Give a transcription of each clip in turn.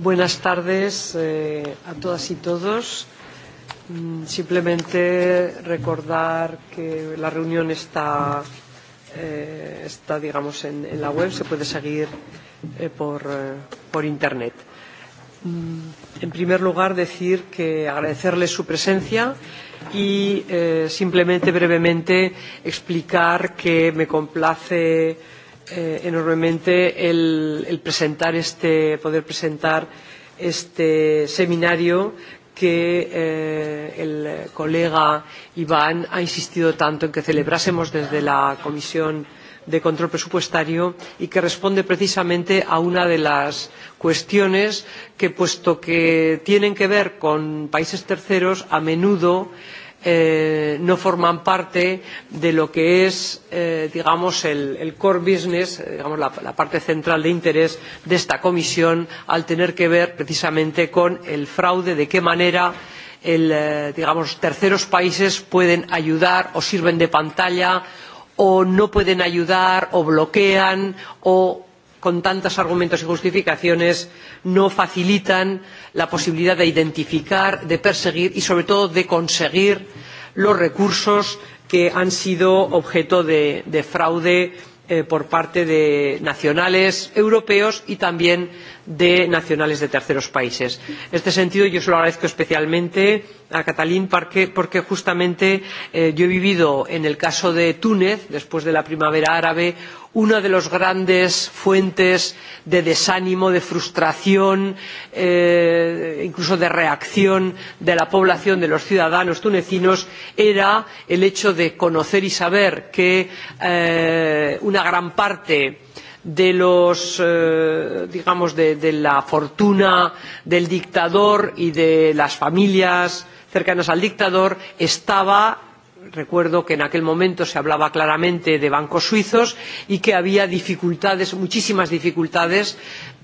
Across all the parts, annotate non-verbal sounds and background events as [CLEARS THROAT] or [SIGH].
Buenas tardes eh, a todas y todos. Mm, simplemente recordar que la reunión está, eh, está digamos, en, en la web, se puede seguir eh, por, eh, por Internet. Mm, en primer lugar, decir que agradecerles su presencia y eh, simplemente brevemente explicar que me complace Eh, enormemente el, el presentar este, poder presentar este seminario que eh, el colega Iván ha insistido tanto en que celebrásemos desde la Comisión de Control Presupuestario y que responde precisamente a una de las cuestiones que, puesto que tienen que ver con países terceros, a menudo Eh, no forman parte de lo que es eh, digamos el, el core business eh, digamos la, la parte central de interés de esta comisión al tener que ver precisamente con el fraude de qué manera el, eh, digamos, terceros países pueden ayudar o sirven de pantalla o no pueden ayudar o bloquean o con tantos argumentos y justificaciones no facilitan la posibilidad de identificar de perseguir y sobre todo de conseguir los recursos que han sido objeto de, de fraude eh, por parte de nacionales europeos y también de nacionales de terceros países. En este sentido, yo se lo agradezco especialmente a Catalín porque, porque justamente eh, yo he vivido en el caso de Túnez, después de la primavera árabe, una de las grandes fuentes de desánimo de frustración eh, incluso de reacción de la población de los ciudadanos tunecinos era el hecho de conocer y saber que eh, una gran parte de, los, eh, digamos de, de la fortuna del dictador y de las familias cercanas al dictador estaba recuerdo que en aquel momento se hablaba claramente de bancos suizos y que había dificultades muchísimas dificultades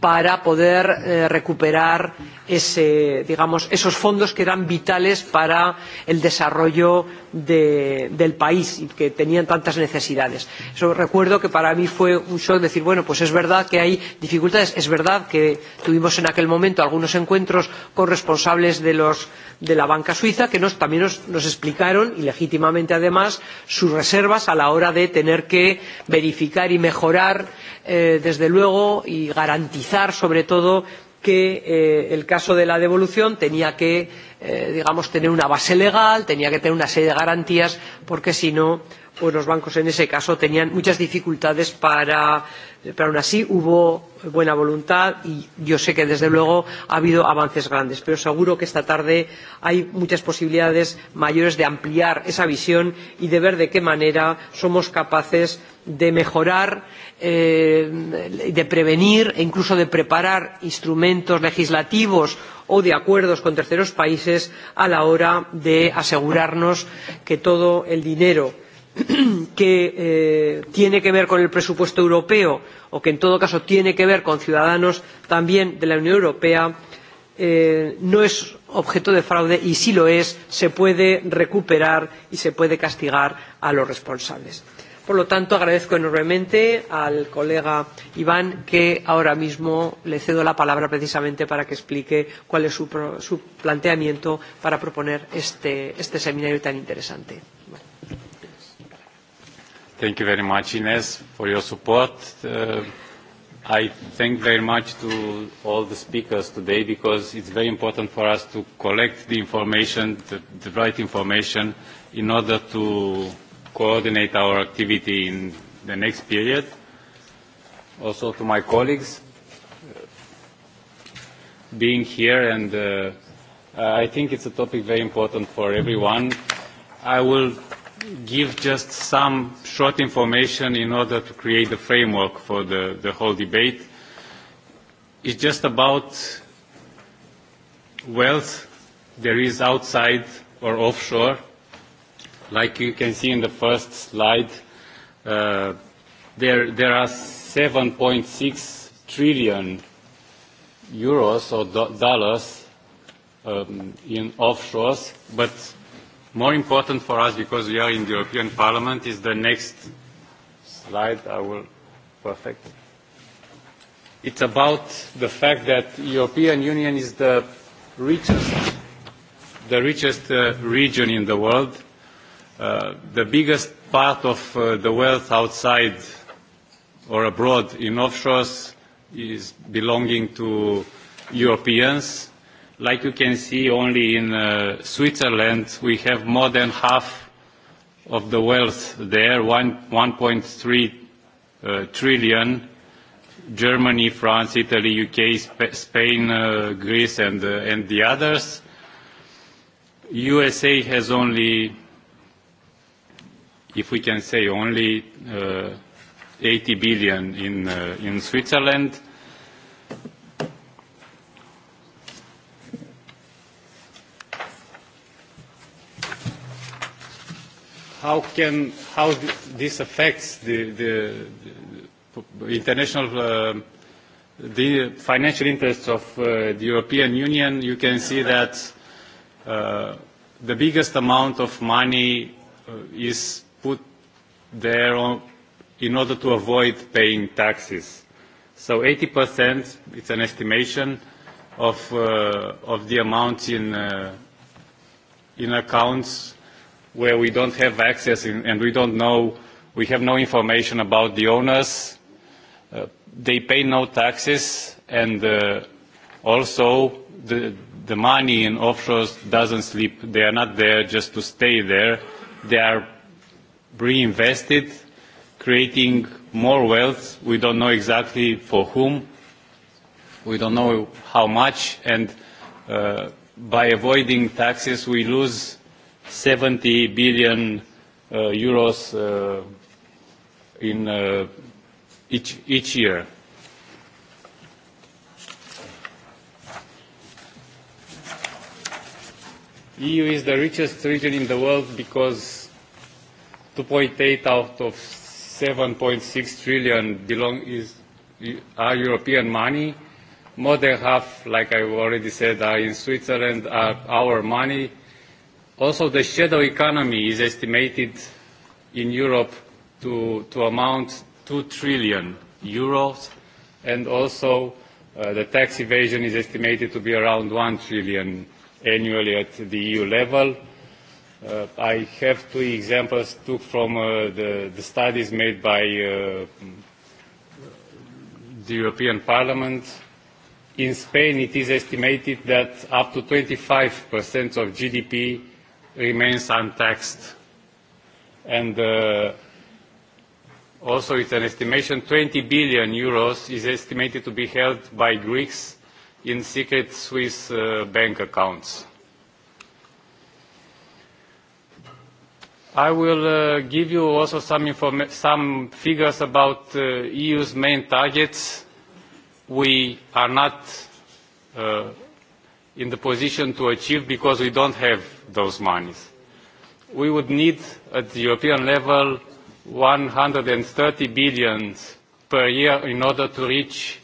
para poder eh, recuperar ese, digamos, esos fondos que eran vitales para el desarrollo de, del país y que tenían tantas necesidades. Eso recuerdo que para mí fue un shock decir, bueno, pues es verdad que hay dificultades, es verdad que tuvimos en aquel momento algunos encuentros con responsables de, los, de la banca suiza que nos, también nos, nos explicaron, y legítimamente además, sus reservas a la hora de tener que verificar y mejorar, eh, desde luego, y garantizar pensar sobre todo que eh, el caso de la devolución tenía que eh, digamos tener una base legal tenía que tener una serie de garantías porque si no pues los bancos en ese caso tenían muchas dificultades para pero aún así hubo buena voluntad y yo sé que desde luego ha habido avances grandes pero seguro que esta tarde hay muchas posibilidades mayores de ampliar esa visión y de ver de qué manera somos capaces de mejorar eh, de prevenir e incluso de preparar instrumentos legislativos o de acuerdos con terceros países a la hora de asegurarnos que todo el dinero [CLEARS THROAT] que eh, tiene que ver con el presupuesto europeo o que en todo caso tiene que ver con ciudadanos también de la Unión Europea eh, no es objeto de fraude y si lo es se puede recuperar y se puede castigar a los responsables. Por lo tanto, agradezco enormemente al colega Iván que ahora mismo le cedo la palabra precisamente para que explique cuál es su, pro, su planteamiento para proponer este, este seminario tan interesante. Bueno. Thank you very much, Ines, for your support. Uh, I thank very much to all the speakers today because it's very important for us to collect the information, the, the right information, in order to coordinate our activity in the next period. Also to my colleagues uh, being here and uh, I think it's a topic very important for everyone. I will give just some short information in order to create the framework for the, the whole debate. It's just about wealth there is outside or offshore. Like you can see in the first slide, uh, there, there are 7.6 trillion euros or do dollars um, in offshores, but more important for us because we are in the European Parliament is the next slide. I will perfect. It's about the fact that the European Union is the richest, the richest uh, region in the world. Uh, the biggest part of uh, the wealth outside or abroad in offshores is belonging to Europeans Like you can see, only in uh, Switzerland, we have more than half of the wealth there, 1.3 uh, trillion. Germany, France, Italy, U.K., Sp Spain, uh, Greece, and, uh, and the others. USA has only, if we can say only, 80 uh, billion in, uh, in Switzerland how can how this affects the, the, the international uh, the financial interests of uh, the European Union, you can see that uh, the biggest amount of money uh, is put there on, in order to avoid paying taxes. So 80%, it's an estimation of, uh, of the amount in, uh, in accounts where we don't have access in, and we don't know, we have no information about the owners. Uh, they pay no taxes and uh, also the, the money in offshore doesn't sleep. They are not there just to stay there. They are reinvested, creating more wealth. We don't know exactly for whom. We don't know how much. And uh, by avoiding taxes, we lose 70 billion uh, euros uh, in uh, each, each year. EU is the richest region in the world because 2.8 out of 7.6 trillion belong is are European money. More than half, like I already said, are in Switzerland, are our money Also, the shadow economy is estimated in Europe to, to amount 2 trillion euros, and also uh, the tax evasion is estimated to be around 1 trillion annually at the EU level. Uh, I have two examples took from uh, the, the studies made by uh, the European Parliament. In Spain, it is estimated that up to 25% of GDP remains untaxed. And uh, also it's an estimation 20 billion euros is estimated to be held by Greeks in secret Swiss uh, bank accounts. I will uh, give you also some, some figures about uh, EU's main targets. We are not uh, in the position to achieve because we don't have those monies. We would need at the European level 130 billion per year in order to reach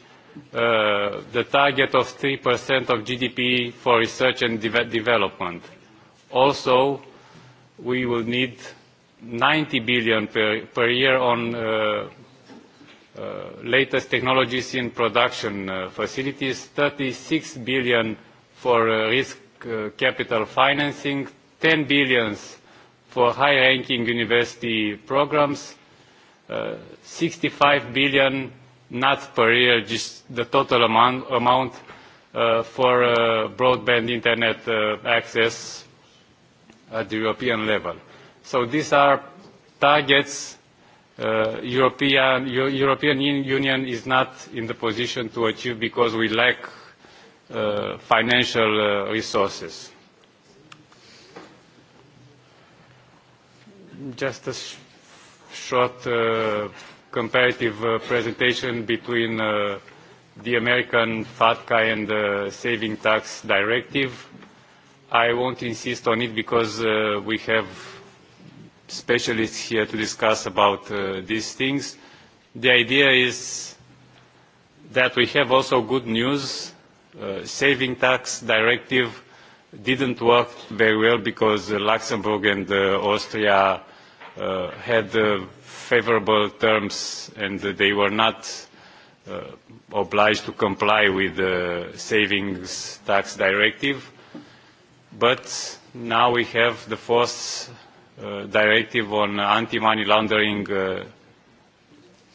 uh, the target of 3% of GDP for research and de development. Also, we will need 90 billion per, per year on uh, uh, latest technologies in production uh, facilities, 36 billion for uh, risk Uh, capital financing, 10 billion for high-ranking university programs, uh, 65 billion not per year, just the total amount, amount uh, for uh, broadband internet uh, access at the European level. So these are targets uh, European, European Union is not in the position to achieve because we lack uh, financial uh, resources. Just a sh short uh, comparative uh, presentation between uh, the American FATCA and the Saving Tax Directive. I won't insist on it because uh, we have specialists here to discuss about uh, these things. The idea is that we have also good news uh, saving tax directive didn't work very well because uh, Luxembourg and uh, Austria uh, had uh, favorable terms and uh, they were not uh, obliged to comply with the savings tax directive. But now we have the fourth uh, directive on anti-money laundering, uh,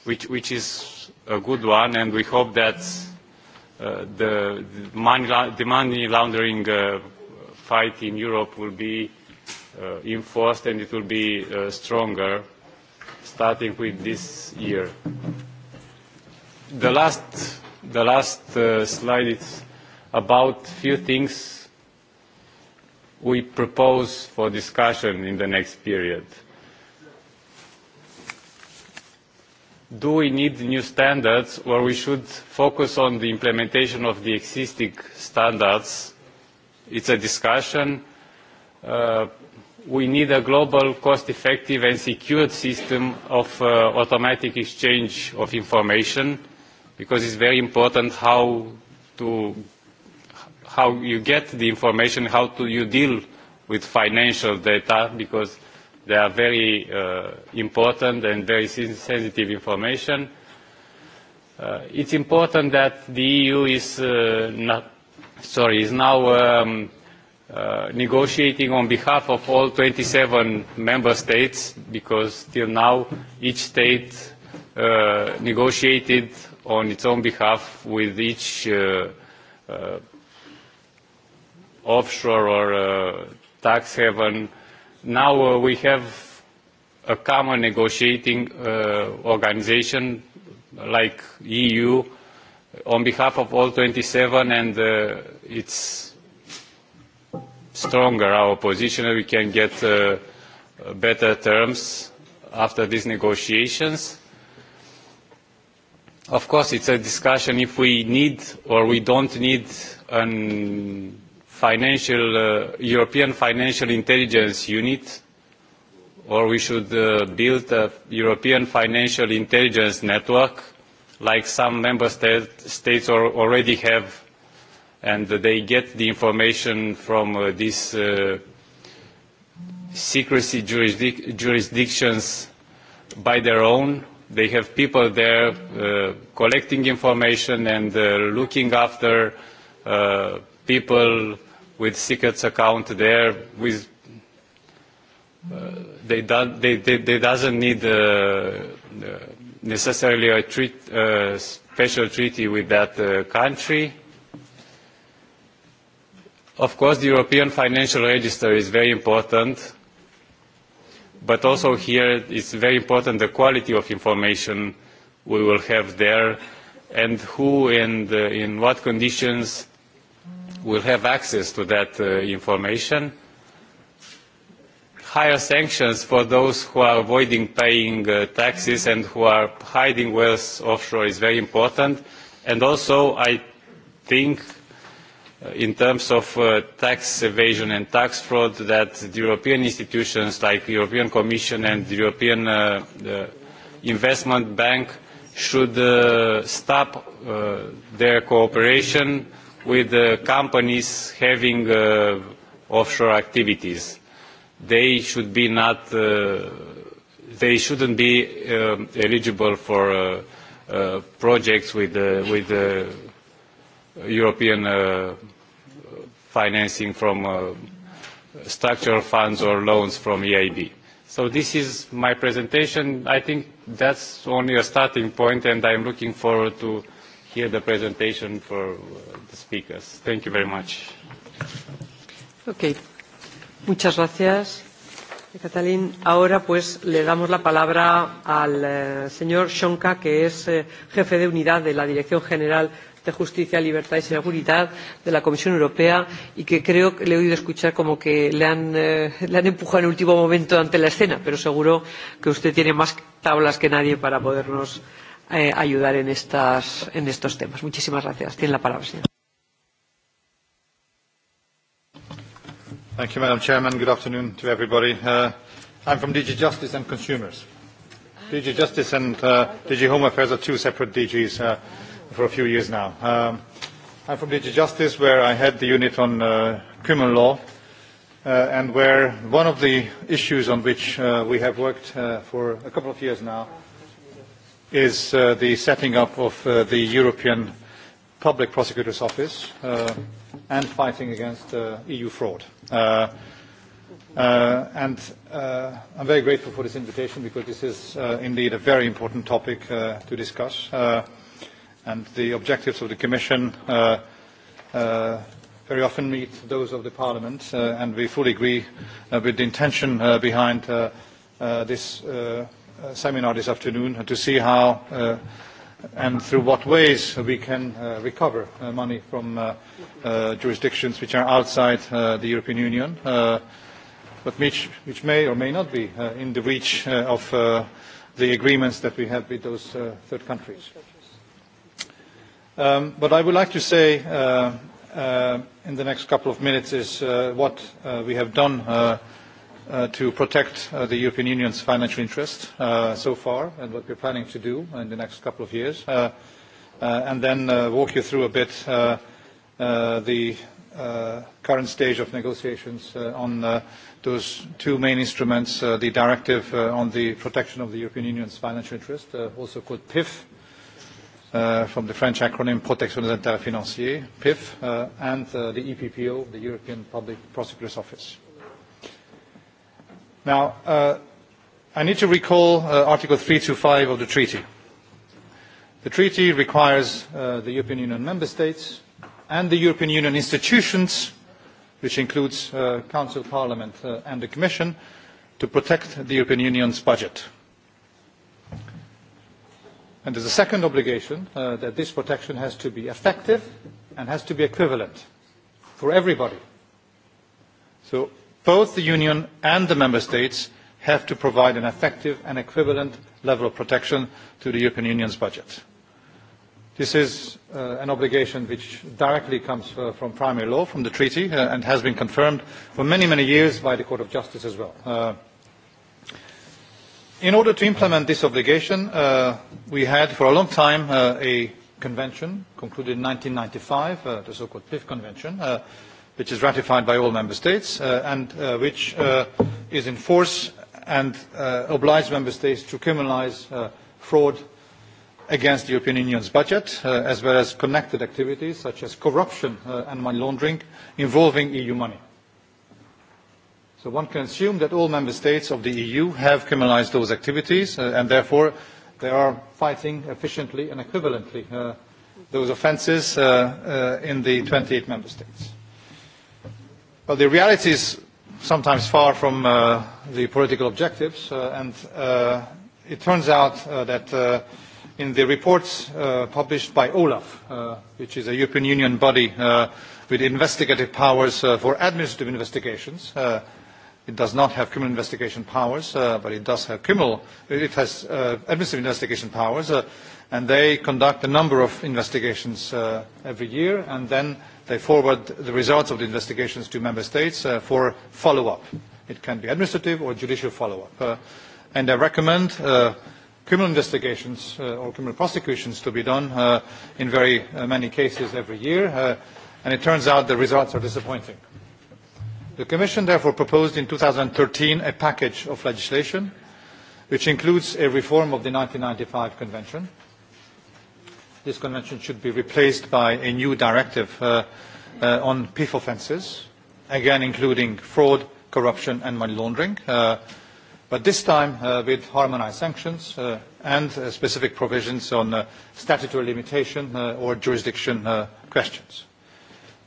which, which is a good one, and we hope that Uh, the, the, money, the money laundering uh, fight in Europe will be uh, enforced and it will be uh, stronger starting with this year. The last, the last uh, slide is about a few things we propose for discussion in the next period. do we need new standards or we should focus on the implementation of the existing standards? It's a discussion. Uh, we need a global, cost-effective and secured system of uh, automatic exchange of information because it's very important how to how you get the information, how do you deal with financial data because They are very uh, important and very sensitive information. Uh, it's important that the EU is, uh, not, sorry, is now um, uh, negotiating on behalf of all 27 member states because till now each state uh, negotiated on its own behalf with each uh, uh, offshore or uh, tax haven uh, now uh, we have a common negotiating uh, organization like EU on behalf of all 27 and uh, it's stronger our position and we can get uh, better terms after these negotiations. Of course, it's a discussion if we need or we don't need an financial, uh, European Financial Intelligence Unit, or we should uh, build a European Financial Intelligence Network, like some member state, states already have, and they get the information from uh, these uh, secrecy jurisdic jurisdictions by their own. They have people there uh, collecting information and uh, looking after uh, people with secrets account there with uh, they, don't they, they, they doesn't need uh, uh, necessarily a treat, uh, special treaty with that uh, country. Of course, the European Financial Register is very important, but also here it's very important the quality of information we will have there and who and uh, in what conditions will have access to that uh, information. Higher sanctions for those who are avoiding paying uh, taxes and who are hiding wealth offshore is very important. And also, I think, uh, in terms of uh, tax evasion and tax fraud, that the European institutions like the European Commission and the European uh, Investment Bank should uh, stop uh, their cooperation mm -hmm with uh, companies having uh, offshore activities. They should be not, uh, they shouldn't be um, eligible for uh, uh, projects with, uh, with uh, European uh, financing from uh, structural funds or loans from EIB. So this is my presentation. I think that's only a starting point, and I'm looking forward to hear the presentation for uh, speakers. Thank you very much. Okay. Muchas gracias, Catalín. Ahora pues le damos la palabra al eh, señor Shonka, que es eh, jefe de unidad de la Dirección General de Justicia, Libertad y Seguridad de la Comisión Europea y que creo que le he oído escuchar como que le han, eh, le han empujado en el último momento ante la escena, pero seguro que usted tiene más tablas que nadie para podernos eh, ayudar en, estas, en estos temas. Muchísimas gracias. Tiene la palabra, señor. Thank you, Madam Chairman. Good afternoon to everybody. Uh, I'm from DG Justice and Consumers. DG Justice and uh, DG Home Affairs are two separate DGs uh, for a few years now. Um, I'm from DG Justice, where I head the unit on uh, criminal law, uh, and where one of the issues on which uh, we have worked uh, for a couple of years now is uh, the setting up of uh, the European Public Prosecutor's Office. Uh, and fighting against uh, EU fraud. Uh, uh, and uh, I'm very grateful for this invitation because this is uh, indeed a very important topic uh, to discuss. Uh, and the objectives of the Commission uh, uh, very often meet those of the Parliament, uh, and we fully agree uh, with the intention uh, behind uh, uh, this uh, uh seminar this afternoon to see how uh, and through what ways we can uh, recover uh, money from uh, uh, jurisdictions which are outside uh, the European Union, uh, but which, which may or may not be uh, in the reach uh, of uh, the agreements that we have with those uh, third countries. Um, what I would like to say uh, uh, in the next couple of minutes is uh, what uh, we have done uh, Uh, to protect uh, the European Union's financial interest uh, so far and what we're planning to do in the next couple of years, uh, uh, and then uh, walk you through a bit uh, uh, the uh, current stage of negotiations uh, on uh, those two main instruments, uh, the directive uh, on the protection of the European Union's financial interest, uh, also called PIF, uh, from the French acronym Protection des intérêts financiers, PIF, uh, and uh, the EPPO, the European Public Prosecutor's Office. Now, uh, I need to recall uh, Article 325 of the treaty. The treaty requires uh, the European Union member states and the European Union institutions, which includes uh, Council, Parliament uh, and the Commission, to protect the European Union's budget. And there's a second obligation uh, that this protection has to be effective and has to be equivalent for everybody. So both the union and the member states have to provide an effective and equivalent level of protection to the european union's budget. this is uh, an obligation which directly comes uh, from primary law from the treaty uh, and has been confirmed for many many years by the court of justice as well. Uh, in order to implement this obligation uh, we had for a long time uh, a convention concluded in one thousand nine hundred and ninety five the so called pif convention which is ratified by all member states uh, and uh, which uh, is in force and uh, obliges member states to criminalise uh, fraud against the European Union's budget, uh, as well as connected activities such as corruption uh, and money laundering involving EU money. So one can assume that all member states of the EU have criminalised those activities, uh, and therefore they are fighting efficiently and equivalently uh, those offences uh, uh, in the 28 member states. Well, the reality is sometimes far from uh, the political objectives, uh, and uh, it turns out uh, that uh, in the reports uh, published by Olaf, uh, which is a European Union body uh, with investigative powers uh, for administrative investigations, uh, it does not have criminal investigation powers, uh, but it does have criminal, it has uh, administrative investigation powers, uh, and they conduct a number of investigations uh, every year, and then They forward the results of the investigations to member states uh, for follow-up. It can be administrative or judicial follow-up. Uh, and I recommend uh, criminal investigations uh, or criminal prosecutions to be done uh, in very uh, many cases every year. Uh, and it turns out the results are disappointing. The Commission therefore proposed in 2013 a package of legislation which includes a reform of the 1995 Convention – this convention should be replaced by a new directive uh, uh, on PIF offences, again including fraud, corruption and money laundering, uh, but this time uh, with harmonised sanctions uh, and uh, specific provisions on uh, statutory limitation uh, or jurisdiction uh, questions.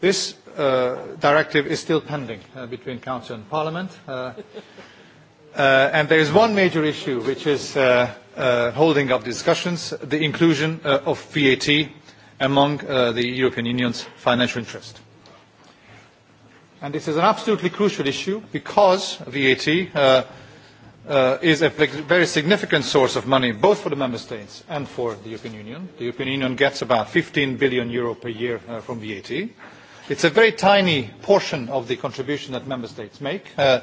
This uh, directive is still pending uh, between Council and Parliament. Uh, Uh, and there is one major issue which is uh, uh, holding up discussions, the inclusion uh, of VAT among uh, the European Union's financial interest. And this is an absolutely crucial issue because VAT uh, uh, is a very significant source of money both for the member states and for the European Union. The European Union gets about 15 billion euro per year uh, from VAT. It's a very tiny portion of the contribution that member states make. Uh,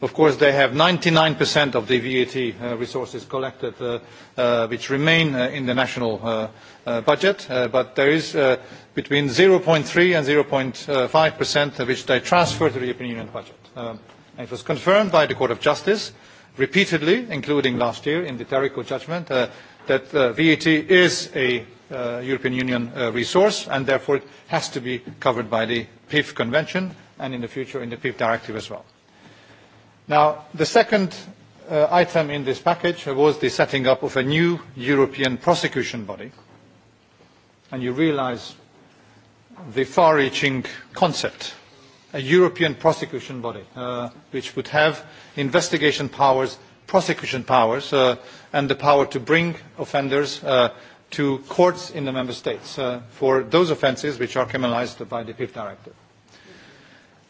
Of course, they have 99% of the VAT uh, resources collected, uh, uh, which remain uh, in the national uh, uh, budget, uh, but there is uh, between 0.3 and 0.5% which they transfer to the European Union budget. Um, it was confirmed by the Court of Justice repeatedly, including last year in the Terrico judgment, uh, that uh, VAT is a uh, European Union uh, resource and therefore it has to be covered by the PIF Convention and in the future in the PIF Directive as well the second uh, item in this package was the setting up of a new European prosecution body. And you realise the far-reaching concept, a European prosecution body, uh, which would have investigation powers, prosecution powers, uh, and the power to bring offenders uh, to courts in the member states uh, for those offences which are criminalised by the PIF directive.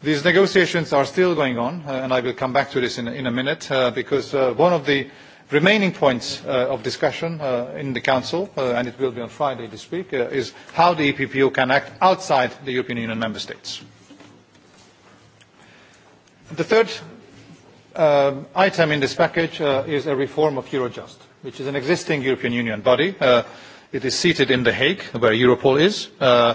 These negotiations are still going on, uh, and I will come back to this in, in a minute, uh, because uh, one of the remaining points uh, of discussion uh, in the Council, uh, and it will be on Friday this week, uh, is how the EPPO can act outside the European Union member states. The third uh, item in this package uh, is a reform of Eurojust, which is an existing European Union body. Uh, it is seated in The Hague, where Europol is. Uh,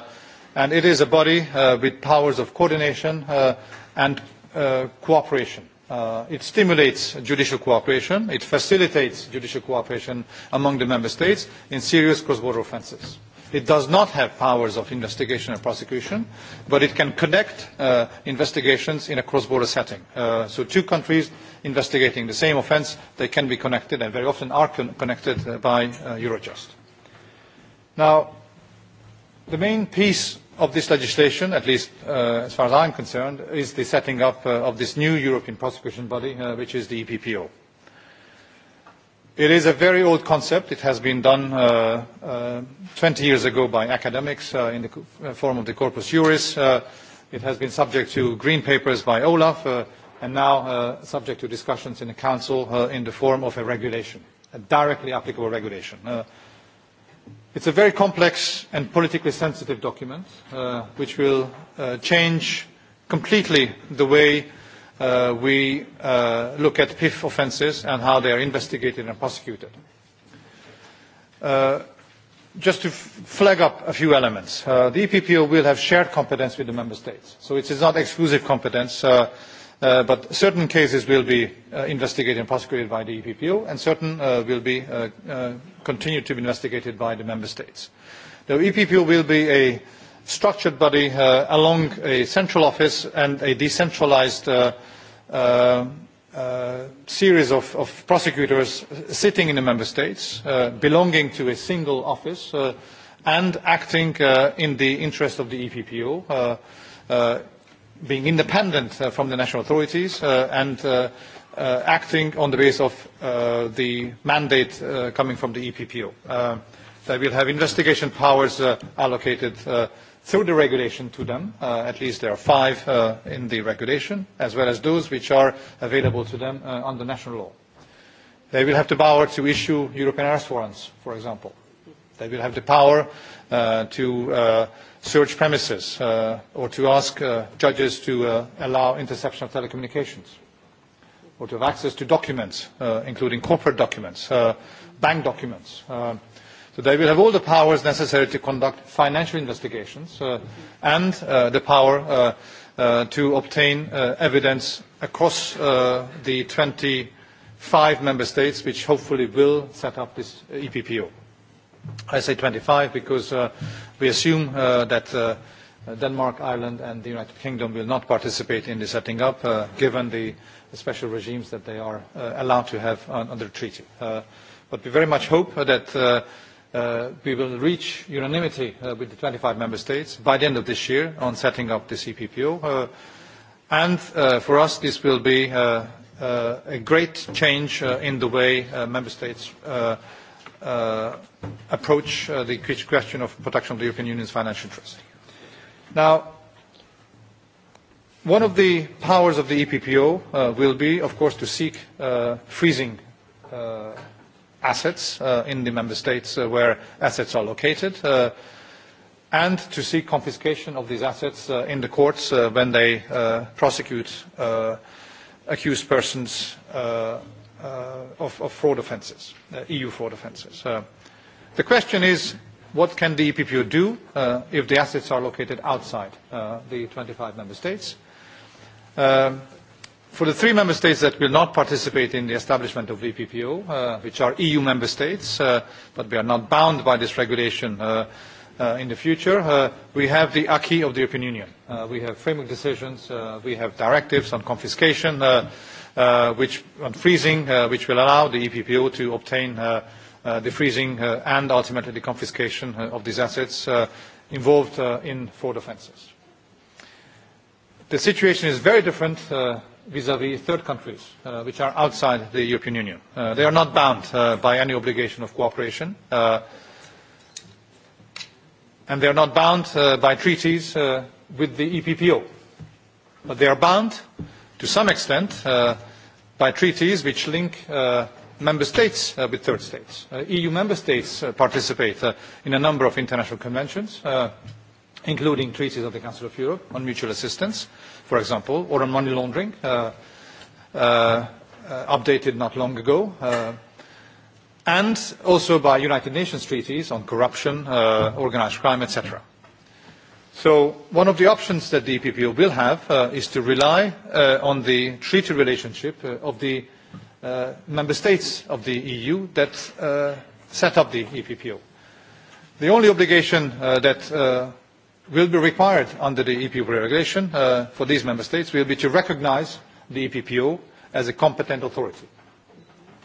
and it is a body uh, with powers of coordination uh, and uh, cooperation. Uh, it stimulates judicial cooperation, it facilitates judicial cooperation among the member states in serious cross-border offences. It does not have powers of investigation and prosecution, but it can connect uh, investigations in a cross-border setting. Uh, so two countries investigating the same offence, they can be connected and very often are con connected uh, by uh, Eurojust. Now, the main piece of this legislation, at least uh, as far as I'm concerned, is the setting up uh, of this new European prosecution body, uh, which is the EPPO. It is a very old concept. It has been done uh, uh, 20 years ago by academics uh, in the uh, form of the Corpus Juris. Uh, it has been subject to green papers by Olaf uh, and now uh, subject to discussions in the Council uh, in the form of a regulation, a directly applicable regulation. Uh, It's a very complex and politically sensitive document, uh, which will uh, change completely the way uh, we uh, look at PIF offences and how they are investigated and prosecuted. Uh, just to flag up a few elements, uh, the EPPO will have shared competence with the Member States, so it is not exclusive competence. Uh, Uh, but certain cases will be uh, investigated and prosecuted by the EPPO, and certain uh, will be uh, uh, continued to be investigated by the member states. The EPPO will be a structured body uh, along a central office and a decentralized uh, uh, uh, series of, of prosecutors sitting in the member states, uh, belonging to a single office, uh, and acting uh, in the interest of the EPPO. Uh, uh, being independent uh, from the national authorities uh, and uh, uh, acting on the basis of uh, the mandate uh, coming from the EPPO. Uh, they will have investigation powers uh, allocated uh, through the regulation to them. Uh, at least there are five uh, in the regulation, as well as those which are available to them uh, under national law. They will have the power to issue European arrest warrants, for example. They will have the power uh, to uh, search premises uh, or to ask uh, judges to uh, allow interception of telecommunications or to have access to documents, uh, including corporate documents, uh, bank documents. Uh, so they will have all the powers necessary to conduct financial investigations uh, and uh, the power uh, uh, to obtain uh, evidence across uh, the 25 member states which hopefully will set up this EPPO. I say 25 because uh, we assume uh, that uh, Denmark, Ireland and the United Kingdom will not participate in the setting up uh, given the special regimes that they are uh, allowed to have under the treaty. Uh, but we very much hope that uh, uh, we will reach unanimity uh, with the 25 member states by the end of this year on setting up the CPPO. Uh, and uh, for us this will be uh, uh, a great change uh, in the way uh, member states uh, uh, approach uh, the question of protection of the European Union's financial interests. Now, one of the powers of the EPPO uh, will be, of course, to seek uh, freezing uh, assets uh, in the member states uh, where assets are located uh, and to seek confiscation of these assets uh, in the courts uh, when they uh, prosecute uh, accused persons uh, uh, of, of fraud offences, uh, EU fraud offences. Uh, the question is, what can the EPPO do uh, if the assets are located outside uh, the 25 member states? Um, for the three member states that will not participate in the establishment of the EPPO, uh, which are EU member states, uh, but we are not bound by this regulation uh, uh, in the future, uh, we have the acquis of the European Union. Uh, we have framework decisions, uh, we have directives on confiscation, uh, Uh, which, on freezing, uh, which will allow the EPPO to obtain uh, uh, the freezing uh, and ultimately the confiscation uh, of these assets uh, involved uh, in fraud offences. The situation is very different uh, vis-à-vis -vis third countries, uh, which are outside the European Union. Uh, they are not bound uh, by any obligation of cooperation, uh, and they are not bound uh, by treaties uh, with the EPPO. But they are bound to some extent uh, by treaties which link uh, member states uh, with third states. Uh, EU member states uh, participate uh, in a number of international conventions, uh, including treaties of the Council of Europe on mutual assistance, for example, or on money laundering, uh, uh, uh, updated not long ago, uh, and also by United Nations treaties on corruption, uh, organized crime, etc. So one of the options that the EPPO will have uh, is to rely uh, on the treaty relationship uh, of the uh, member states of the EU that uh, set up the EPPO. The only obligation uh, that uh, will be required under the EPPO regulation uh, for these member states will be to recognize the EPPO as a competent authority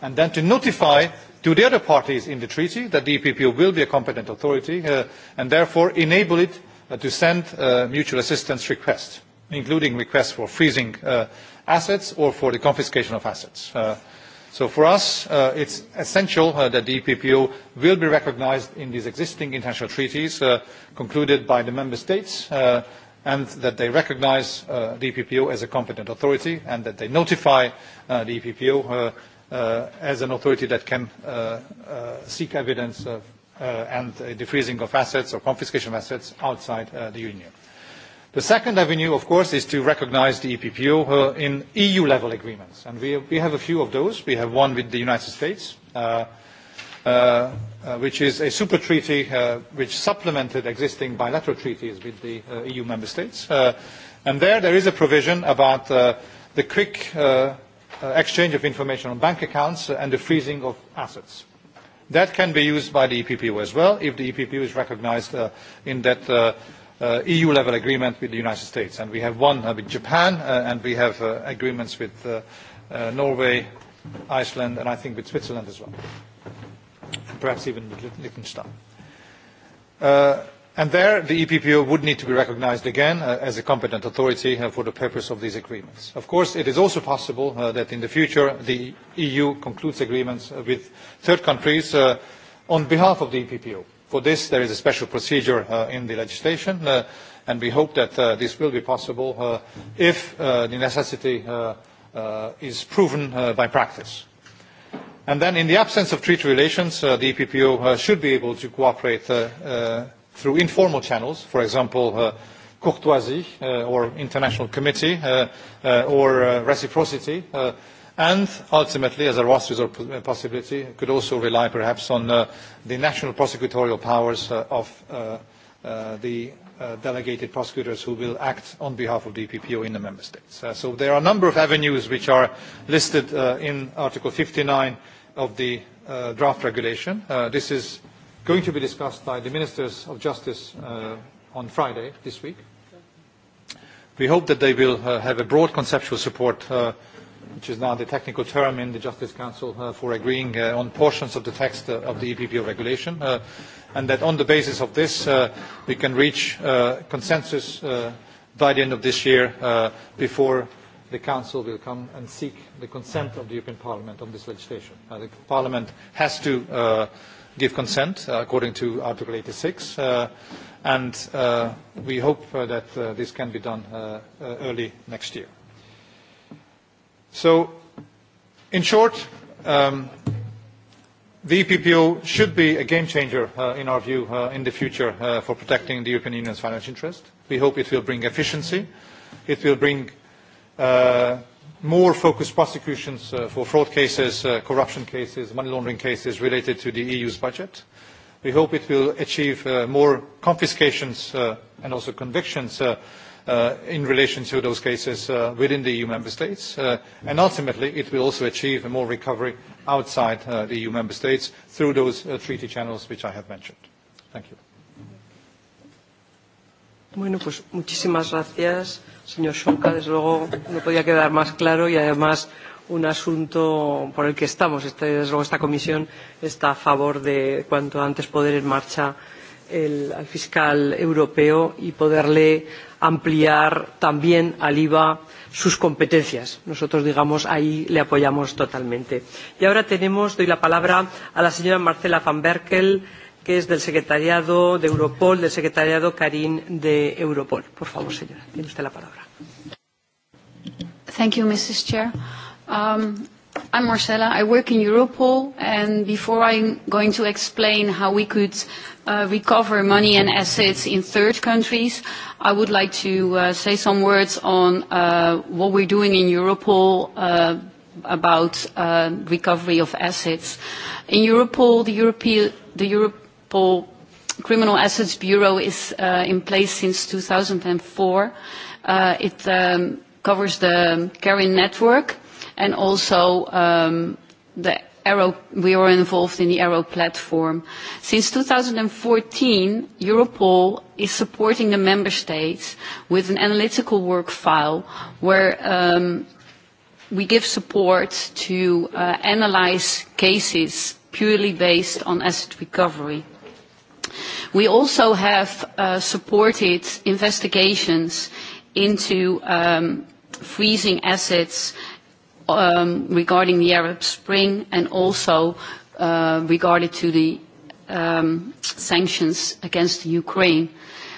and then to notify to the other parties in the treaty that the EPPO will be a competent authority uh, and therefore enable it Uh, to send uh, mutual assistance requests, including requests for freezing uh, assets or for the confiscation of assets. So for us, uh, it's essential uh, that the EPPO will be recognised in these existing international treaties uh, concluded by the member states, uh, and that they recognise uh, the EPPO as a competent authority, and that they notify uh, the EPPO uh, uh, as an authority that can uh, uh, seek evidence uh, Uh, and the freezing of assets or confiscation of assets outside uh, the Union. The second avenue, of course, is to recognise the EPPO uh, in EU-level agreements. And we, we have a few of those. We have one with the United States, Uh, uh, which is a super treaty uh, which supplemented existing bilateral treaties with the EU member states. and there, there is a provision about the quick exchange of information on bank accounts and the freezing of assets. That can be used by the EPPU as well if the EPPU is recognised uh, in that uh, uh, EU-level agreement with the United States. And we have one uh, with Japan, uh, and we have uh, agreements with uh, uh, Norway, Iceland, and I think with Switzerland as well, and perhaps even with Liechtenstein. Uh, And there, the EPPO would need to be recognised again uh, as a competent authority uh, for the purpose of these agreements. Of course, it is also possible uh, that in the future the EU concludes agreements uh, with third countries uh, on behalf of the EPPO. For this, there is a special procedure uh, in the legislation, uh, and we hope that uh, this will be possible uh, if uh, the necessity uh, uh, is proven uh, by practice. And then, in the absence of treaty relations, uh, the EPPO uh, should be able to cooperate uh, uh, through informal channels, for example, uh, courtoisie uh, or international committee uh, uh, or uh, reciprocity, uh, and ultimately, as a last resort possibility, could also rely perhaps on uh, the national prosecutorial powers uh, of uh, uh, the uh, delegated prosecutors who will act on behalf of the EPPO in the member states. Uh, so there are a number of avenues which are listed uh, in Article 59 of the uh, draft regulation. Uh, this is going to be discussed by the Ministers of Justice uh, on Friday this week. We hope that they will uh, have a broad conceptual support, uh, which is now the technical term in the Justice Council, uh, for agreeing uh, on portions of the text uh, of the EPPO regulation, uh, and that on the basis of this uh, we can reach uh, consensus uh, by the end of this year uh, before the Council will come and seek the consent of the European Parliament on this legislation. Uh, the Parliament has to uh, give consent uh, according to Article 86, uh, and uh, we hope uh, that uh, this can be done uh, uh, early next year. So, in short, um, the EPPO should be a game changer, uh, in our view, uh, in the future uh, for protecting the European Union's financial interest. We hope it will bring efficiency. It will bring uh, more focused prosecutions uh, for fraud cases, uh, corruption cases, money laundering cases related to the EU's budget. We hope it will achieve uh, more confiscations uh, and also convictions uh, uh, in relation to those cases uh, within the EU member states. Uh, and ultimately, it will also achieve a more recovery outside uh, the EU member states through those uh, treaty channels which I have mentioned. Thank you. Bueno, pues muchísimas gracias, señor Sonka. Desde luego no podía quedar más claro y además un asunto por el que estamos. Este, desde luego esta comisión está a favor de cuanto antes poder en marcha el, al fiscal europeo y poderle ampliar también al IVA sus competencias. Nosotros, digamos, ahí le apoyamos totalmente. Y ahora tenemos, doy la palabra a la señora Marcela van Berkel que es del secretariado de Europol, del secretariado Karim de Europol. Por favor, señora, tiene usted la palabra. Thank you, Mrs. Chair. Um, I'm Marcela. I work in Europol, and before I'm going to explain how we could uh, recover money and assets in third countries, I would like to uh, say some words on uh, what we're doing in Europol uh, about uh, recovery of assets. In Europol, the European, the Europe, Interpol Criminal Assets Bureau is uh, in place since 2004. Uh, it um, covers the Carrion network and also um, the Aero, we were involved in the Arrow platform. Since 2014, Europol is supporting the member states with an analytical work file where um, we give support to uh, analyze cases purely based on asset recovery. We also have uh, supported investigations into um, freezing assets um, regarding the Arab Spring and also uh, regarding to the um, sanctions against Ukraine.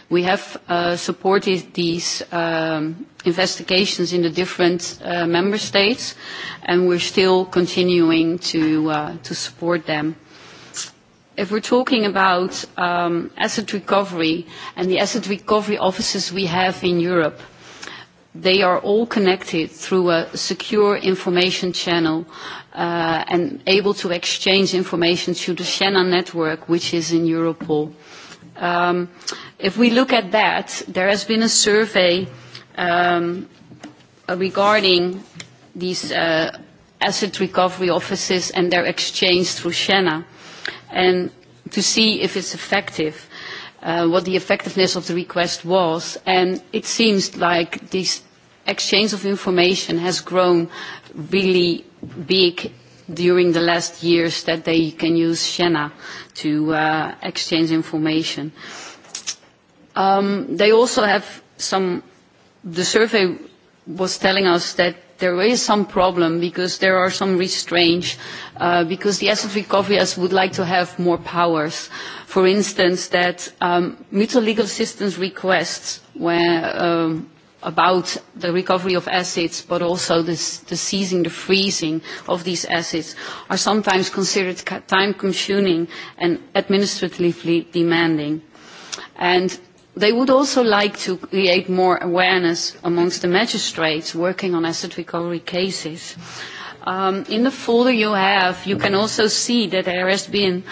We have uh, supported these um, investigations in the different uh, member states, and we're still continuing to, uh, to support them if we're talking about um, asset recovery and the asset recovery offices we have in Europe, they are all connected through a secure information channel uh, and able to exchange information through the Shannon network, which is in Europol. Um, if we look at that, there has been a survey um, regarding these uh, asset recovery offices and their exchange through Shannon and to see if it's effective, uh, what the effectiveness of the request was. And it seems like this exchange of information has grown really big during the last years that they can use Shenna to uh, exchange information. Um, they also have some, the survey was telling us that there is some problem because there are some restraints, uh, because the asset recovery as would like to have more powers. For instance, that um, mutual legal assistance requests when, um, about the recovery of assets, but also this, the seizing, the freezing of these assets, are sometimes considered time-consuming and administratively demanding. And They would also like to create more awareness amongst the magistrates working on asset recovery cases. Um, in the folder you have, you can also see that there has been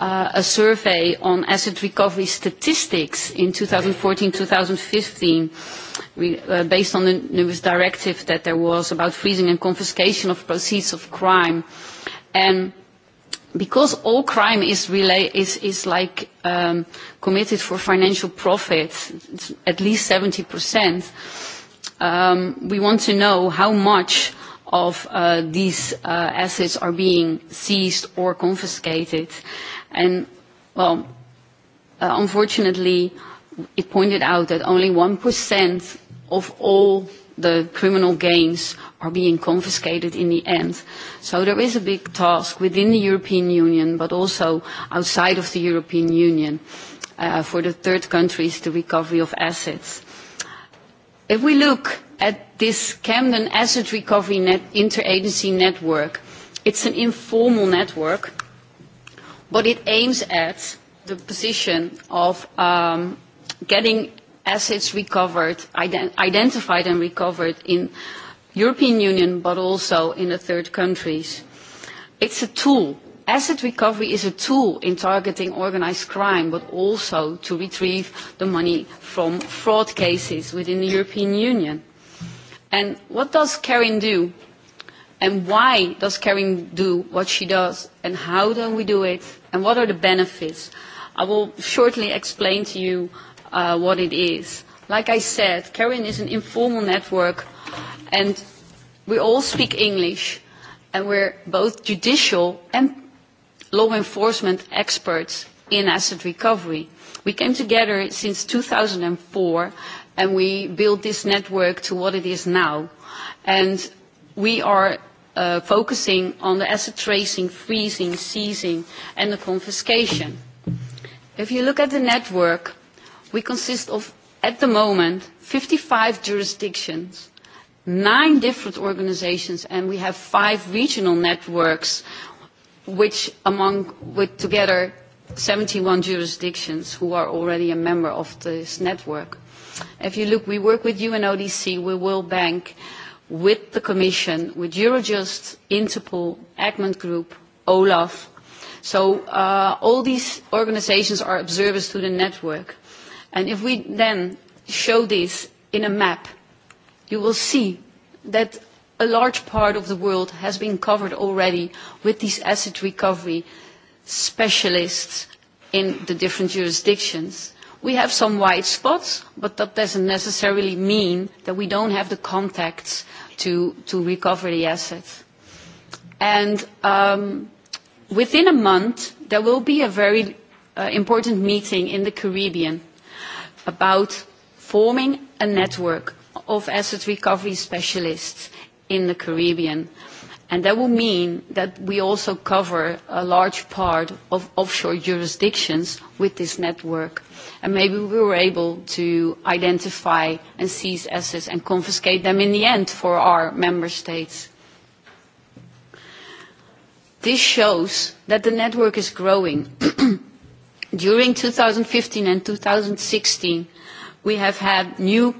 uh, a survey on asset recovery statistics in 2014-2015 uh, based on the newest directive that there was about freezing and confiscation of proceeds of crime. And because all crime is, relay, is, is like um, committed for financial profit, it's at least 70%, um, we want to know how much of uh, these uh, assets are being seized or confiscated. And, well, uh, unfortunately, it pointed out that only 1% of all the criminal gains are being confiscated in the end. So there is a big task within the European Union, but also outside of the European Union, uh, for the third countries, the recovery of assets. If we look at this Camden Asset Recovery Net Interagency Network, it's an informal network, but it aims at the position of um, getting assets recovered, ident identified and recovered in European Union, but also in the third countries. It's a tool. Asset recovery is a tool in targeting organised crime, but also to retrieve the money from fraud cases within the European Union. And what does Karin do? And why does Karin do what she does? And how do we do it? And what are the benefits? I will shortly explain to you uh, what it is. Like I said, Karin is an informal network And we all speak English, and we're both judicial and law enforcement experts in asset recovery. We came together since 2004, and we built this network to what it is now. And we are uh, focusing on the asset tracing, freezing, seizing, and the confiscation. If you look at the network, we consist of, at the moment, 55 jurisdictions nine different organizations, and we have five regional networks, which among, with together 71 jurisdictions who are already a member of this network. If you look, we work with UNODC, with World Bank, with the Commission, with Eurojust, Interpol, Egmont Group, Olaf. So uh, all these organizations are observers to the network. And if we then show this in a map you will see that a large part of the world has been covered already with these asset recovery specialists in the different jurisdictions. We have some white spots, but that doesn't necessarily mean that we don't have the contacts to, to recover the assets. And um, within a month, there will be a very uh, important meeting in the Caribbean about forming a network of asset recovery specialists in the Caribbean. And that will mean that we also cover a large part of offshore jurisdictions with this network. And maybe we were able to identify and seize assets and confiscate them in the end for our member states. This shows that the network is growing. [CLEARS THROAT] During 2015 and 2016, we have had new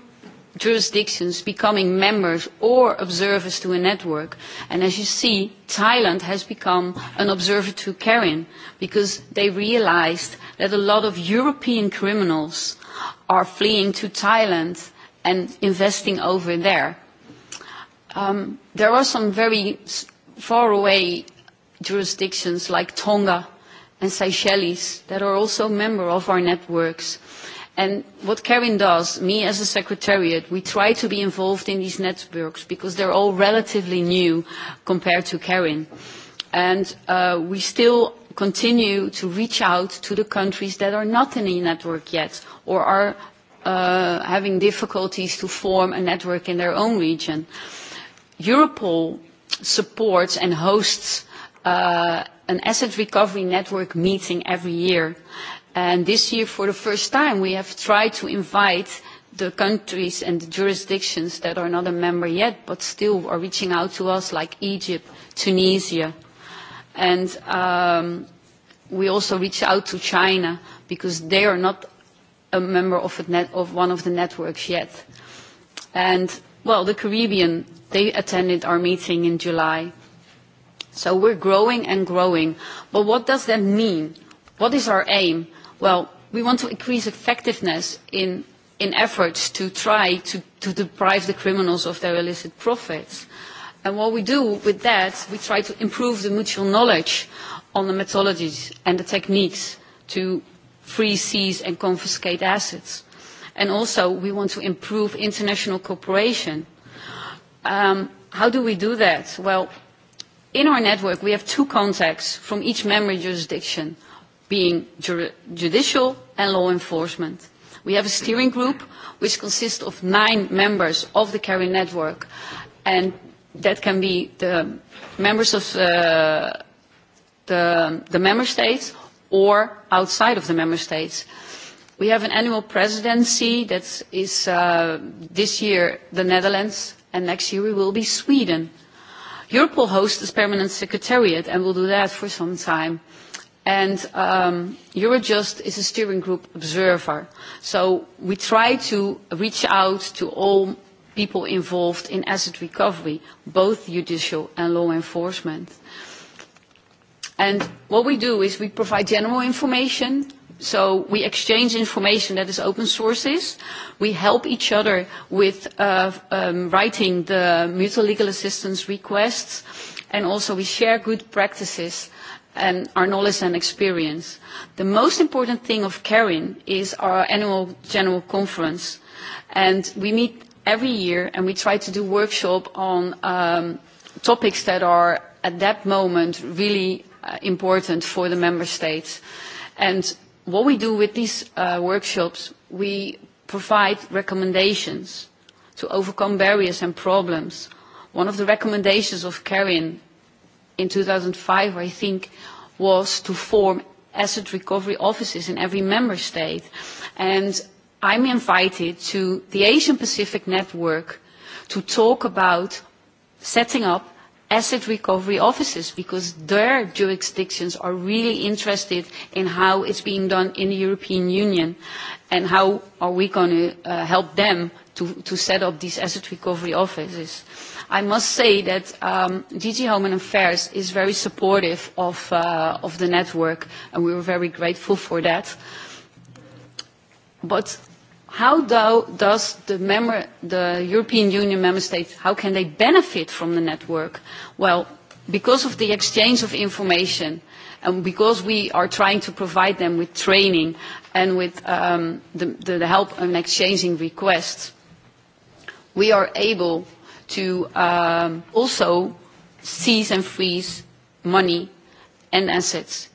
jurisdictions becoming members or observers to a network. And as you see, Thailand has become an observer to Karen because they realised that a lot of European criminals are fleeing to Thailand and investing over there. Um, there are some very far away jurisdictions like Tonga and Seychelles that are also members of our networks And what Karin does, me as a secretariat, we try to be involved in these networks because they're all relatively new compared to Karen. And uh, we still continue to reach out to the countries that are not in a network yet or are uh, having difficulties to form a network in their own region. Europol supports and hosts uh, an asset recovery network meeting every year. And this year, for the first time, we have tried to invite the countries and the jurisdictions that are not a member yet, but still are reaching out to us, like Egypt, Tunisia. And um, we also reach out to China, because they are not a member of, a net, of one of the networks yet. And, well, the Caribbean, they attended our meeting in July. So we're growing and growing. But what does that mean? What is our aim? Well, we want to increase effectiveness in, in efforts to try to, to deprive the criminals of their illicit profits. And what we do with that, we try to improve the mutual knowledge on the methodologies and the techniques to free, seize and confiscate assets. And also, we want to improve international cooperation. Um, how do we do that? Well, in our network, we have two contacts from each member jurisdiction – being judicial and law enforcement. We have a steering group which consists of nine members of the carry network, and that can be the members of uh, the, the member states or outside of the member states. We have an annual presidency that is uh, this year the Netherlands, and next year we will be Sweden. Europol hosts its permanent secretariat and will do that for some time. And um, Eurojust is a steering group observer. So we try to reach out to all people involved in asset recovery, both judicial and law enforcement. And what we do is we provide general information. So we exchange information that is open sources. We help each other with uh, um, writing the mutual legal assistance requests. And also we share good practices and our knowledge and experience. The most important thing of CARIN is our annual general conference. And we meet every year and we try to do workshops on um, topics that are at that moment really uh, important for the member states. And what we do with these uh, workshops, we provide recommendations to overcome barriers and problems. One of the recommendations of CARIN in 2005, I think, was to form asset recovery offices in every member state. And I'm invited to the Asian Pacific Network to talk about setting up asset recovery offices because their jurisdictions are really interested in how it's being done in the European Union and how are we going to uh, help them to, to set up these asset recovery offices. Mm i must say that um, DG Home and Affairs is very supportive of, uh, of the network, and we were very grateful for that. But how do, does the, member, the European Union member states, how can they benefit from the network? Well, because of the exchange of information, and because we are trying to provide them with training and with um, the, the help and exchanging requests, we are able to um, also seize and freeze money and assets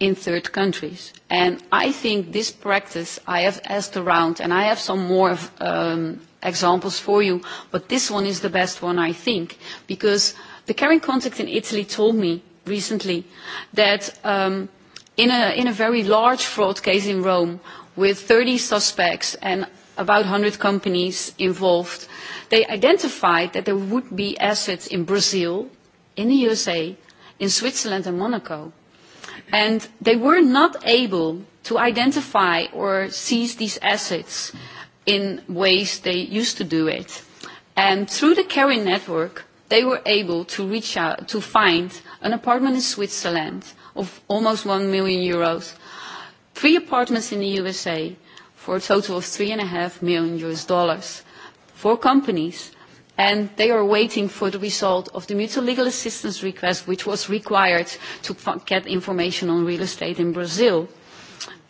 in third countries. And I think this practice I have asked around, and I have some more um, examples for you, but this one is the best one, I think, because the Caring Contact in Italy told me recently that um, in, a, in a very large fraud case in Rome with 30 suspects and about 100 companies involved, they identified that there would be assets in Brazil, in the USA, in Switzerland and Monaco. And they were not able to identify or seize these assets in ways they used to do it. And through the Carry network, they were able to reach out to find an apartment in Switzerland of almost 1 million euros, three apartments in the USA for a total of three and a half million US dollars for companies and they are waiting for the result of the mutual legal assistance request which was required to get information on real estate in Brazil.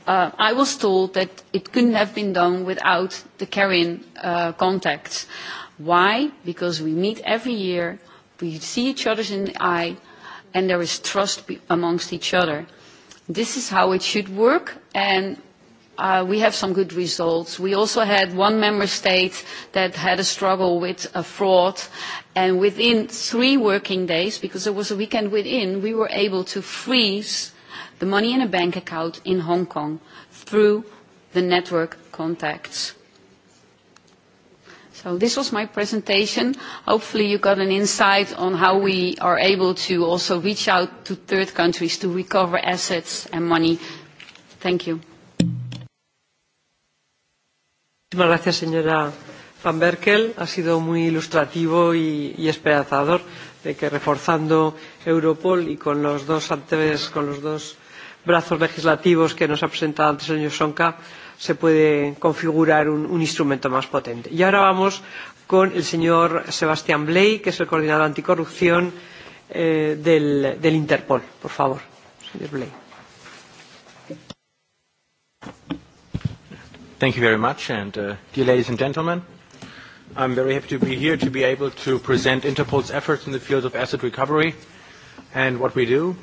Uh, I was told that it couldn't have been done without the carrying uh, contacts. Why? Because we meet every year, we see each other in the eye, and there is trust amongst each other. This is how it should work, and Uh, we have some good results. We also had one member state that had a struggle with a fraud, and within three working days, because there was a weekend within, we were able to freeze the money in a bank account in Hong Kong through the network contacts. So this was my presentation. Hopefully you got an insight on how we are able to also reach out to third countries to recover assets and money. Thank you. Muchísimas gracias, señora Van Berkel. Ha sido muy ilustrativo y, y esperanzador de que reforzando Europol y con los dos, antes, con los dos brazos legislativos que nos ha presentado antes el señor Sonka se puede configurar un, un instrumento más potente. Y ahora vamos con el señor Sebastián Bley, que es el coordinador anticorrupción eh, del, del Interpol. Por favor, señor Bley. Thank you very much. And uh, dear ladies and gentlemen, I'm very happy to be here to be able to present Interpol's efforts in the field of asset recovery and what we do.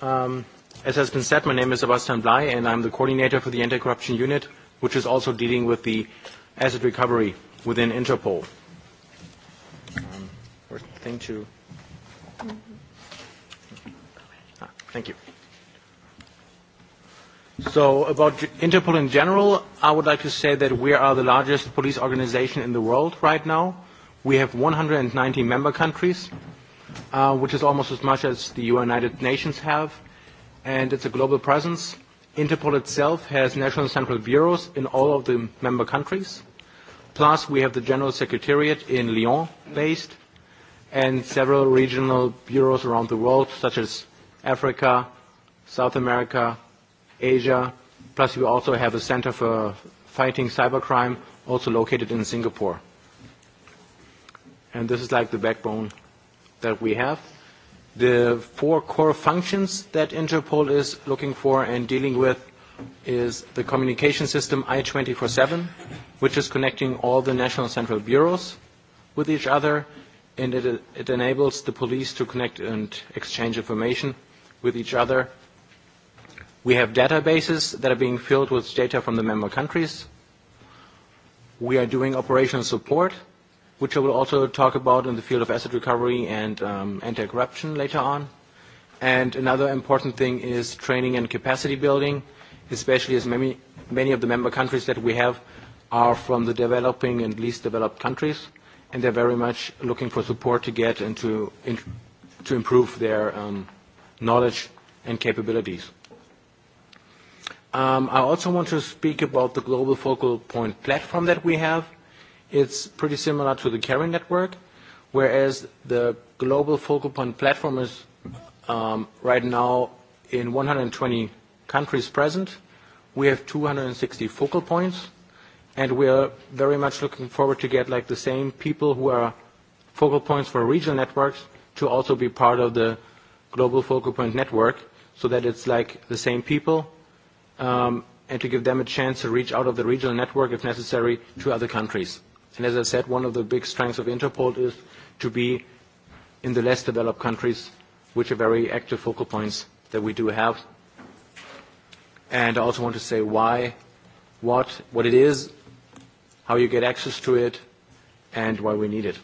Um, as has been said, my name is Sebastian Bley and I'm the coordinator for the anti-corruption unit, which is also dealing with the asset recovery within Interpol. Um, thing to... Mm -hmm. ah, thank you. So about Interpol in general, I would like to say that we are the largest police organization in the world right now. We have 190 member countries, uh, which is almost as much as the United Nations have, and it's a global presence. Interpol itself has national central bureaus in all of the member countries. Plus, we have the General Secretariat in Lyon based, and several regional bureaus around the world, such as Africa, South America, Asia. Plus, we also have a center for fighting cybercrime, also located in Singapore. And this is like the backbone that we have. The four core functions that Interpol is looking for and dealing with is the communication system I-24/7, which is connecting all the national central bureaus with each other, and it, it enables the police to connect and exchange information with each other We have databases that are being filled with data from the member countries. We are doing operational support, which I will also talk about in the field of asset recovery and um, anti-corruption later on. And another important thing is training and capacity building, especially as many, many of the member countries that we have are from the developing and least developed countries, and they're very much looking for support to get and to, in, to improve their um, knowledge and capabilities. Um, I also want to speak about the global focal point platform that we have. It's pretty similar to the CARI network, whereas the global focal point platform is um, right now in 120 countries present. We have 260 focal points, and we are very much looking forward to get like the same people who are focal points for regional networks to also be part of the global focal point network so that it's like the same people um, and to give them a chance to reach out of the regional network, if necessary, to other countries. And as I said, one of the big strengths of Interpol is to be in the less developed countries, which are very active focal points that we do have. And I also want to say why, what, what it is, how you get access to it, and why we need it.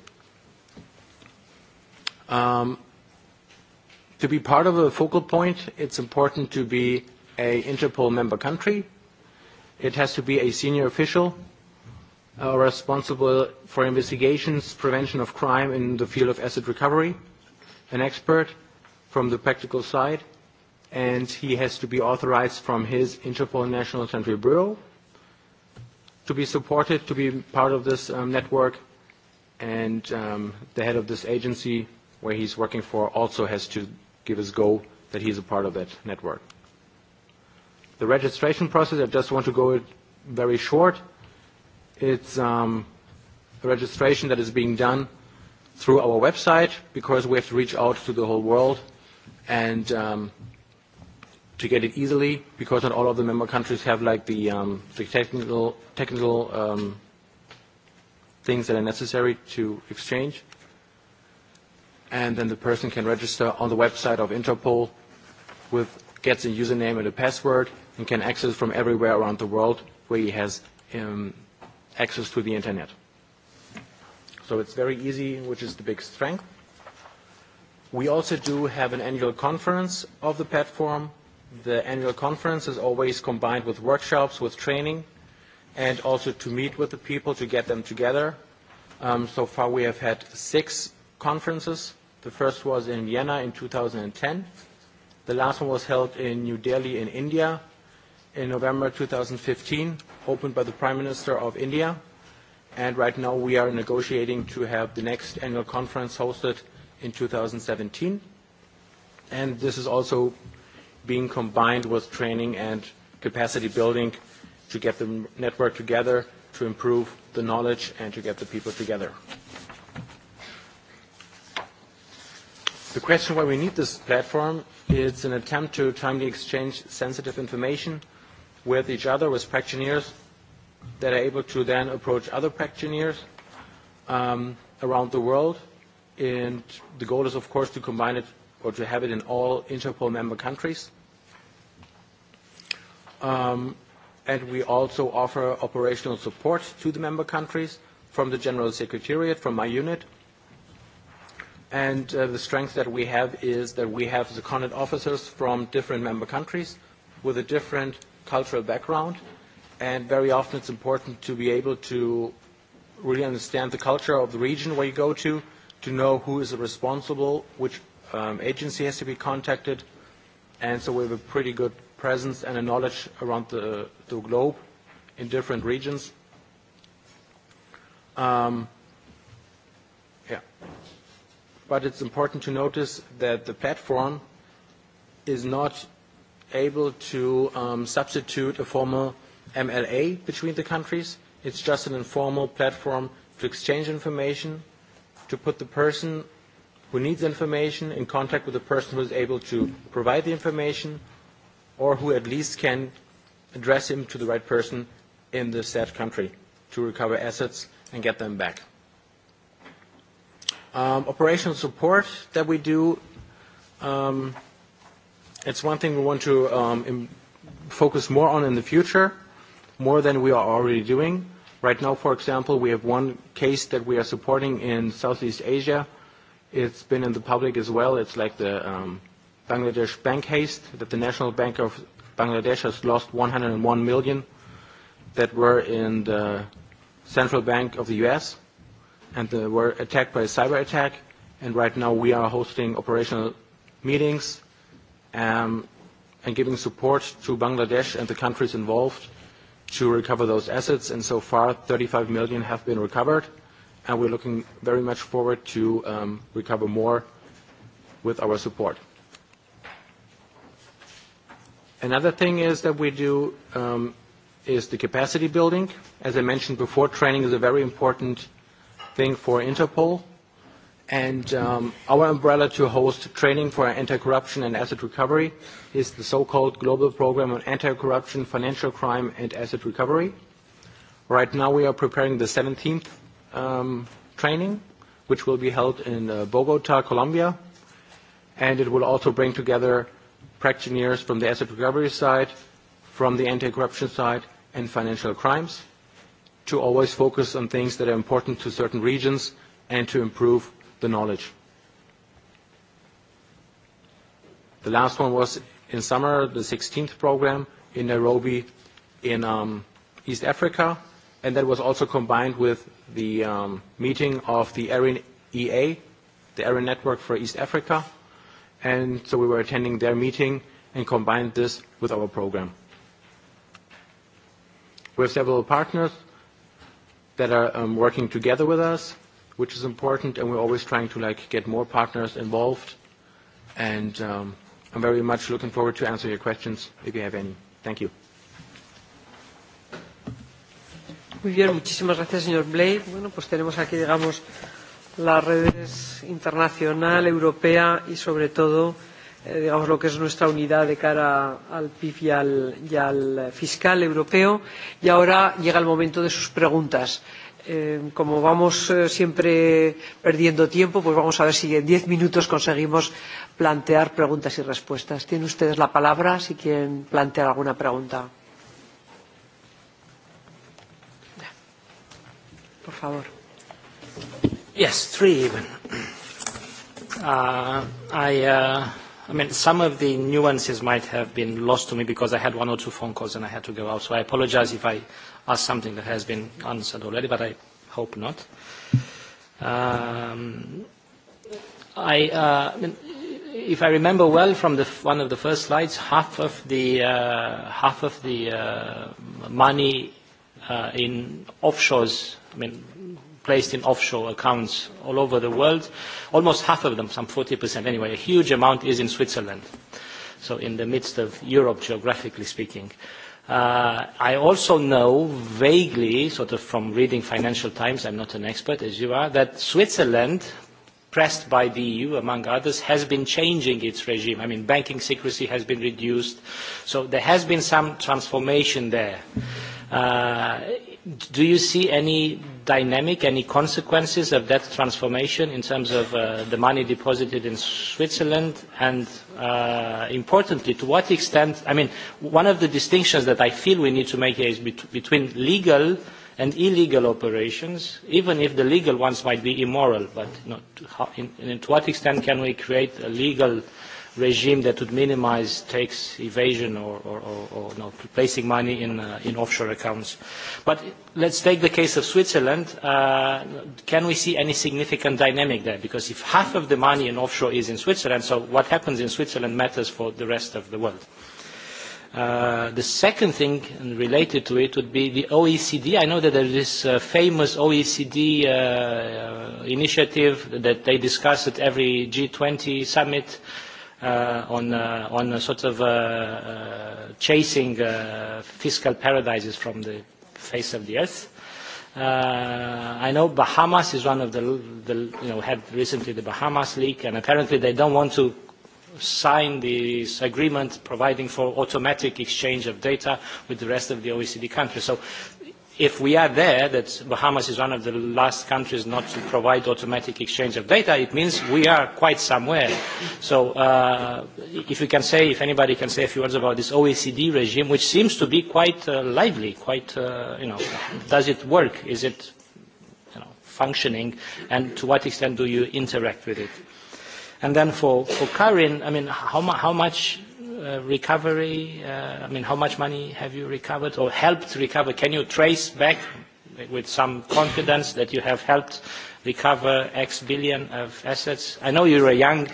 Um, to be part of a focal point, it's important to be a Interpol member country. It has to be a senior official uh, responsible for investigations, prevention of crime in the field of asset recovery, an expert from the practical side, and he has to be authorized from his Interpol National Central Bureau to be supported, to be part of this um, network, and um, the head of this agency where he's working for also has to give his go that he's a part of that network. The registration process, I just want to go it very short. It's um, a registration that is being done through our website because we have to reach out to the whole world and um, to get it easily because not all of the member countries have like the, um, the technical, technical um, things that are necessary to exchange. And then the person can register on the website of Interpol with gets a username and a password, and can access from everywhere around the world where he has um, access to the internet. So it's very easy, which is the big strength. We also do have an annual conference of the platform. The annual conference is always combined with workshops, with training, and also to meet with the people to get them together. Um, so far we have had six conferences. The first was in Vienna in 2010. The last one was held in New Delhi in India in November 2015, opened by the Prime Minister of India. And right now we are negotiating to have the next annual conference hosted in 2017. And this is also being combined with training and capacity building to get the network together, to improve the knowledge, and to get the people together. The question why we need this platform is an attempt to timely exchange sensitive information with each other, with practitioners that are able to then approach other practitioners um, around the world. And the goal is, of course, to combine it or to have it in all Interpol member countries. Um, and we also offer operational support to the member countries from the General Secretariat, from my unit – And uh, the strength that we have is that we have the content officers from different member countries with a different cultural background. And very often it's important to be able to really understand the culture of the region where you go to, to know who is responsible, which um, agency has to be contacted. And so we have a pretty good presence and a knowledge around the, the globe in different regions. Um, but it's important to notice that the platform is not able to um, substitute a formal MLA between the countries. It's just an informal platform to exchange information, to put the person who needs information in contact with the person who is able to provide the information, or who at least can address him to the right person in the said country to recover assets and get them back. Um, operational support that we do, um, it's one thing we want to um, im- focus more on in the future, more than we are already doing. Right now, for example, we have one case that we are supporting in Southeast Asia. It's been in the public as well. It's like the um, Bangladesh bank haste that the National Bank of Bangladesh has lost 101 million that were in the central bank of the U.S and they uh, were attacked by a cyber attack. And right now we are hosting operational meetings um, and giving support to Bangladesh and the countries involved to recover those assets. And so far, 35 million have been recovered. And we're looking very much forward to um, recover more with our support. Another thing is that we do um, is the capacity building. As I mentioned before, training is a very important thing for Interpol and um, our umbrella to host training for anti-corruption and asset recovery is the so-called Global Program on Anti-Corruption, Financial Crime and Asset Recovery. Right now we are preparing the 17th um, training, which will be held in uh, Bogota, Colombia, and it will also bring together practitioners from the asset recovery side, from the anti-corruption side, and financial crimes to always focus on things that are important to certain regions and to improve the knowledge. The last one was in summer, the 16th program in Nairobi in um, East Africa, and that was also combined with the um, meeting of the ARIN EA, the ARIN Network for East Africa, and so we were attending their meeting and combined this with our program. We have several partners that are um, working together with us, which is important, and we're always trying to like get more partners involved. And um, I'm very much looking forward to answer your questions if you have any. Thank you. Muy bien, muchísimas gracias, señor Blake. Bueno, pues tenemos aquí, digamos, las redes internacional, europea y sobre todo Eh, digamos lo que es nuestra unidad de cara al PIB y al, y al fiscal europeo. Y ahora llega el momento de sus preguntas. Eh, como vamos eh, siempre perdiendo tiempo, pues vamos a ver si en diez minutos conseguimos plantear preguntas y respuestas. Tienen ustedes la palabra si quieren plantear alguna pregunta. Por favor. Yes, three even. Uh, I, uh... I mean, some of the nuances might have been lost to me because I had one or two phone calls and I had to go out. So I apologize if I ask something that has been answered already, but I hope not. Um, I, uh, I mean, if I remember well from the, one of the first slides, half of the, uh, half of the uh, money uh, in offshores, I mean, placed in offshore accounts all over the world. Almost half of them, some 40% anyway, a huge amount is in Switzerland. So in the midst of Europe, geographically speaking. Uh, I also know vaguely, sort of from reading Financial Times, I'm not an expert as you are, that Switzerland, pressed by the EU, among others, has been changing its regime. I mean, banking secrecy has been reduced. So there has been some transformation there. Uh, do you see any dynamic, any consequences of that transformation in terms of uh, the money deposited in Switzerland? And uh, importantly, to what extent, I mean, one of the distinctions that I feel we need to make here is bet between legal and illegal operations, even if the legal ones might be immoral, but you know, to, how, in, in, to what extent can we create a legal regime that would minimize tax evasion or, or, or, or know, placing money in, uh, in offshore accounts. But let's take the case of Switzerland. Uh, can we see any significant dynamic there? Because if half of the money in offshore is in Switzerland, so what happens in Switzerland matters for the rest of the world. Uh, the second thing related to it would be the OECD. I know that there is this uh, famous OECD uh, uh, initiative that they discuss at every G20 summit uh, uh, on, uh, on sort of uh, uh, chasing uh, fiscal paradises from the face of the earth. Uh, I know Bahamas is one of the, the, you know, had recently the Bahamas leak, and apparently they don't want to sign this agreement providing for automatic exchange of data with the rest of the OECD countries. So if we are there, that Bahamas is one of the last countries not to provide automatic exchange of data, it means we are quite somewhere. So uh, if we can say, if anybody can say a few words about this OECD regime, which seems to be quite uh, lively, quite, uh, you know, does it work? Is it you know, functioning? And to what extent do you interact with it? And then for, for Karin, I mean, how, mu how much Uh, recovery? Uh, I mean, how much money have you recovered or helped recover? Can you trace back with some confidence that you have helped recover X billion of assets? I know you're a young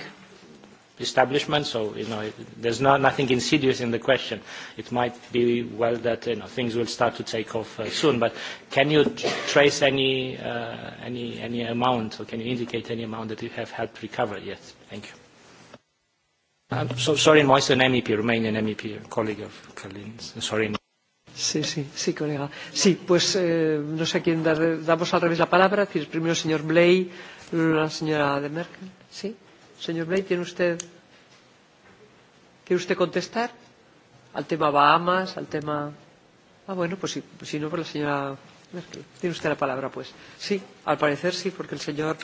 establishment, so you know there's not nothing insidious in the question. It might be well that you know, things will start to take off uh, soon, but can you trace any, uh, any, any amount or can you indicate any amount that you have helped recover yet? Thank you. I'm uh, so sorry, Moise, no, an MEP, Romanian MEP, colleague of Kalin's. Sorry. No. Sí, sí, sí, colega. Sí, pues eh, no sé a quién dar, damos al revés la palabra. Decir, primero el señor Bley, la señora de Merkel. Sí, señor Bley, ¿tiene usted, ¿quiere usted contestar al tema Bahamas, al tema... Ah, bueno, pues, sí, pues si no, pues la señora Merkel. Tiene usted la palabra, pues. Sí, al parecer sí, porque el señor,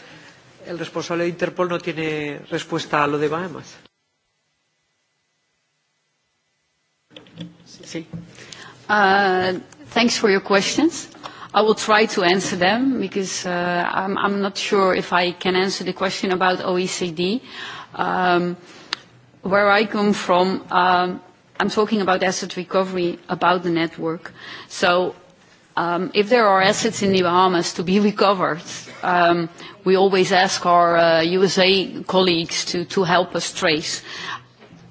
el responsable de Interpol no tiene respuesta a lo de Bahamas. Exactly. Uh, thanks for your questions. I will try to answer them because uh, I'm, not sure if I can answer the question about OECD. Um, where I come from, um, I'm talking about asset recovery, about the network. So um, if there are assets in the Bahamas to be [LAUGHS] recovered, we always ask our USA uh, colleagues to, to help us trace.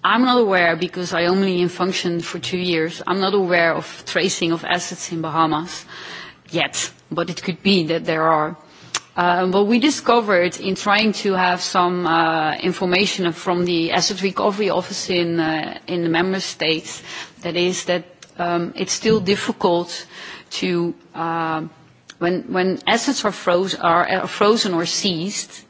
I'm not aware, because I only in function for two years, I'm not aware of tracing of assets in Bahamas yet, but it could be that there are. Um, uh, what we discovered in trying to have some uh, information from the asset recovery office in, uh, in the member states, that is that um, it's still difficult to, uh, when, when assets are, froze, are, are uh, frozen or seized,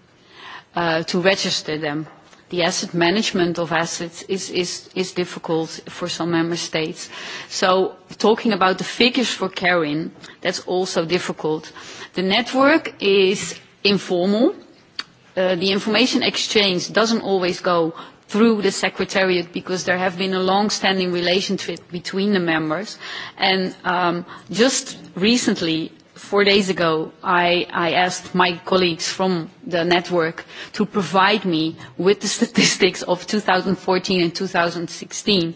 uh, to register them the asset management of assets is, is, is difficult for some member states. So talking about the figures for carrying, that's also difficult. The network is informal. Uh, the information exchange doesn't always go through the Secretariat because there have been a long-standing relationship between the members. And um, just recently, four days ago, I, I asked my colleagues from the network to provide me with the [LAUGHS] statistics of 2014 and 2016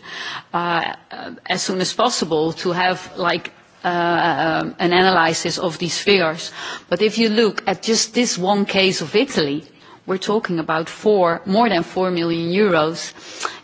uh, uh, as soon as possible to have like uh, an analysis of these figures. But if you look at just this one case of Italy, we're talking about four, more than 4 million euros.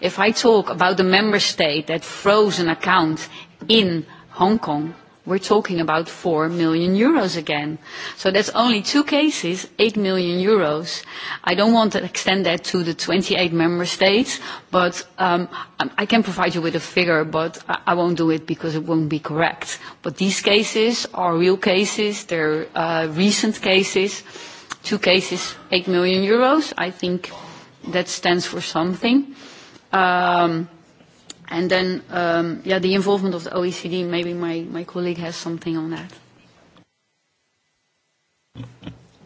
If I talk about the member state that froze an account in Hong Kong, we're talking about 4 million euros again. So that's only two cases, 8 million euros. I don't want to extend that to the 28 member states, but um, um, I can provide you with a figure, but I won't do it because it won't be correct. But these cases are real cases, they're uh, recent cases. Two cases, 8 million euros. I think that stands for something. Um, And then, um, yeah, the involvement of the OECD, maybe my, my colleague has something on that.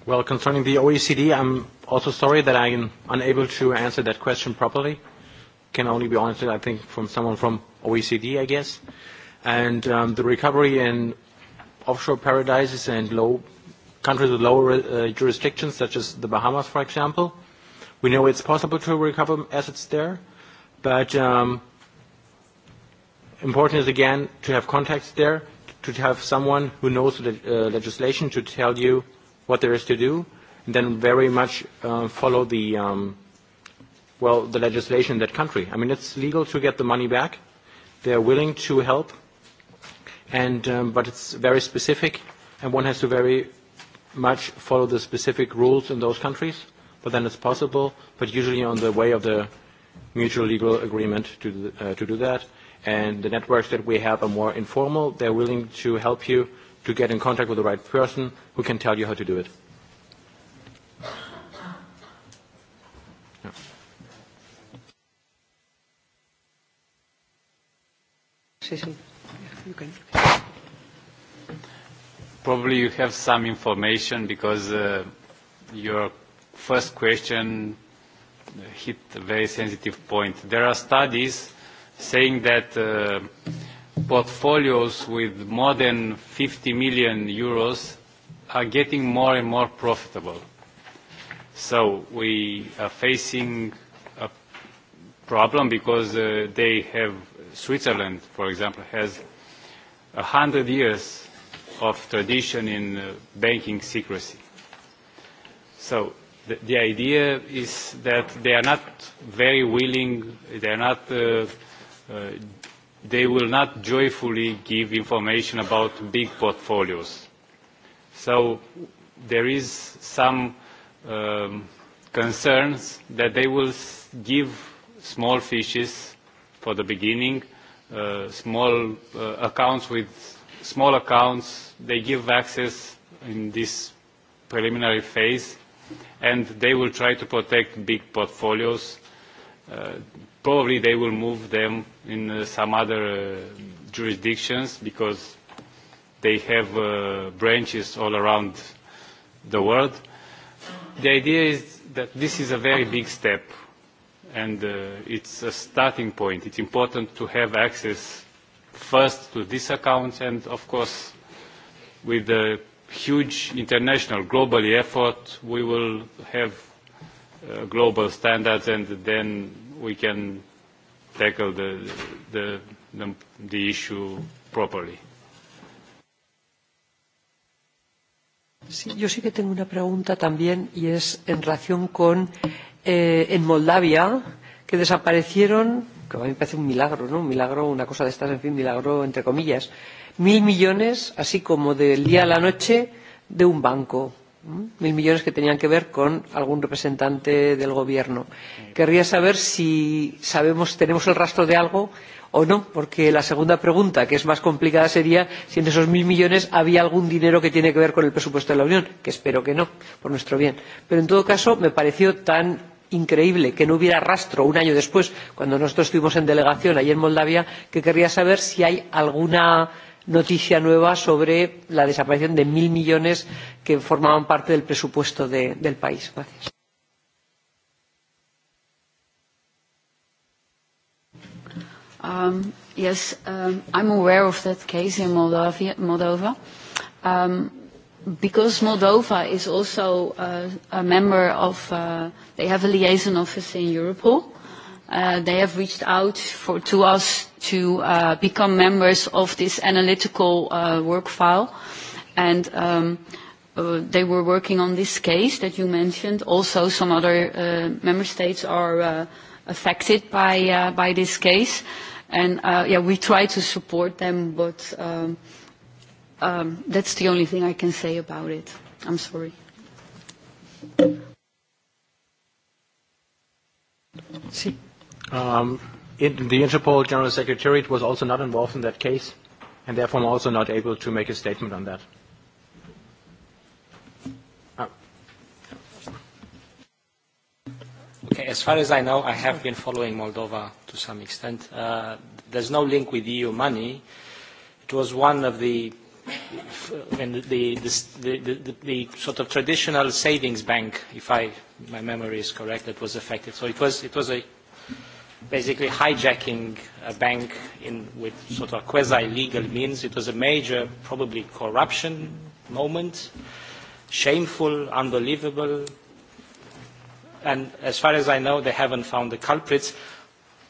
Well, concerning the OECD, I'm also sorry that I am unable to answer that question properly. Can only be answered, I think, from someone from OECD, I guess. And um, the recovery in offshore paradises and low countries with lower uh, jurisdictions, such as the Bahamas, for example, we know it's possible to recover assets there, but um, Important is again to have contacts there, to have someone who knows the uh, legislation to tell you what there is to do, and then very much uh, follow the um, well the legislation in that country. I mean, it's legal to get the money back. They're willing to help, and um, but it's very specific, and one has to very much follow the specific rules in those countries. But then it's possible, but usually on the way of the mutual legal agreement to, uh, to do that. And the networks that we have are more informal. They're willing to help you to get in contact with the right person who can tell you how to do it. Probably you have some information because uh, your first question hit a very sensitive point. There are studies saying that uh, portfolios with more than 50 million euros are getting more and more profitable. So we are facing a problem because uh, they have, Switzerland, for example, has 100 years of tradition in uh, banking secrecy. So the, idea is that they are not very willing, they are not, uh, uh, they will not joyfully give information about big portfolios. So there is some um, concerns that they will give small fishes for the beginning, uh, small uh, accounts with small accounts, they give access in this preliminary phase and they will try to protect big portfolios. Uh, probably they will move them in uh, some other uh, jurisdictions because they have uh, branches all around the world. The idea is that this is a very big step and uh, it's a starting point. It's important to have access first to these accounts and of course with the huge international, global effort, we will have uh, global standards and then we can tackle the, the, the, the issue properly. Sí, yo sí que tengo una pregunta también y es en relación con eh, en Moldavia que desaparecieron, que a mí me parece un milagro, ¿no? Un milagro, una cosa de estas, en fin, milagro entre comillas. Eh, mil millones, así como del día a la noche, de un banco. Mm, mil millones que tenían que ver con algún representante del gobierno. Querría saber si sabemos, tenemos el rastro de algo o no, porque la segunda pregunta, que es más complicada, sería si en esos mil millones había algún dinero que tiene que ver con el presupuesto de la Unión, que espero que no, por nuestro bien. Pero en todo caso, me pareció tan increíble que no hubiera rastro un año después, cuando nosotros estuvimos en delegación allí en Moldavia, que querría saber si hay alguna noticia nueva sobre la desaparición de mil millones que formaban parte del presupuesto del país. Um, yes, um, I'm aware of that case in Moldavia, Moldova. Um, because Moldova is also uh, a member of, uh, they have a liaison office in Europol. Uh, they have reached out for, to us to uh, become members of this analytical uh, work file. And um, uh, they were working on this case that you mentioned. Also, some other uh, member states are uh, affected by, uh, by this case. And uh, yeah, we try to support them, but um, um, that's the only thing I can say about it. I'm sorry. Sí. Um, It, the Interpol General Secretariat was also not involved in that case, and therefore I'm also not able to make a statement on that. Ah. Okay, as far as I know, I have been following Moldova to some extent. Uh, there's no link with EU money. It was one of the and the, the, the, the, the sort of traditional savings bank, if I, my memory is correct, that was affected. So it was, it was a basically hijacking a bank in, with sort of quasi-legal means. It was a major, probably, corruption moment, shameful, unbelievable. And as far as I know, they haven't found the culprits.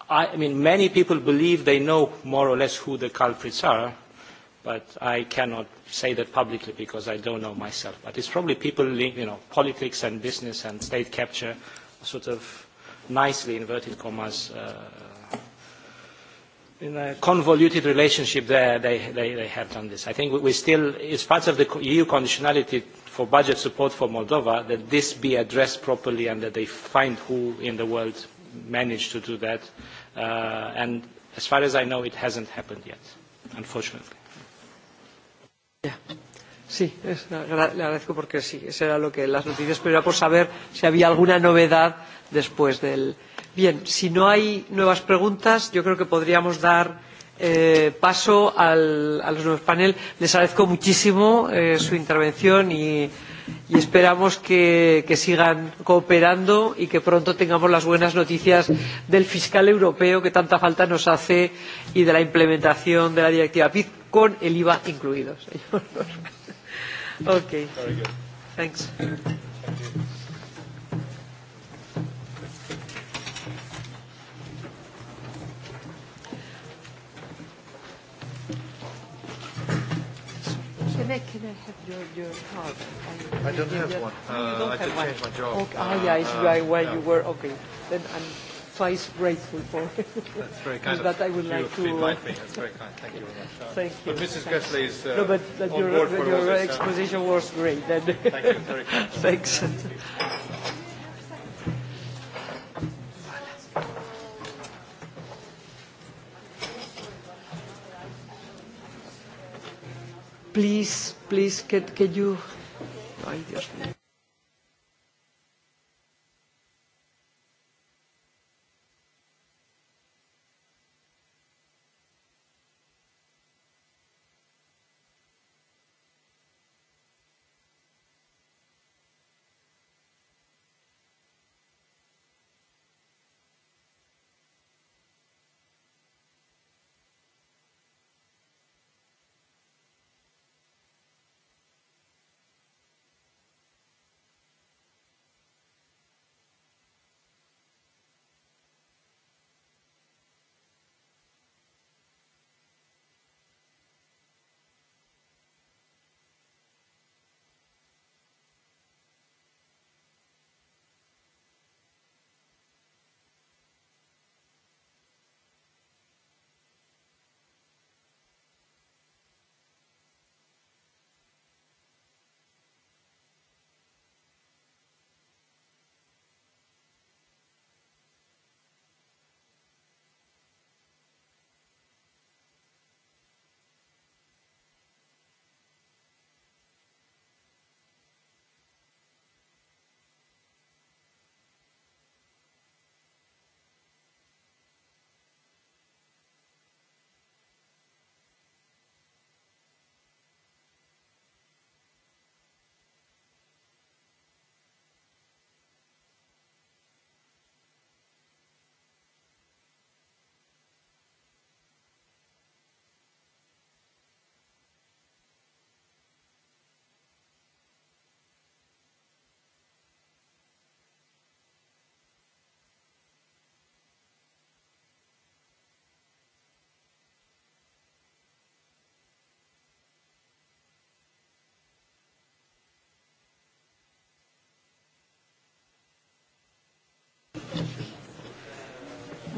I, I mean, many people believe they know more or less who the culprits are, but I cannot say that publicly because I don't know myself. But it's probably people, you know, politics and business and state capture sort of nicely inverted commas uh, in a convoluted relationship there they, they, they have done this. I think we still, it's part of the EU conditionality for budget support for Moldova that this be addressed properly and that they find who in the world managed to do that. Uh, and as far as I know, it hasn't happened yet, unfortunately. Yeah. Sí, es, le agradezco porque sí, eso era lo que las noticias, pero era por saber si había alguna novedad después del. Bien, si no hay nuevas preguntas, yo creo que podríamos dar eh, paso al, a los nuevos paneles. Les agradezco muchísimo eh, su intervención y, y esperamos que, que sigan cooperando y que pronto tengamos las buenas noticias del fiscal europeo que tanta falta nos hace y de la implementación de la directiva PIF con el IVA incluido. Señor. [LAUGHS] okay. Very good. Thanks. Can I, can I have your, your card? I, don't have one. you don't uh, I have change my job. Okay. ah, yeah, it's uh, right where you no. were. Okay, then I'm twice grateful for. That's very kind [LAUGHS] but of I would you like to invite me. Uh, That's very kind. Thank you very much. [LAUGHS] Thank you. But Mrs. Gressley is uh, no, but, but on your, board for your all this, uh, exposition uh, was great. Then. Thank you. Very kind. [LAUGHS] Thanks. Thank you. please, please, could, could you... Ay, Dios mío.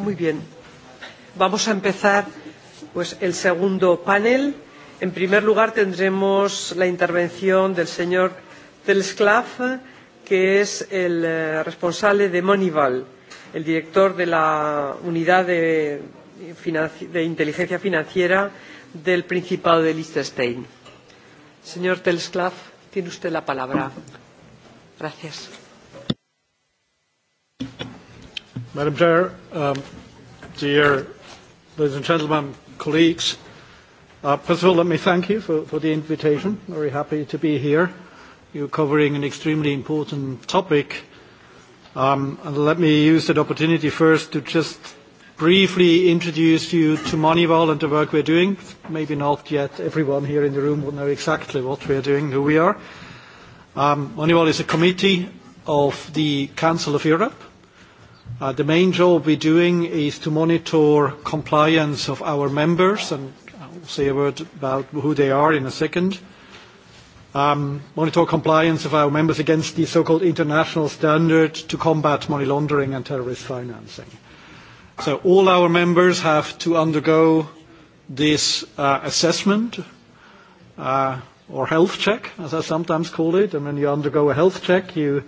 Muy bien. Vamos a empezar pues, el segundo panel. En primer lugar, tendremos la intervención del señor Telesclaf, que es el eh, responsable de Moneyval, el director de la unidad de, de inteligencia financiera del Principado de Liechtenstein. Señor Telsklaff, tiene usted la palabra. Gracias. Madam Chair, um, dear ladies and gentlemen, colleagues, uh, first of all, let me thank you for, for the invitation. Very happy to be here. You're covering an extremely important topic. Um, and let me use that opportunity first to just briefly introduce you to Moneyval and the work we're doing. Maybe not yet everyone here in the room will know exactly what we are doing, who we are. Um, Moneyval is a committee of the Council of Europe Uh, the main job we're doing is to monitor compliance of our members, and I'll say a word about who they are in a second. Um, monitor compliance of our members against the so-called international standard to combat money laundering and terrorist financing. So all our members have to undergo this uh, assessment uh, or health check, as I sometimes call it. And when you undergo a health check, you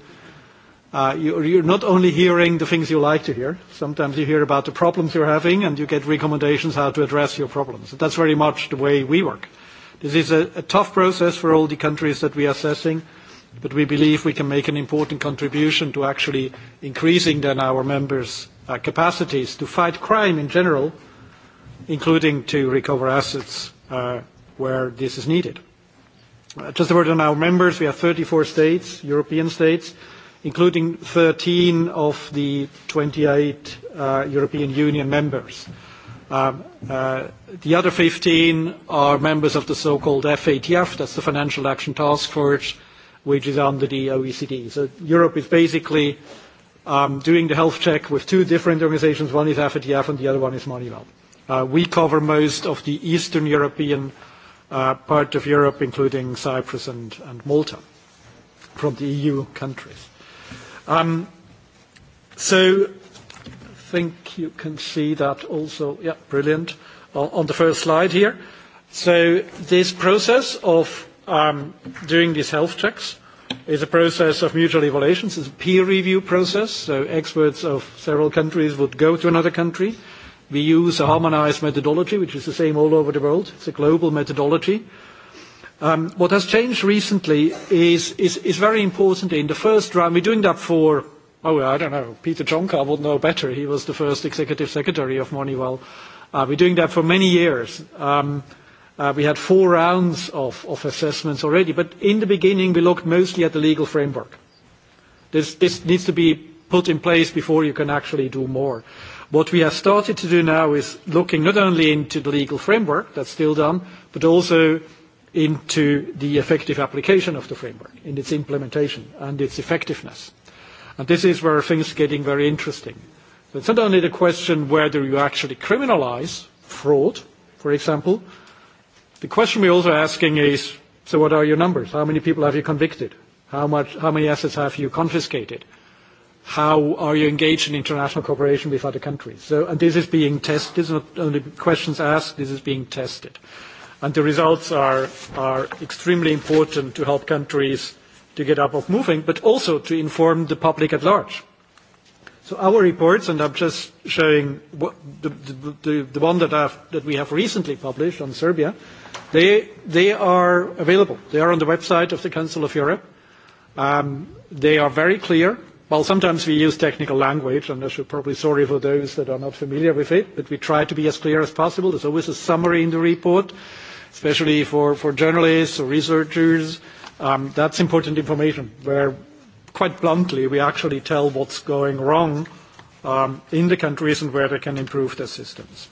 uh, you're, you're not only hearing the things you like to hear, sometimes you hear about the problems you're having and you get recommendations how to address your problems. That's very much the way we work. This is a, a tough process for all the countries that we are assessing, but we believe we can make an important contribution to actually increasing then our members' uh, capacities to fight crime in general, including to recover assets uh, where this is needed. Uh, just a word on our members. We have 34 states, European states including 13 of the 28 uh, European Union members. Um, uh, the other 15 are members of the so-called FATF, that's the Financial Action Task Force, which is under the OECD. So Europe is basically um, doing the health check with two different organizations. One is FATF and the other one is Moneywell. Uh, we cover most of the Eastern European uh, part of Europe, including Cyprus and, and Malta, from the EU countries. Um, so I think you can see that also. Yeah, brilliant. On, on the first slide here. So this process of um, doing these health checks is a process of mutual evaluations. It's a peer review process, so experts of several countries would go to another country. We use a harmonized methodology, which is the same all over the world. It's a global methodology Um, what has changed recently is, is, is very important. In the first round, we're doing that for, oh, I don't know, Peter Csonka would know better. He was the first executive secretary of Moneywell. Uh, we're doing that for many years. Um, uh, we had four rounds of, of assessments already, but in the beginning, we looked mostly at the legal framework. This, this needs to be put in place before you can actually do more. What we have started to do now is looking not only into the legal framework, that's still done, but also into the effective application of the framework, in its implementation and its effectiveness. And this is where things are getting very interesting. So it's not only the question whether you actually criminalize fraud, for example. The question we're also asking is, so what are your numbers? How many people have you convicted? How, much, how many assets have you confiscated? How are you engaged in international cooperation with other countries? So, and this is being tested. This is not only questions asked, this is being tested. And the results are, are extremely important to help countries to get up and moving, but also to inform the public at large. So our reports, and I'm just showing what the, the, the one that, I've, that we have recently published on Serbia, they, they are available. They are on the website of the Council of Europe. Um, they are very clear. Well, sometimes we use technical language, and I should probably sorry for those that are not familiar with it, but we try to be as clear as possible. There's always a summary in the report especially for, for journalists or researchers. Um, that's important information where, quite bluntly, we actually tell what's going wrong um, in the countries and where they can improve their systems.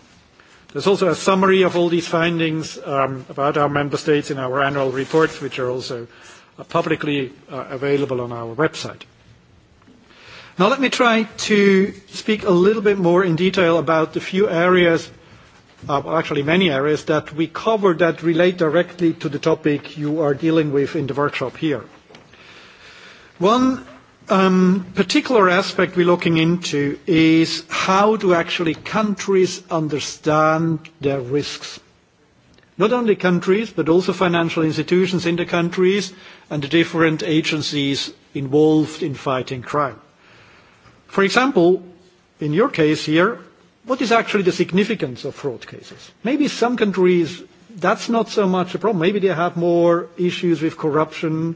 There's also a summary of all these findings um, about our member states in our annual reports, which are also uh, publicly uh, available on our website. Now let me try to speak a little bit more in detail about the few areas uh, actually many areas that we cover that relate directly to the topic you are dealing with in the workshop here. One um, particular aspect we're looking into is how do actually countries understand their risks. Not only countries, but also financial institutions in the countries and the different agencies involved in fighting crime. For example, in your case here, what is actually the significance of fraud cases? Maybe some countries, that's not so much a problem. Maybe they have more issues with corruption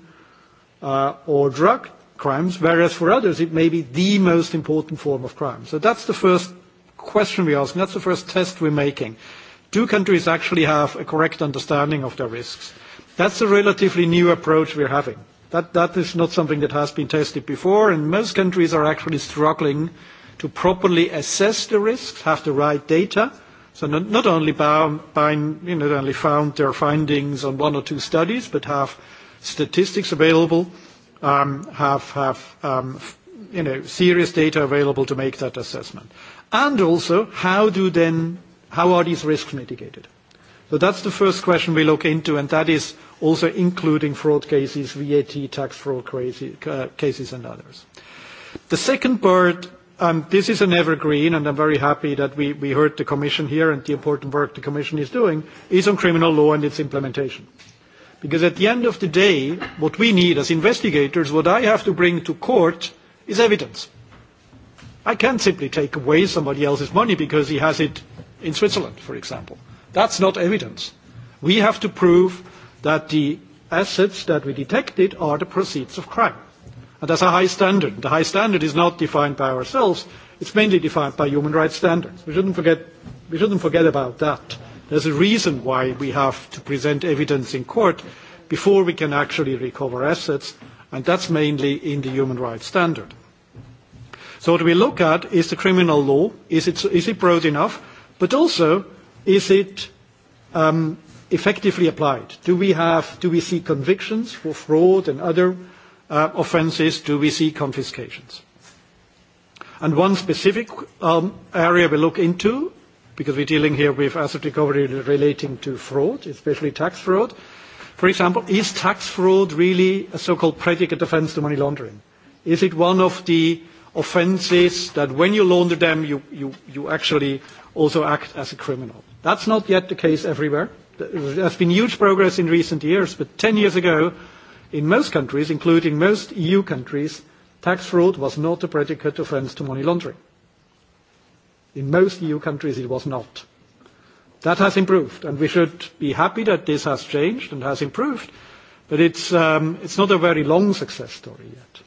uh, or drug crimes, whereas for others it may be the most important form of crime. So that's the first question we ask, and that's the first test we're making. Do countries actually have a correct understanding of their risks? That's a relatively new approach we're having. That, that is not something that has been tested before, and most countries are actually struggling to properly assess the risks, have the right data. So not, not only you know, only found their findings on one or two studies, but have statistics available, um, have, have um, you know, serious data available to make that assessment. And also, how do then, how are these risks mitigated? So that's the first question we look into, and that is also including fraud cases, VAT, tax fraud crazy, uh, cases, and others. The second part Um, this is an evergreen, and I'm very happy that we, we heard the Commission here and the important work the Commission is doing is on criminal law and its implementation. Because at the end of the day, what we need as investigators, what I have to bring to court is evidence. I can't simply take away somebody else's money because he has it in Switzerland, for example. That's not evidence. We have to prove that the assets that we detected are the proceeds of crime. And that's a high standard. The high standard is not defined by ourselves. It's mainly defined by human rights standards. We shouldn't forget, we shouldn't forget about that. There's a reason why we have to present evidence in court before we can actually recover assets, and that's mainly in the human rights standard. So what we look at is the criminal law. Is it, is it broad enough? But also, is it um, effectively applied? Do we, have, do we see convictions for fraud and other Uh, offences do we see confiscations. And one specific um, area we look into, because we're dealing here with asset recovery relating to fraud, especially tax fraud. For example, is tax fraud really a so-called predicate offence to money laundering? Is it one of the offences that when you launder them, you, you, you actually also act as a criminal? That's not yet the case everywhere. There has been huge progress in recent years, but 10 years ago, In most countries, including most EU countries, tax fraud was not a predicate offence to money laundering. In most EU countries, it was not. That has improved, and we should be happy that this has changed and has improved, but it's, um, it's not a very long success story yet.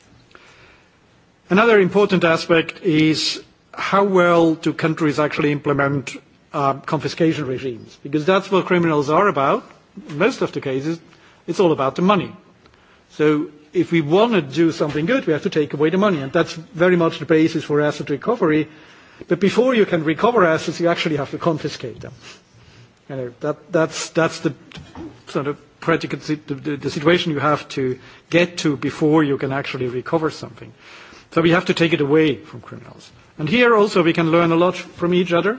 Another important aspect is how well do countries actually implement uh, confiscation regimes? Because that's what criminals are about. In most of the cases, it's all about the money. So if we want to do something good, we have to take away the money, and that's very much the basis for asset recovery. But before you can recover assets, you actually have to confiscate them. You know, that, that's, that's the sort of predicate, the, the, the situation you have to get to before you can actually recover something. So we have to take it away from criminals. And here also we can learn a lot from each other.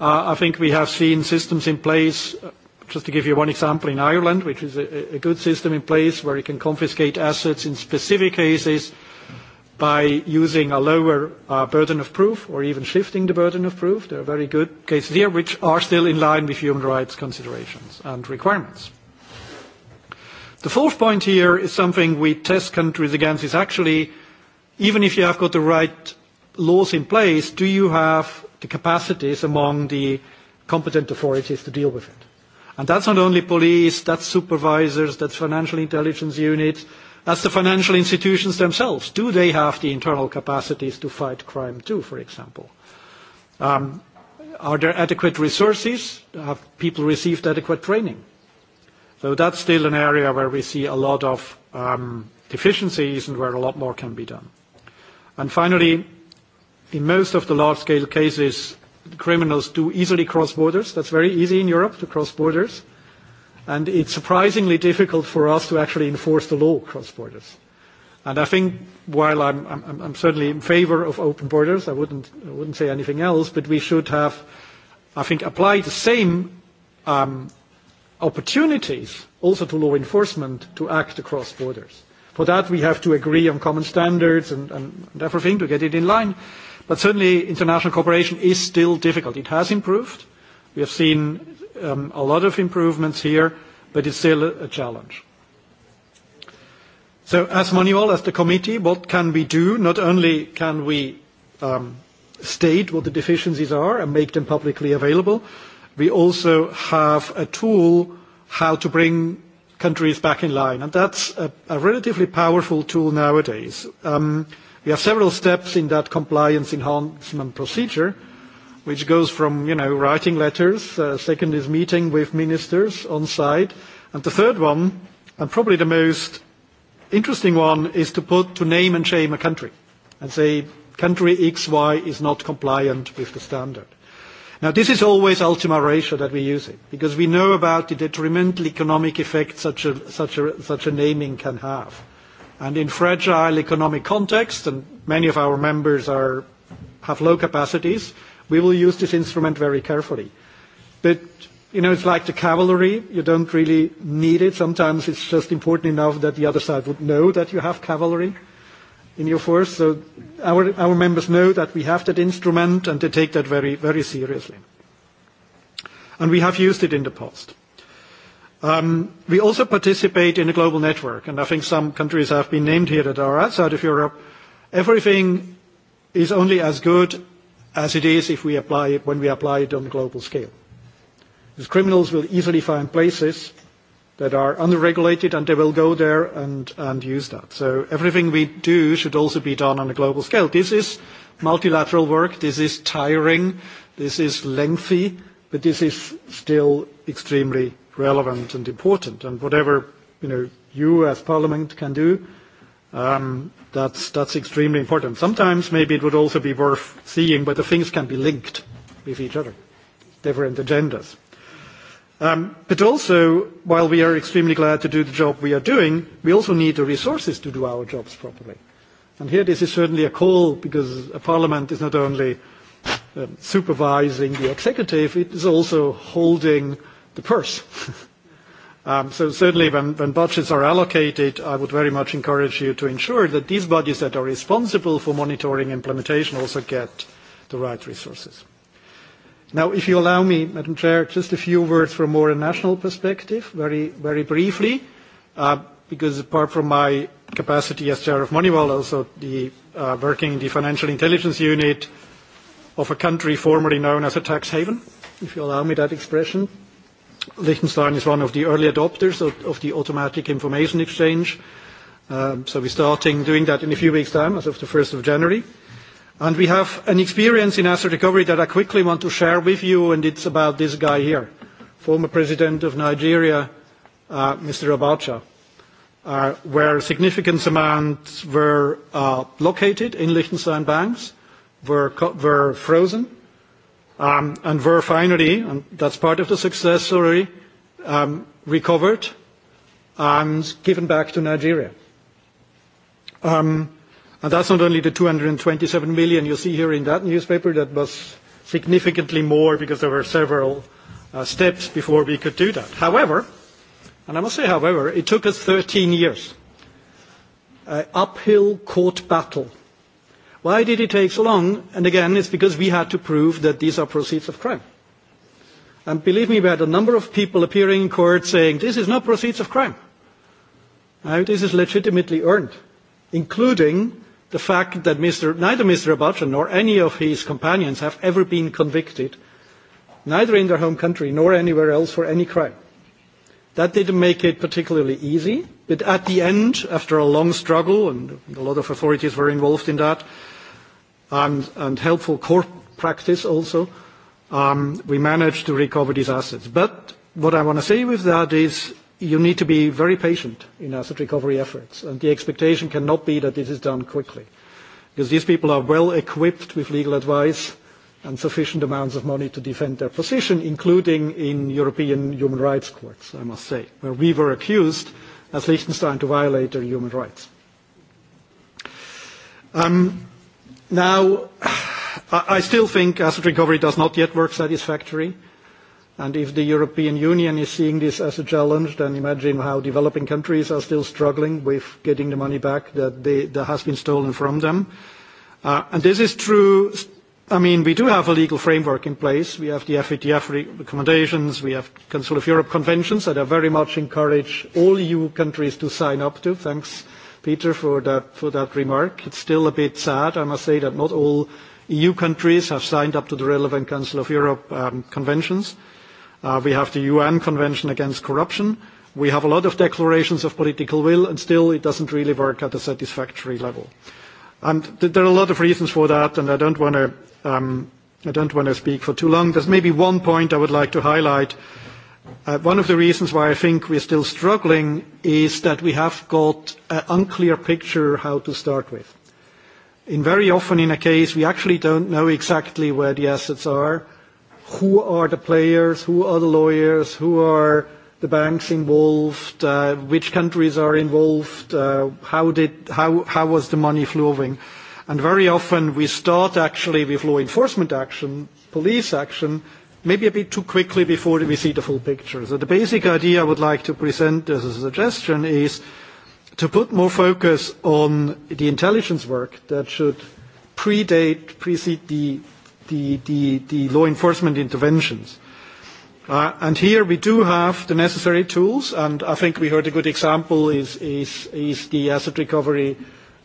Uh, I think we have seen systems in place uh, just to give you one example, in Ireland, which is a, a good system in place where you can confiscate assets in specific cases by using a lower uh, burden of proof or even shifting the burden of proof. There are very good cases here which are still in line with human rights considerations and requirements. The fourth point here is something we test countries against is actually, even if you have got the right laws in place, do you have the capacities among the competent authorities to deal with it? And that's not only police, that's supervisors, that's financial intelligence units, that's the financial institutions themselves. Do they have the internal capacities to fight crime too, for example? Um, are there adequate resources? Have people received adequate training? So that's still an area where we see a lot of um, deficiencies and where a lot more can be done. And finally, in most of the large-scale cases, criminals do easily cross borders. That's very easy in Europe to cross borders. And it's surprisingly difficult for us to actually enforce the law cross borders. And I think while I'm, I'm, I'm certainly in favor of open borders, I wouldn't, I wouldn't say anything else, but we should have, I think, applied the same um, opportunities also to law enforcement to act across borders. For that, we have to agree on common standards and, and, and everything to get it in line. But certainly international cooperation is still difficult. It has improved. We have seen um, a lot of improvements here, but it's still a, a challenge. So as Manuel, as the committee, what can we do? Not only can we um, state what the deficiencies are and make them publicly available, we also have a tool how to bring countries back in line. And that's a, a relatively powerful tool nowadays. Um, We have several steps in that compliance enhancement procedure, which goes from, you know, writing letters, uh, second is meeting with ministers on site, and the third one, and probably the most interesting one, is to put to name and shame a country and say, country XY is not compliant with the standard. Now, this is always ultima ratio that we use it, because we know about the detrimental economic effects such a, such a, such a naming can have. And in fragile economic context, and many of our members are, have low capacities, we will use this instrument very carefully. But, you know, it's like the cavalry. You don't really need it. Sometimes it's just important enough that the other side would know that you have cavalry in your force. So our, our members know that we have that instrument and they take that very, very seriously. And we have used it in the past. Um, we also participate in a global network, and I think some countries have been named here that are outside of Europe. Everything is only as good as it is if we apply it when we apply it on a global scale. Because criminals will easily find places that are unregulated, and they will go there and, and use that. So everything we do should also be done on a global scale. This is multilateral work. This is tiring. This is lengthy, but this is still extremely relevant and important. And whatever you know you as Parliament can do, um, that's that's extremely important. Sometimes maybe it would also be worth seeing whether things can be linked with each other, different agendas. Um, but also, while we are extremely glad to do the job we are doing, we also need the resources to do our jobs properly. And here this is certainly a call because a parliament is not only um, supervising the executive, it is also holding the purse. [LAUGHS] Um, so certainly when, when budgets are allocated, I would very much encourage you to ensure that these bodies that are responsible for monitoring implementation also get the right resources. Now, if you allow me, Madam Chair, just a few words from more a national perspective, very, very briefly, uh, because apart from my capacity as Chair of Moneyval, also the, uh, working in the Financial Intelligence Unit of a country formerly known as a tax haven, if you allow me that expression, Liechtenstein is one of the early adopters of, of the automatic information exchange. Um, so we're starting doing that in a few weeks' time, as of the 1st of January. And we have an experience in asset recovery that I quickly want to share with you, and it's about this guy here, former president of Nigeria, uh, Mr. Abacha, uh, where significant amounts were uh, located in Liechtenstein banks, were, were frozen, Um, and were finally, and that's part of the success story, um, recovered and given back to Nigeria. Um, and that's not only the 227 million you see here in that newspaper, that was significantly more because there were several uh, steps before we could do that. However, and I must say, however, it took us 13 years, an uh, uphill court battle Why did it take so long? And again, it's because we had to prove that these are proceeds of crime. And believe me, we had a number of people appearing in court saying, this is not proceeds of crime. Now, this is legitimately earned, including the fact that Mr., neither Mr. Abacha nor any of his companions have ever been convicted, neither in their home country nor anywhere else for any crime. That didn't make it particularly easy, but at the end, after a long struggle, and a lot of authorities were involved in that, and, and helpful court practice also, um, we managed to recover these assets. But what I want to say with that is you need to be very patient in asset recovery efforts, and the expectation cannot be that this is done quickly, because these people are well equipped with legal advice and sufficient amounts of money to defend their position, including in European human rights courts, I must say, where we were accused as Liechtenstein to violate their human rights. Um, Now, I still think asset recovery does not yet work satisfactory. And if the European Union is seeing this as a challenge, then imagine how developing countries are still struggling with getting the money back that, they, that has been stolen from them. Uh, and this is true. I mean, we do have a legal framework in place. We have the FATF recommendations. We have Council of Europe conventions that are very much encourage all EU countries to sign up to, thanks Peter, for that, for that remark. It's still a bit sad, I must say, that not all EU countries have signed up to the relevant Council of Europe um, conventions. Uh, we have the UN Convention Against Corruption. We have a lot of declarations of political will, and still it doesn't really work at a satisfactory level. And th there are a lot of reasons for that, and I don't want um, I don't want to speak for too long. There's maybe one point I would like to highlight Uh, one of the reasons why I think we're still struggling is that we have got an unclear picture how to start with. In very often in a case, we actually don't know exactly where the assets are, who are the players, who are the lawyers, who are the banks involved, uh, which countries are involved, uh, how, did, how, how was the money flowing. And very often we start actually with law enforcement action, police action, Maybe a bit too quickly before we see the full picture. So the basic idea I would like to present as a suggestion is to put more focus on the intelligence work that should predate, precede the, the, the, the law enforcement interventions. Uh, and here we do have the necessary tools, and I think we heard a good example is, is, is the asset recovery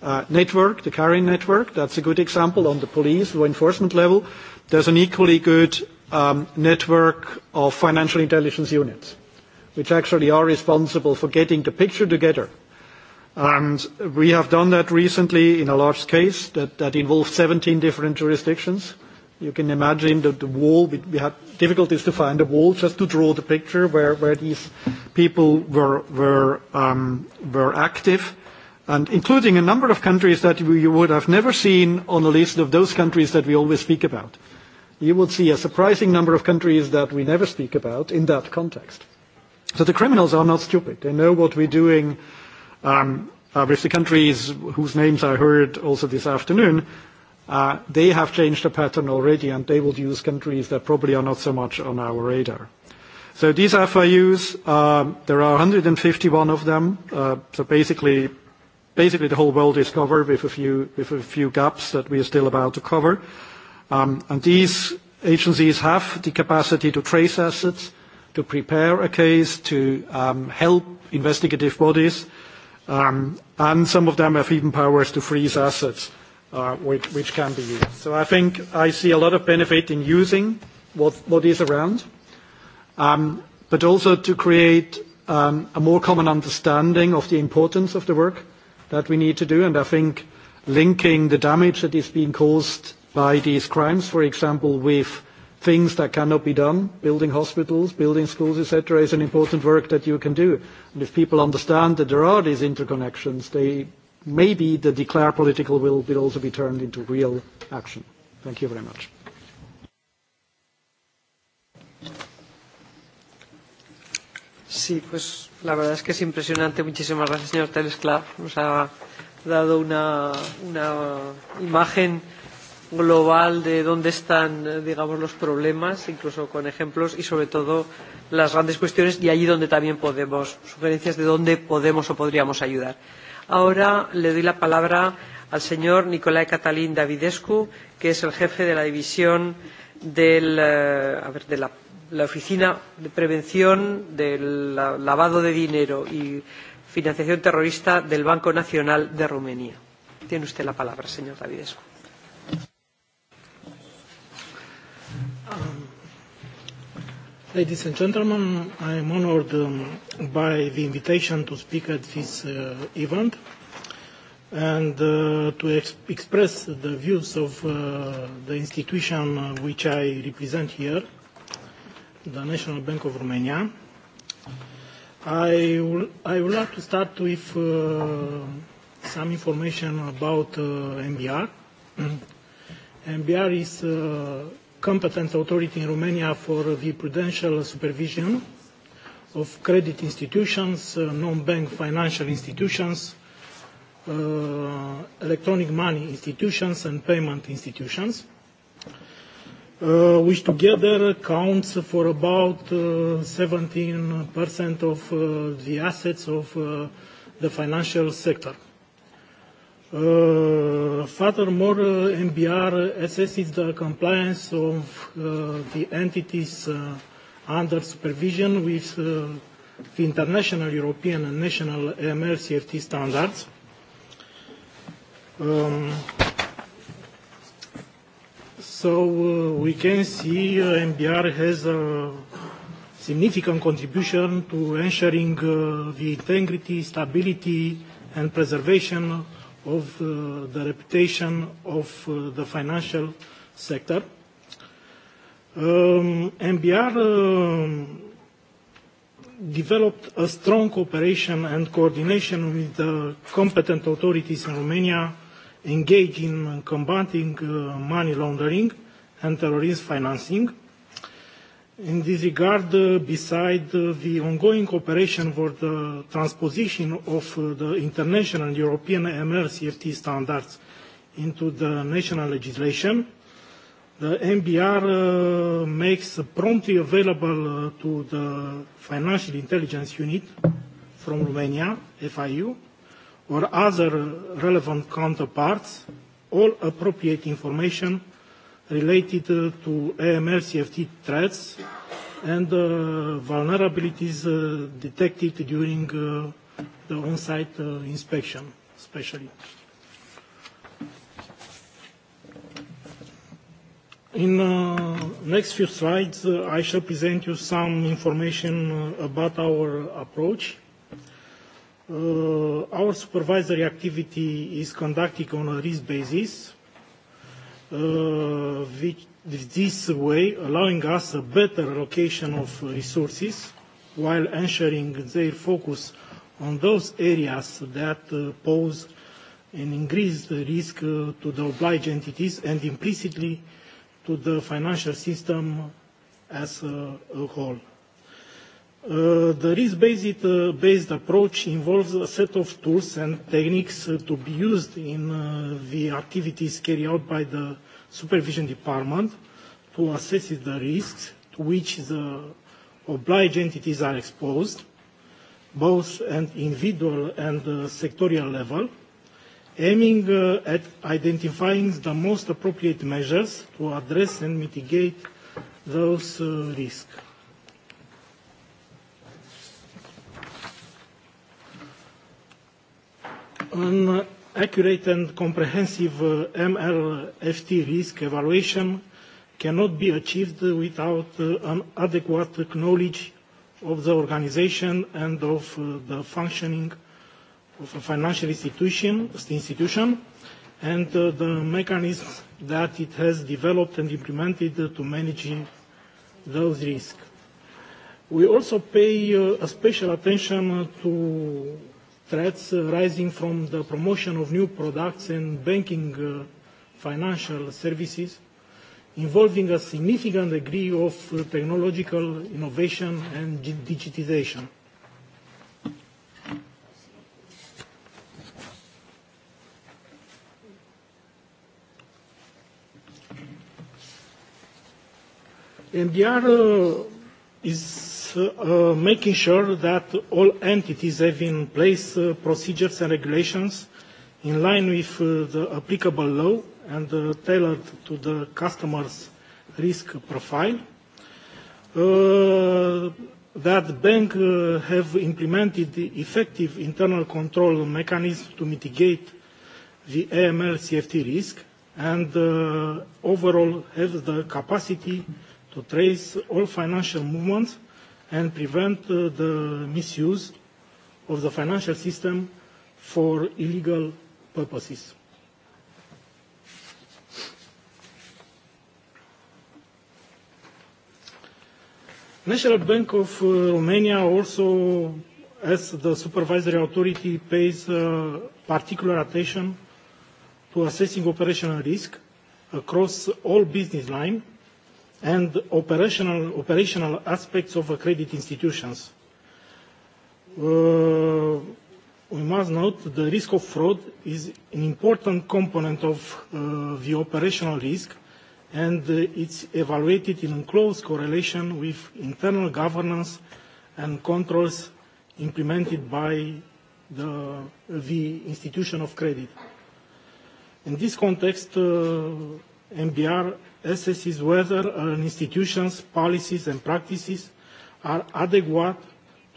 uh, network, the CARIN network. That's a good example on the police law enforcement level. There's an equally good um, network of financial intelligence units, which actually are responsible for getting the picture together. And we have done that recently in a large case that, that involved 17 different jurisdictions. You can imagine that the wall, we, we had difficulties to find a wall just to draw the picture where, where these people were, were, um, were active and including a number of countries that you would have never seen on the list of those countries that we always speak about you would see a surprising number of countries that we never speak about in that context. So the criminals are not stupid. They know what we're doing um, uh, with the countries whose names I heard also this afternoon. Uh, they have changed the pattern already and they will use countries that probably are not so much on our radar. So these FIUs, uh um, there are 151 of them. Uh, so basically, basically the whole world is covered with a few, with a few gaps that we are still about to cover. Um, and these agencies have the capacity to trace assets, to prepare a case, to um, help investigative bodies, um, and some of them have even powers to freeze assets, uh, which, can be used. So I think I see a lot of benefit in using what, what is around, but also to create a more common understanding of the importance of the work that we need to do, and I think linking the damage that is being caused by these crimes, for example, with things that cannot be done, building hospitals, building schools, etc., is an important work that you can do. And if people understand that there are these interconnections, they, maybe the declared political will will also be turned into real action. Thank you very much. Sí, pues la verdad es que es impresionante. Muchísimas gracias, señor Telesclav. Nos ha dado una, una imagen global de dónde están, digamos, los problemas, incluso con ejemplos, y sobre todo las grandes cuestiones y allí donde también podemos, sugerencias de dónde podemos o podríamos ayudar. Ahora le doy la palabra al señor Nicolae Catalín Davidescu, que es el jefe de la división del, eh, a ver, de la, la Oficina de Prevención del Lavado de Dinero y Financiación Terrorista del Banco Nacional de Rumanía. Tiene usted la palabra, señor Davidescu. Ladies and gentlemen, I am honored um, by the invitation to speak at this uh, event and uh, to ex express the views of uh, the institution uh, which I represent here, the National Bank of Romania. I, I would like to start with uh, some information about uh, MBR. [CLEARS THROAT] MBR is uh, competent authority in Romania for the prudential supervision of credit institutions, uh, non-bank financial institutions, uh, electronic money institutions and payment institutions, uh, which together counts for about uh, 17% of uh, the assets of uh, the financial sector. Uh, furthermore, uh, MBR assesses the compliance of uh, the entities uh, under supervision with uh, the international European and national AML CFT standards. Um, so uh, we can see uh, MBR has a significant contribution to ensuring uh, the integrity, stability, and preservation of uh, the reputation of uh, the financial sector. Um, MBR um, developed a strong cooperation and coordination with the competent authorities in Romania engaged in combating uh, money laundering and terrorist financing. In this regard, uh, beside uh, the ongoing cooperation for the transposition of uh, the international European ML CFT standards into the national legislation, the MBR uh, makes promptly available uh, to the Financial Intelligence Unit from Romania, FIU, or other relevant counterparts, all appropriate information related to AML CFT threats and uh, vulnerabilities uh, detected during uh, the on-site inspection, especially. In the next few slides, I shall present you some information about our approach. Uh, our supervisory activity is conducted on a risk basis, uh, which, this way allowing us a better allocation of resources while ensuring their focus on those areas that uh, pose an increased risk uh, to the obliged entities and implicitly to the financial system as uh, a whole. Uh, the risk-based uh, based approach involves a set of tools and techniques uh, to be used in uh, the activities carried out by the supervision department to assess the risks to which the obliged entities are exposed, both at individual and uh, sectorial level, aiming uh, at identifying the most appropriate measures to address and mitigate those uh, risks. an accurate and comprehensive uh, MLFT risk evaluation cannot be achieved without uh, an adequate knowledge of the organisation and of uh, the functioning of a financial institution, institution and uh, the mechanisms that it has developed and implemented uh, to manage those risks. We also pay uh, a special attention to threats arising from the promotion of new products and banking uh, financial services involving a significant degree of uh, technological innovation and digitization. MDR uh, is uh, making sure that all entities have in place uh, procedures and regulations in line with uh, the applicable law and uh, tailored to the customer's risk profile. Uh, that bank uh, have implemented effective internal control mechanisms to mitigate the AML CFT risk and uh, overall have the capacity to trace all financial movements and prevent uh, the misuse of the financial system for illegal purposes. National Bank of uh, Romania also, as the supervisory authority, pays uh, particular attention to assessing operational risk across all business lines and operational, aspects of credit institutions. Uh, we must note the risk of fraud is an important component of uh, the operational risk and uh, it's evaluated in close correlation with internal governance and controls implemented by the, the institution of credit. In this context, uh, MBR assesses whether an institution's policies and practices are adequate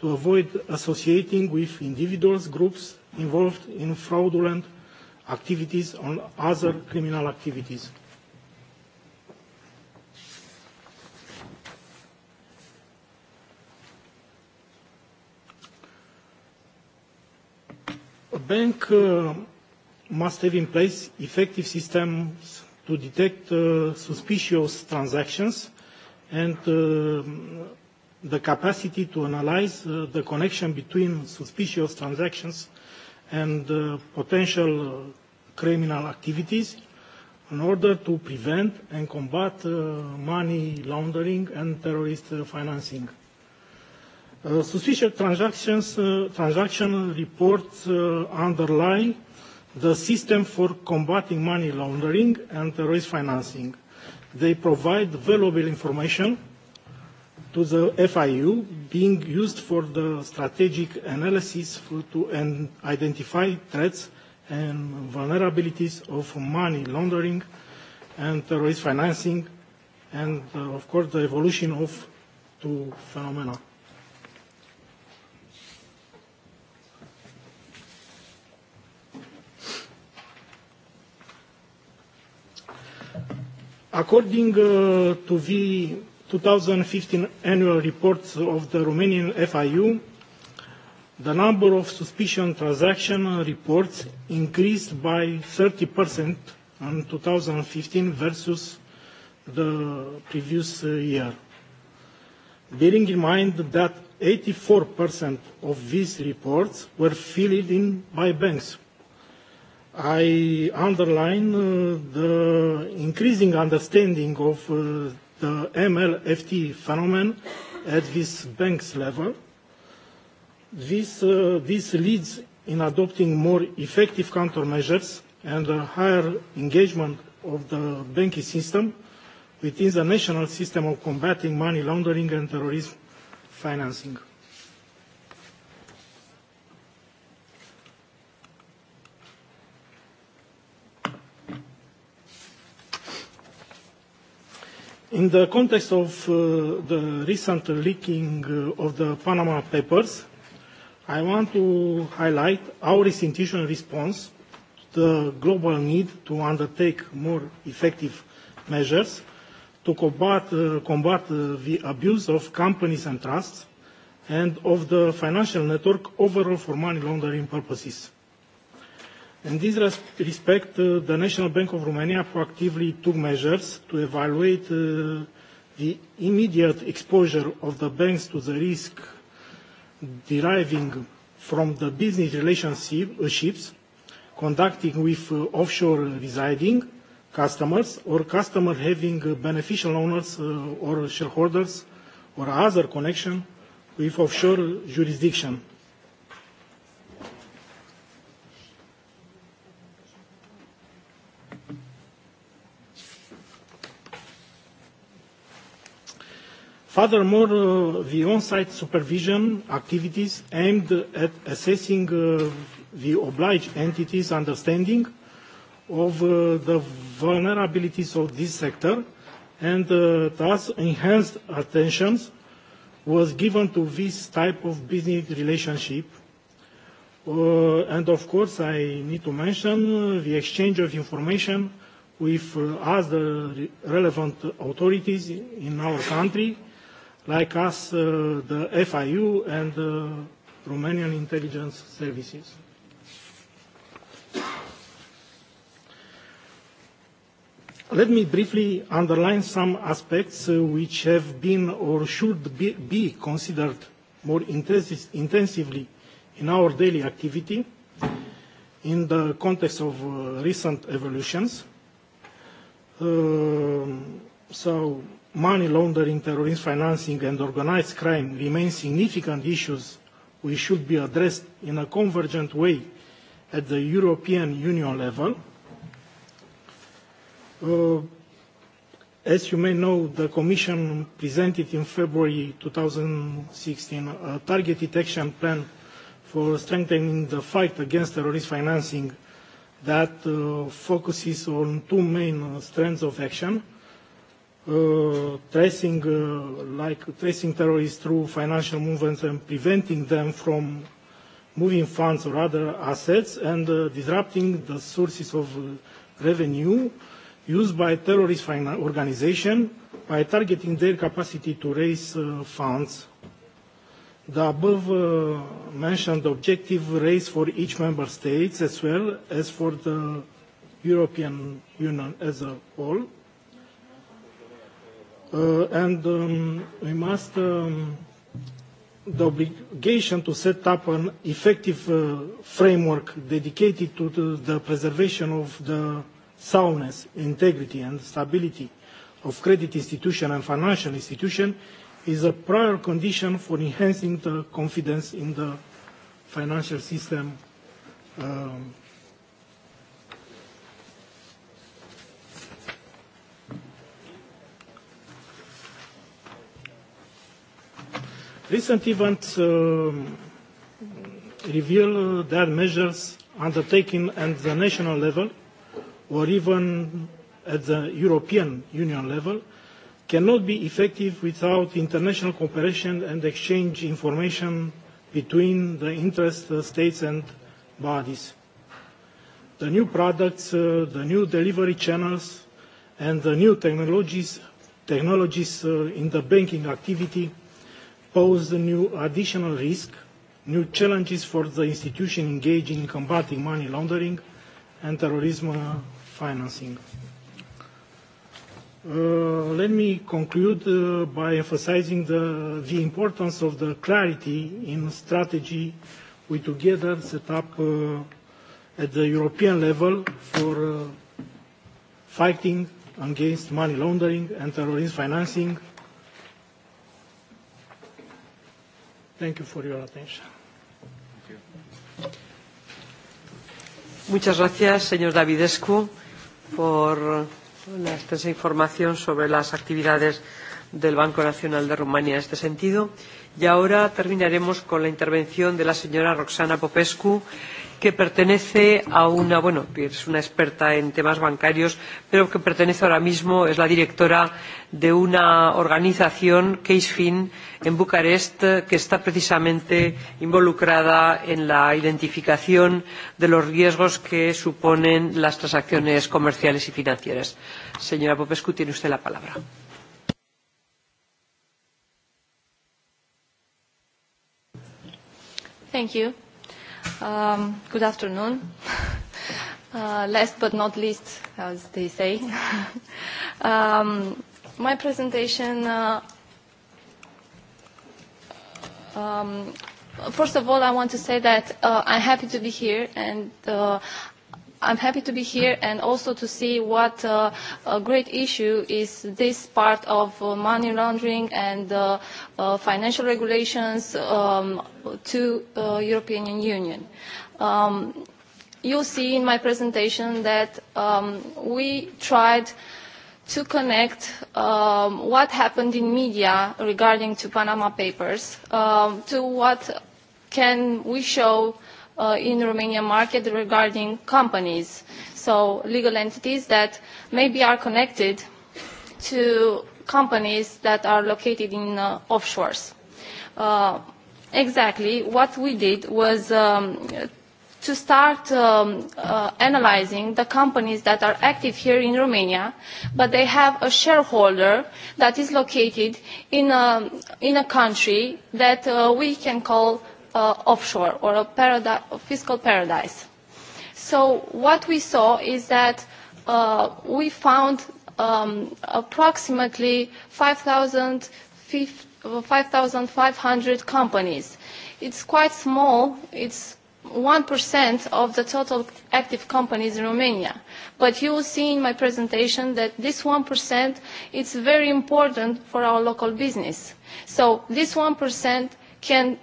to avoid associating with individuals, groups involved in fraudulent activities or other criminal activities. A bank uh, must have in place effective systems to detect uh, suspicious transactions and uh, the capacity to analyze uh, the connection between suspicious transactions and uh, potential uh, criminal activities in order to prevent and combat uh, money laundering and terrorist uh, financing. Uh, suspicious transactions, uh, transaction reports uh, underlie the system for combating money laundering and terrorist financing. They provide valuable information to the FIU being used for the strategic analysis for, to and identify threats and vulnerabilities of money laundering and terrorist financing and uh, of course the evolution of two phenomena. According uh, to the 2015 annual reports of the Romanian FIU, the number of suspicion transaction reports increased by 30% in 2015 versus the previous uh, year. Bearing in mind that 84% of these reports were filled in by banks. I underline uh, the increasing understanding of uh, the MLFT phenomenon at this bank's level. This, uh, this leads in adopting more effective countermeasures and a higher engagement of the banking system within the national system of combating money laundering and terrorism financing. In the context of uh, the recent leaking uh, of the Panama Papers, I want to highlight our institutional response to the global need to undertake more effective measures to combat, uh, combat uh, the abuse of companies and trusts and of the financial network overall for money laundering purposes. In this respect, uh, the National Bank of Romania proactively took measures to evaluate uh, the immediate exposure of the banks to the risk deriving from the business relationships conducting with uh, offshore residing customers or customers having uh, beneficial owners uh, or shareholders or other connection with offshore jurisdiction. Furthermore, uh, the on-site supervision activities aimed at assessing uh, the obliged entities' understanding of uh, the vulnerabilities of this sector, and uh, thus enhanced attention was given to this type of business relationship. Uh, and of course, I need to mention uh, the exchange of information with uh, other relevant authorities in our country like us, uh, the FIU and uh, Romanian intelligence services. Let me briefly underline some aspects uh, which have been or should be, be considered more intensi intensively in our daily activity in the context of uh, recent evolutions. Uh, so money laundering, terrorist financing and organised crime remain significant issues which should be addressed in a convergent way at the European Union level. Uh, as you may know, the Commission presented in February sixteen a targeted action plan for strengthening the fight against terrorist financing that uh, focuses on two main uh, strands of action – Uh, tracing, uh, like tracing terrorists through financial movements and preventing them from moving funds or other assets and uh, disrupting the sources of uh, revenue used by terrorist organization by targeting their capacity to raise uh, funds. The above uh, mentioned objective raised for each member state as well as for the European Union as a whole Uh, and um, we must um, the obligation to set up an effective uh, framework dedicated to the, the preservation of the soundness, integrity and stability of credit institution and financial institution is a prior condition for enhancing the confidence in the financial system um, Recent events um, reveal that measures undertaken at the national level or even at the European Union level cannot be effective without international cooperation and exchange information between the interest uh, states and bodies. The new products, uh, the new delivery channels, and the new technologies, technologies uh, in the banking activity pose a new additional risk, new challenges for the institution engaged in combating money laundering and terrorism uh, financing. Uh, let me conclude uh, by emphasizing the, the importance of the clarity in strategy we together set up uh, at the European level for uh, fighting against money laundering and terrorist financing Thank you for your attention. Muchas gracias, señor Davidescu, por la extensa información sobre las actividades del Banco Nacional de Rumanía en este sentido. Y ahora terminaremos con la intervención de la señora Roxana Popescu que pertenece a una, bueno, es una experta en temas bancarios, pero que pertenece ahora mismo, es la directora de una organización, CaseFin, en Bucarest, que está precisamente involucrada en la identificación de los riesgos que suponen las transacciones comerciales y financieras. Señora Popescu, tiene usted la palabra. Thank you. Um, good afternoon. [LAUGHS] Uh, last but not least, as they say. [LAUGHS] um, my presentation, uh, um, first of all, I want to say that uh, I'm happy to be here and uh, I'm happy to be here and also to see what uh, a great issue is this part of uh, money laundering and uh, uh, financial regulations um, to uh, European Union. Um, you'll see in my presentation that um, we tried to connect um, what happened in media regarding to Panama Papers um, to what can we show uh, in Romanian market regarding companies. So legal entities that maybe are connected to companies that are located in uh, offshores. Uh, exactly what we did was um, to start um, uh, analyzing the companies that are active here in Romania, but they have a shareholder that is located in a, in a country that uh, we can call uh, offshore or a paradi fiscal paradise. So what we saw is that uh, we found um, approximately 5,500 companies. It's quite small. It's 1% of the total active companies in Romania. But you will see in my presentation that this 1% is very important for our local business. So this 1% can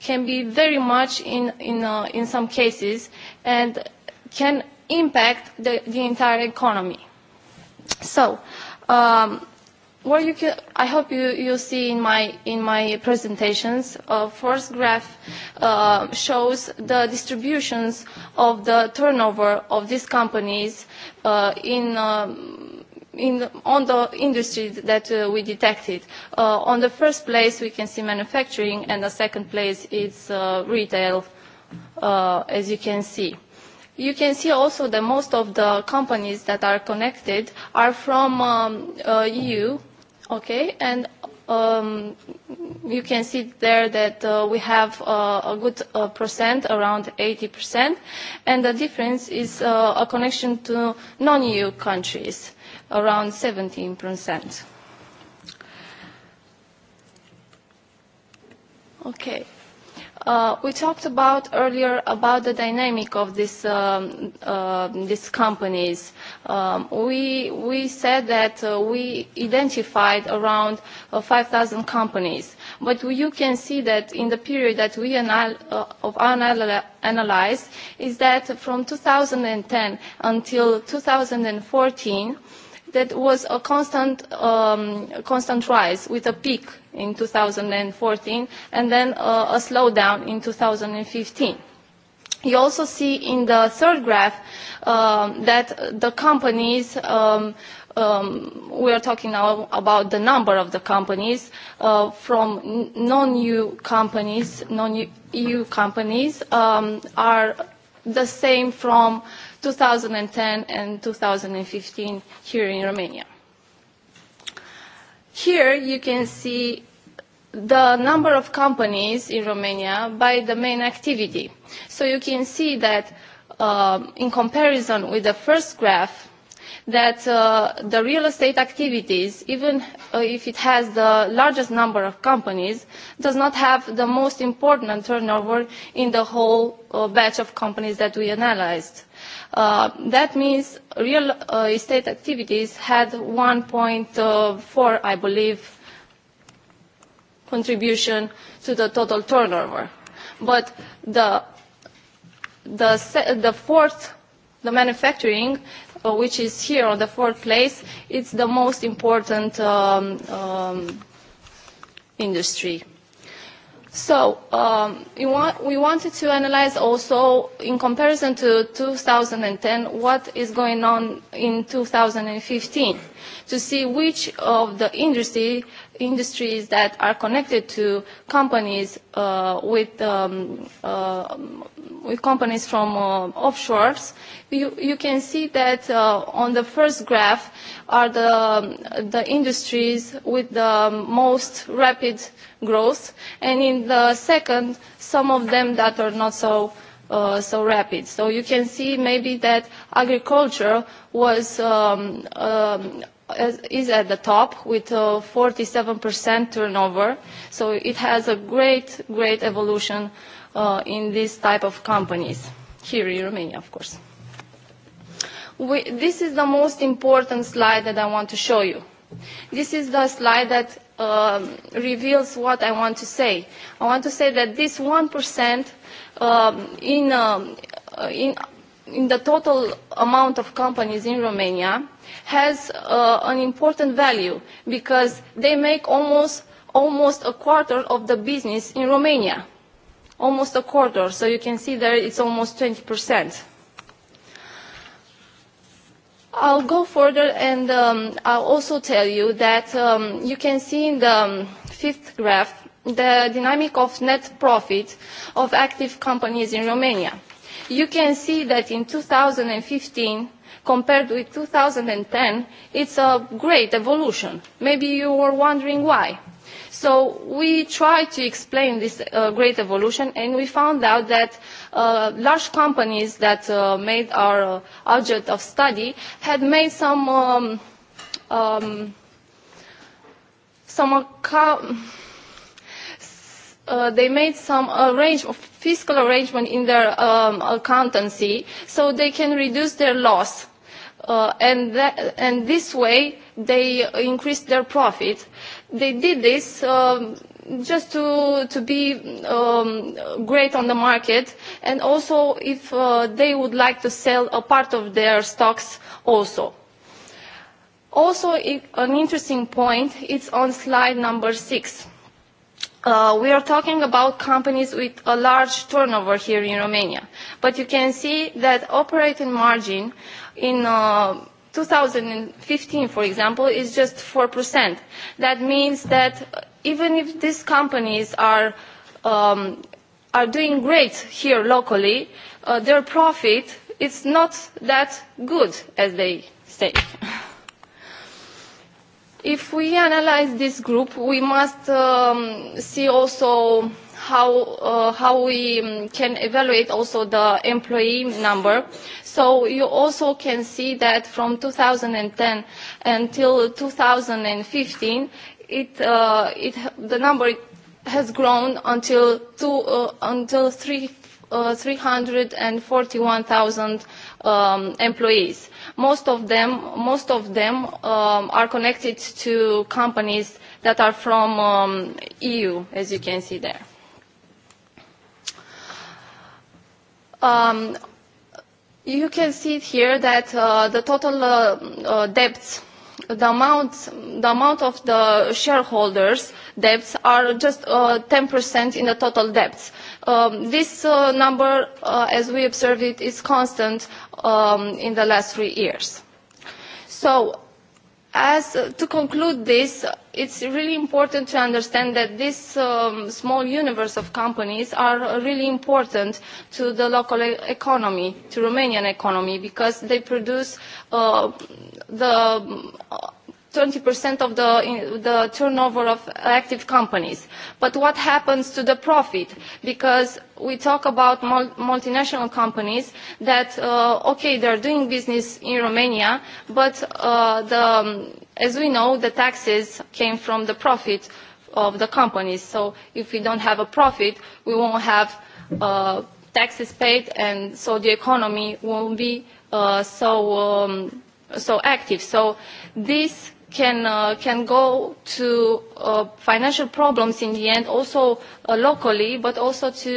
can be very much in, in, uh, in some cases and can impact the, the entire economy. So, um, what you can, I hope you, you see in my, in my presentations, uh, first graph uh, shows the distributions of the turnover of these companies uh, in um, in, on the industries that uh, we detected. Uh, on the first place, we can see manufacturing, and the second place is uh, retail, as you can see. You can see also that most of the companies that are connected are from um, EU, okay, and um, you can see there that we have a good percent, around 80%, and the difference is a connection to non-EU countries around 17%. Okay. Uh, we talked about earlier about the dynamic of this, um, uh, these companies. Um, we, we said that uh, we identified around uh, 5,000 companies. But you can see that in the period that we anal uh, of anal analyzed is that from 2010 until 2014, that was a constant, um, constant rise with a peak in 2014 and then uh, a slowdown in 2015. You also see in the third graph um, that the companies, um, um, we are talking now about the number of the companies, uh, from non-EU companies, non-EU companies um, are the same from uh, 2010 and 2015 here in Romania. Here you can see the number of companies in Romania by the main activity. So you can see that um, in comparison with the first graph, that uh, the real estate activities, even uh, if it has the largest number of companies, does not have the most important turnover in the whole uh, batch of companies that we analyzed. Uh, that means real uh, estate activities had 1.4, uh, I believe, contribution to the total turnover. But the, the, the fourth, the manufacturing, uh, which is here on the fourth place, it's the most important um, um, industry. So um, want, we wanted to analyze also, in comparison to 2010, what is going on in 2015 to see which of the industry, industries that are connected to companies uh, with um, uh, with companies from uh, offshores, you, you can see that uh, on the first graph are the, um, the industries with the most rapid growth, and in the second, some of them that are not so uh, so rapid. So you can see maybe that agriculture was um, um, is at the top with uh, 47% turnover. So it has a great, great evolution uh, uh, in this type of companies, here in Romania, of course. We, this is the most important slide that I want to show you. This is the slide that uh, reveals what I want to say. I want to say that this 1% um, in, um, uh, in, in the total amount of companies in Romania has uh, an important value because they make almost, almost a quarter of the business in Romania almost a quarter. So you can see there it's almost 20%. I'll go further and um, I'll also tell you that um, you can see in the um, fifth graph the dynamic of net profit of active companies in Romania. You can see that in 2015, compared with 2010, it's a great evolution. Maybe you were wondering why. So we tried to explain this uh, great evolution and we found out that uh, large companies that uh, made our uh, object of study had made some um, um, some account uh, they made some arrange fiscal arrangement in their um, accountancy so they can reduce their loss uh, and, that, and this way they increased their profit. Uh, They did this um, just to, to be um, great on the market and also if uh, they would like to sell a part of their stocks also. Also, it, an interesting point, it's on slide number six. Uh, we are talking about companies with a large turnover here in Romania. But you can see that operating margin in uh, 2015, for example, is just 4%. That means that even if these companies are, um, are doing great here locally, uh, their profit is not that good, as they say. if we analyze this group, we must um, see also how, uh, how we um, can evaluate also the employee number. So you also can see that from 2010 until 2015, it, uh, it, the number has grown until, two, uh, until three, uh, 341,000 um, employees. Most of them, most of them um, are connected to companies that are from um, EU, as you can see there. Um, you can see here that uh, the total uh, uh, debts, the amount, the amount of the shareholders' debts are just uh, 10% in the total debts. Um, this uh, number, uh, as we observed it, is constant um, in the last three years. So As uh, to conclude this, it's really important to understand that this um, small universe of companies are really important to the local e economy, to Romanian economy, because they produce uh, the 20% of the, in, the turnover of active companies. But what happens to the profit? Because we talk about mul multinational companies that, uh, okay, they're doing business in Romania, but uh, the, um, as we know, the taxes came from the profit of the companies. So if we don't have a profit, we won't have uh, taxes paid, and so the economy won't be uh, so um, so active. So this can, uh, can go to uh, financial problems in the end, also uh, locally, but also to,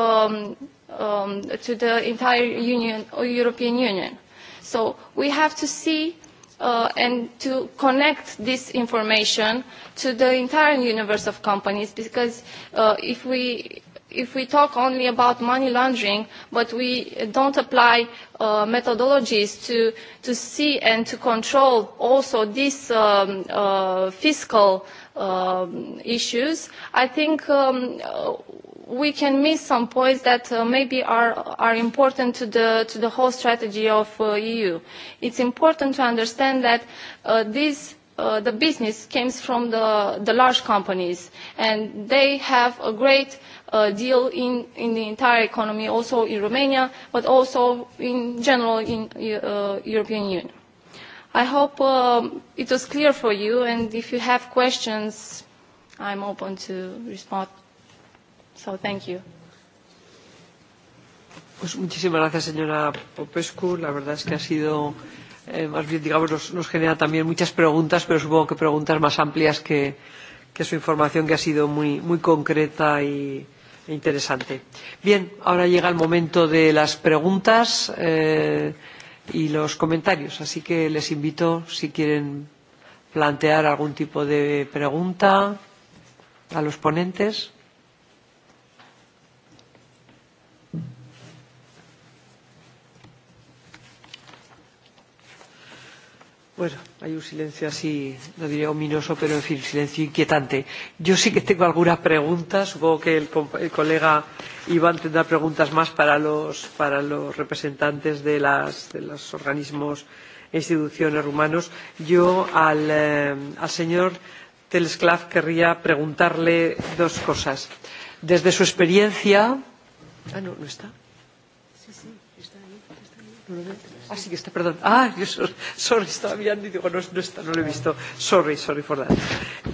um, um, to the entire Union, or European Union. So we have to see uh, and to connect this information to the entire universe of companies because uh, if we if we talk only about money laundering, but we don't apply uh, methodologies to, to see and to control also these um, uh, fiscal um, issues, I think um, uh, we can miss some points that uh, maybe are, are important to the, to the whole strategy of uh, EU. It's important to understand that uh, Uh, the business comes from the, the large companies and they have a great uh, uh, deal in, in the entire economy, also in Romania, but also in general in uh, European Union. I hope um, it was clear for you, and if you have questions, I'm open to respond. So thank you. Pues muchísimas gracias, señora Popescu. La verdad es que ha sido, eh, más bien, digamos, nos, nos genera también muchas preguntas, pero supongo que preguntas más amplias que, que su información, que ha sido muy, muy concreta y, interesante. Bien, ahora llega el momento de las preguntas eh, y los comentarios, así que les invito, si quieren plantear algún tipo de pregunta a los ponentes. Bueno, hay un silencio así, no diría ominoso, pero en fin, silencio inquietante. Yo sí que tengo algunas preguntas. Supongo que el, el colega Iván tendrá preguntas más para los, para los representantes de, las, de los organismos e instituciones rumanos. Yo al, eh, al señor Telesclav querría preguntarle dos cosas. Desde su experiencia. Ah, no, no está. Sí, sí, está ahí. Está ahí. Ah, sí que está, perdón. Ah, yo, sorry, estaba mirando y digo, no, no está, no lo he visto. Sorry, sorry for that.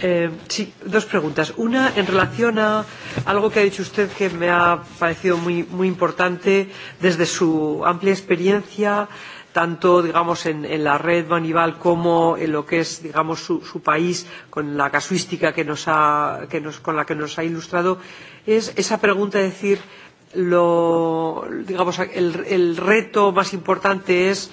Eh, sí, dos preguntas. Una, en relación a algo que ha dicho usted que me ha parecido muy, muy importante desde su amplia experiencia tanto digamos en, en la red Manival como en lo que es digamos su, su país con la casuística que nos ha, que nos, con la que nos ha ilustrado es esa pregunta de decir lo, digamos, el, el reto más importante es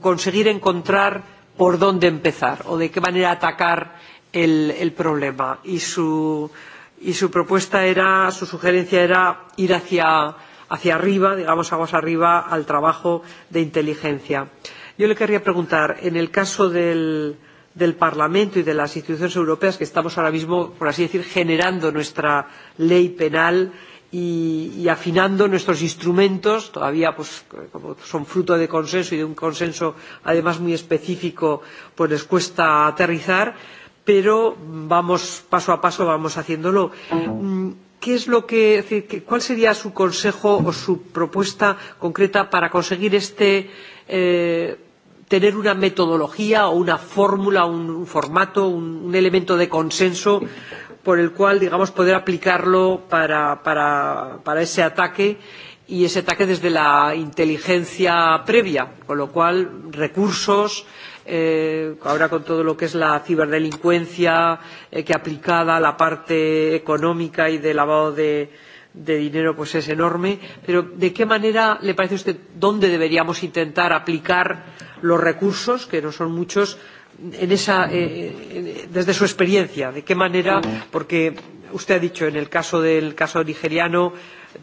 conseguir encontrar por dónde empezar o de qué manera atacar el, el problema. Y su, y su propuesta era, su sugerencia era ir hacia, hacia arriba, digamos, aguas arriba, al trabajo de inteligencia. Yo le querría preguntar, en el caso del, del Parlamento y de las instituciones europeas que estamos ahora mismo, por así decir, generando nuestra ley penal, y, y afinando nuestros instrumentos todavía pues, como son fruto de consenso y de un consenso además muy específico pues les cuesta aterrizar pero vamos paso a paso vamos haciéndolo. Mm, ¿Qué es lo que, ¿Cuál sería su consejo o su propuesta concreta para conseguir este, eh, tener una metodología o una fórmula, un, un formato, un, un elemento de consenso eh, por el cual digamos poder aplicarlo para, para, para ese ataque y ese ataque desde la inteligencia previa, con lo cual recursos, eh, ahora con todo lo que es la ciberdelincuencia, eh, que aplicada a la parte económica y de lavado de, de dinero pues es enorme, pero ¿de qué manera le parece a usted dónde deberíamos intentar aplicar los recursos, que no son muchos, en esa, eh, eh, desde su experiencia, de qué manera, porque usted ha dicho en el caso del caso nigeriano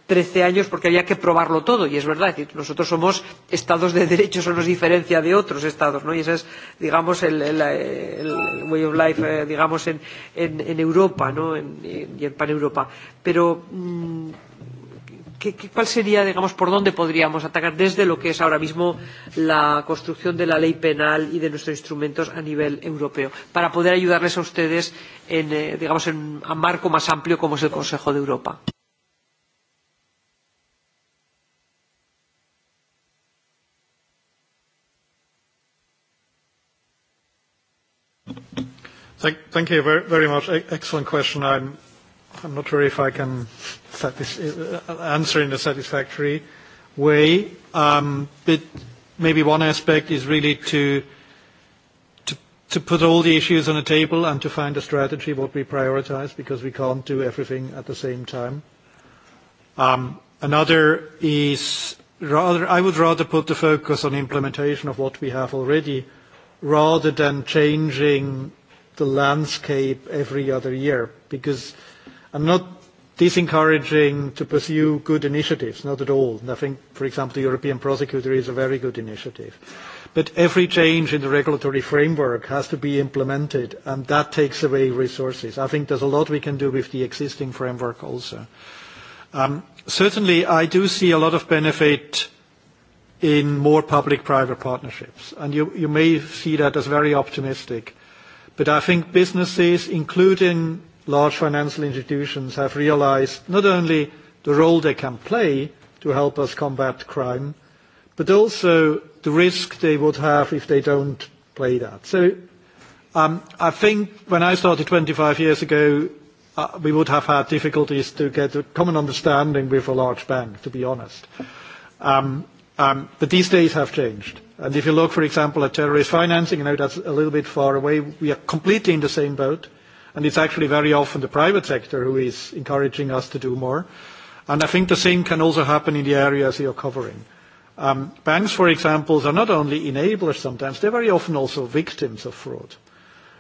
trece años porque había que probarlo todo y es verdad es decir, nosotros somos estados de derecho eso nos diferencia de otros estados ¿no? y ese es digamos el, el, el way of life eh, digamos en, en, en Europa ¿no? en, en, y en pan Europa pero mmm, ¿Qué, qué, ¿Cuál sería, digamos, por dónde podríamos atacar desde lo que es ahora mismo la construcción de la ley penal y de nuestros instrumentos a nivel europeo para poder ayudarles a ustedes en, eh, digamos, en un marco más amplio como es el Consejo de Europa? Thank, thank you very, very much. E-, excellent question. I'm, I'm not sure if I can satis uh, answer in a satisfactory way. Um, but maybe one aspect is really to, to, to put all the issues on the table and to find a strategy what we prioritize because we can't do everything at the same time. Um, another is rather, I would rather put the focus on implementation of what we have already rather than changing the landscape every other year because I'm not disencouraging to pursue good initiatives, not at all. And I think, for example, the European prosecutor is a very good initiative. But every change in the regulatory framework has to be implemented, and that takes away resources. I think there's a lot we can do with the existing framework also. Um, certainly, I do see a lot of benefit in more public-private partnerships, and you, you may see that as very optimistic. But I think businesses, including large financial institutions have realised not only the role they can play to help us combat crime, but also the risk they would have if they don't play that. So um, I think when I started 25 years ago, uh, we would have had difficulties to get a common understanding with a large bank, to be honest. Um, um, but these days have changed. And if you look, for example, at terrorist financing, you know that's a little bit far away. We are completely in the same boat. And it's actually very often the private sector who is encouraging us to do more. And I think the same can also happen in the areas you're covering. Um, banks, for example, are not only enablers sometimes, they're very often also victims of fraud.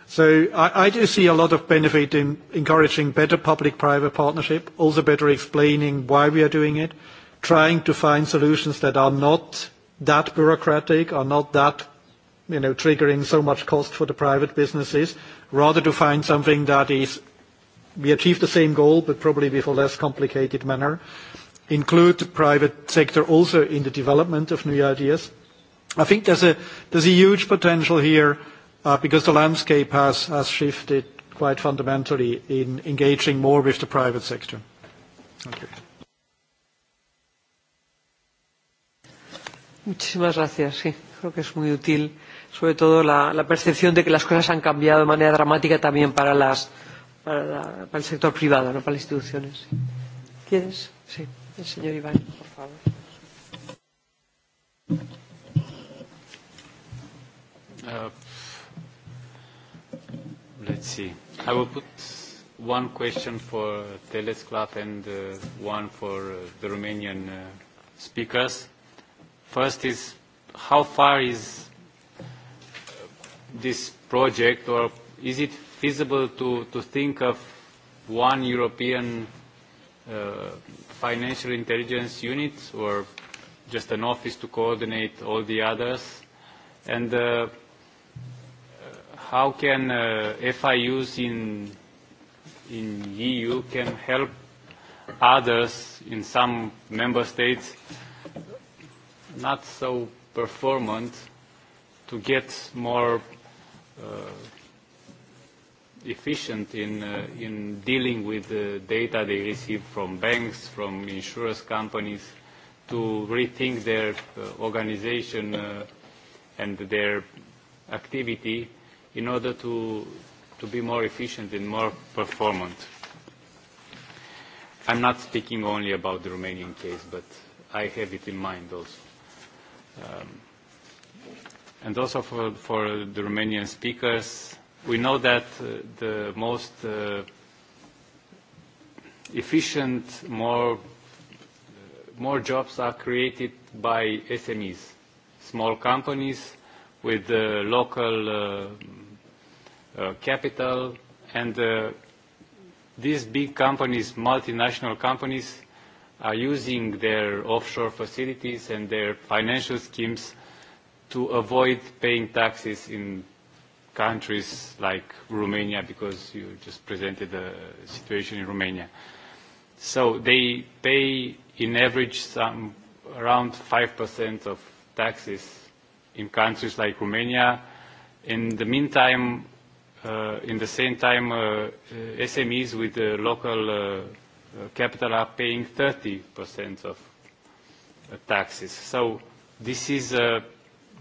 So I, I do see a lot of benefit in encouraging better public-private partnership, also better explaining why we are doing it, trying to find solutions that are not that bureaucratic, are not that you know, triggering so much cost for the private businesses, rather to find something that is, we achieve the same goal, but probably with a less complicated manner, include the private sector also in the development of new ideas. I think there's a, there's a huge potential here uh, because the landscape has, has shifted quite fundamentally in engaging more with the private sector. Thank you. Muchísimas gracias. Sí, creo que es muy útil sobre todo la, la percepción de que las cosas han cambiado de manera dramática también para, las, para, la, para el sector privado, no para las instituciones. ¿Quieres? Sí, el señor Iván, por favor. Uh, let's see. I will put one question for Teles Club and uh, one for uh, the Romanian uh, speakers. First is, how far is this project, or is it feasible to, to think of one European uh, financial intelligence unit, or just an office to coordinate all the others? And uh, how can uh, FIUs in in EU can help others in some member states not so performant to get more Uh, efficient in, uh, in dealing with the data they receive from banks, from insurance companies, to rethink their uh, organization uh, and their activity in order to, to be more efficient and more performant. I'm not speaking only about the Romanian case, but I have it in mind also. Um, and also for, for the Romanian speakers. We know that uh, the most uh, efficient, more, uh, more jobs are created by SMEs, small companies with uh, local uh, uh, capital, and uh, these big companies, multinational companies, are using their offshore facilities and their financial schemes to avoid paying taxes in countries like Romania, because you just presented the situation in Romania. So they pay in average some around 5% of taxes in countries like Romania. In the meantime, uh, in the same time, uh, uh SMEs with the local uh, uh capital are paying 30% of uh, taxes. So this is a uh,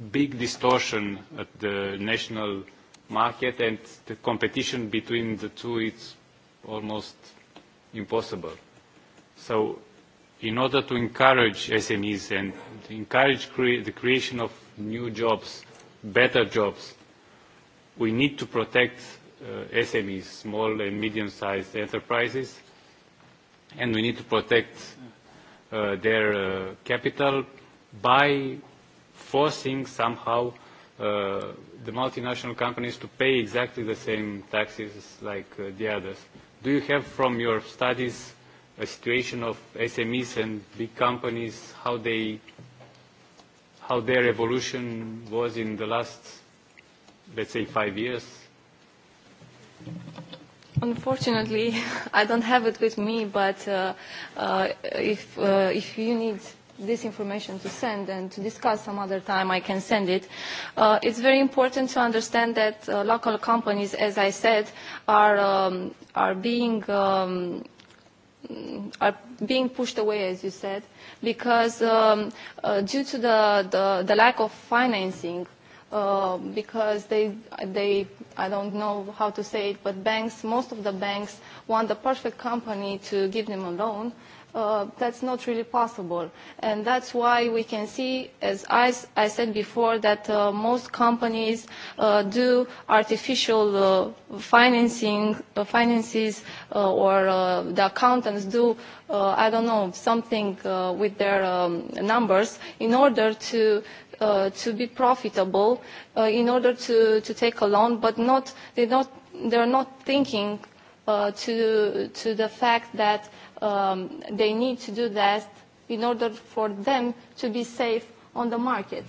big distortion at the national market and the competition between the two is almost impossible. So in order to encourage SMEs and to encourage cre the creation of new jobs, better jobs, we need to protect uh, SMEs, small and medium-sized enterprises, and we need to protect uh, their uh, capital by forcing somehow uh, the multinational companies to pay exactly the same taxes like uh, the others. Do you have from your studies a situation of SMEs and big companies, how, they, how their evolution was in the last, let's say, five years? Unfortunately, [LAUGHS] I don't have it with me, but uh, uh, if, uh, if you need this information to send and to discuss some other time, I can send it. Uh, it's very important to understand that uh, local companies, as I said, are, um, are, being, um, mm, are being pushed away, as you said, because um, uh, due to the, the, the lack of financing, uh, because they, they, I don't know how to say it, but banks, most of the banks want the perfect company to give them a loan, uh, that's not really possible. And that's why we can see, as I, I said before, that uh, most companies uh, do artificial uh, financing, uh, finances, uh, or uh, the accountants do, uh, I don't know, something uh, with their um, numbers in order to uh, to be profitable uh, in order to, to take a loan, but not, they not, they're not thinking uh, to, to the fact that um, they need to do that in order for them to be safe on the market.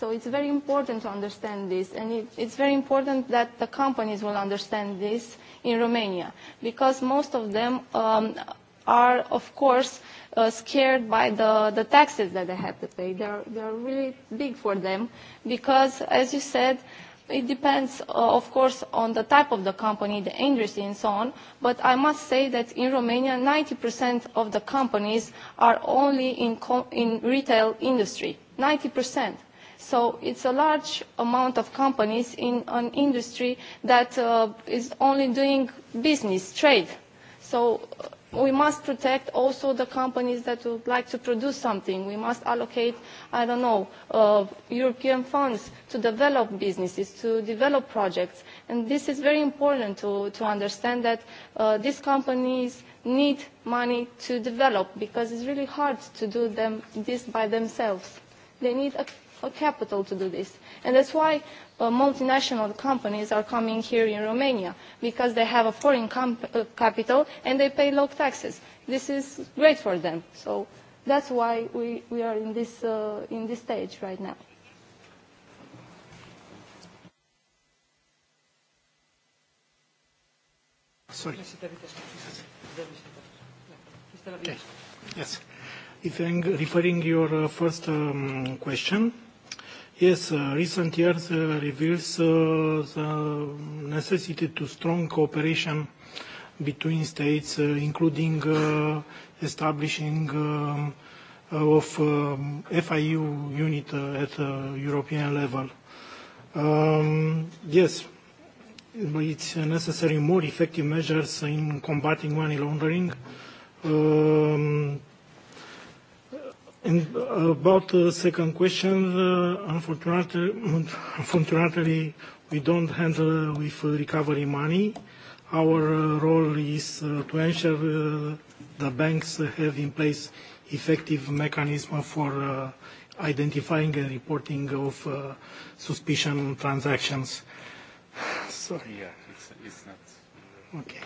So it's very important to understand this, and it, it's very important that the companies will understand this in Romania, because most of them um, are, of course, uh, scared by the, the taxes that they have to pay. They're, they're really big for them, because, as you said, It depends, uh, of course, on the type of the company, the industry, and so on. But I must say that in Romania, 90% of the companies are only in, co in retail industry. 90%. So it's a large amount of companies in an industry that uh, is only doing business, trade. So uh, we must protect also the companies that would like to produce something. We must allocate, I don't know, uh, European funds to develop businesses, to develop projects. And this is very important to, to understand that uh, these companies need money to develop because it's really hard to do them, this by themselves. They need a, a capital to do this. And that's why uh, multinational companies are coming here in Romania, because they have a foreign comp uh, capital and they pay low taxes. This is great for them. So that's why we, we are in this, uh, in this stage right now. Sorry. Okay. Yes. If I'm referring your uh, first um, question, Yes, uh, recent years uh, reveals uh, the necessity to strong cooperation between states, uh, including uh, establishing um, uh, of um, FIU unit uh, at uh, European level. Um, yes, it's necessary more effective measures in combating money laundering. Um, And about the second question, uh, unfortunately, unfortunately, we don't handle with recovery money. Our uh, role is uh, to ensure uh, the banks have in place effective mechanism for uh, identifying and reporting of uh, suspicion transactions. [SIGHS] Sorry. Yeah, it's, it's not. Okay.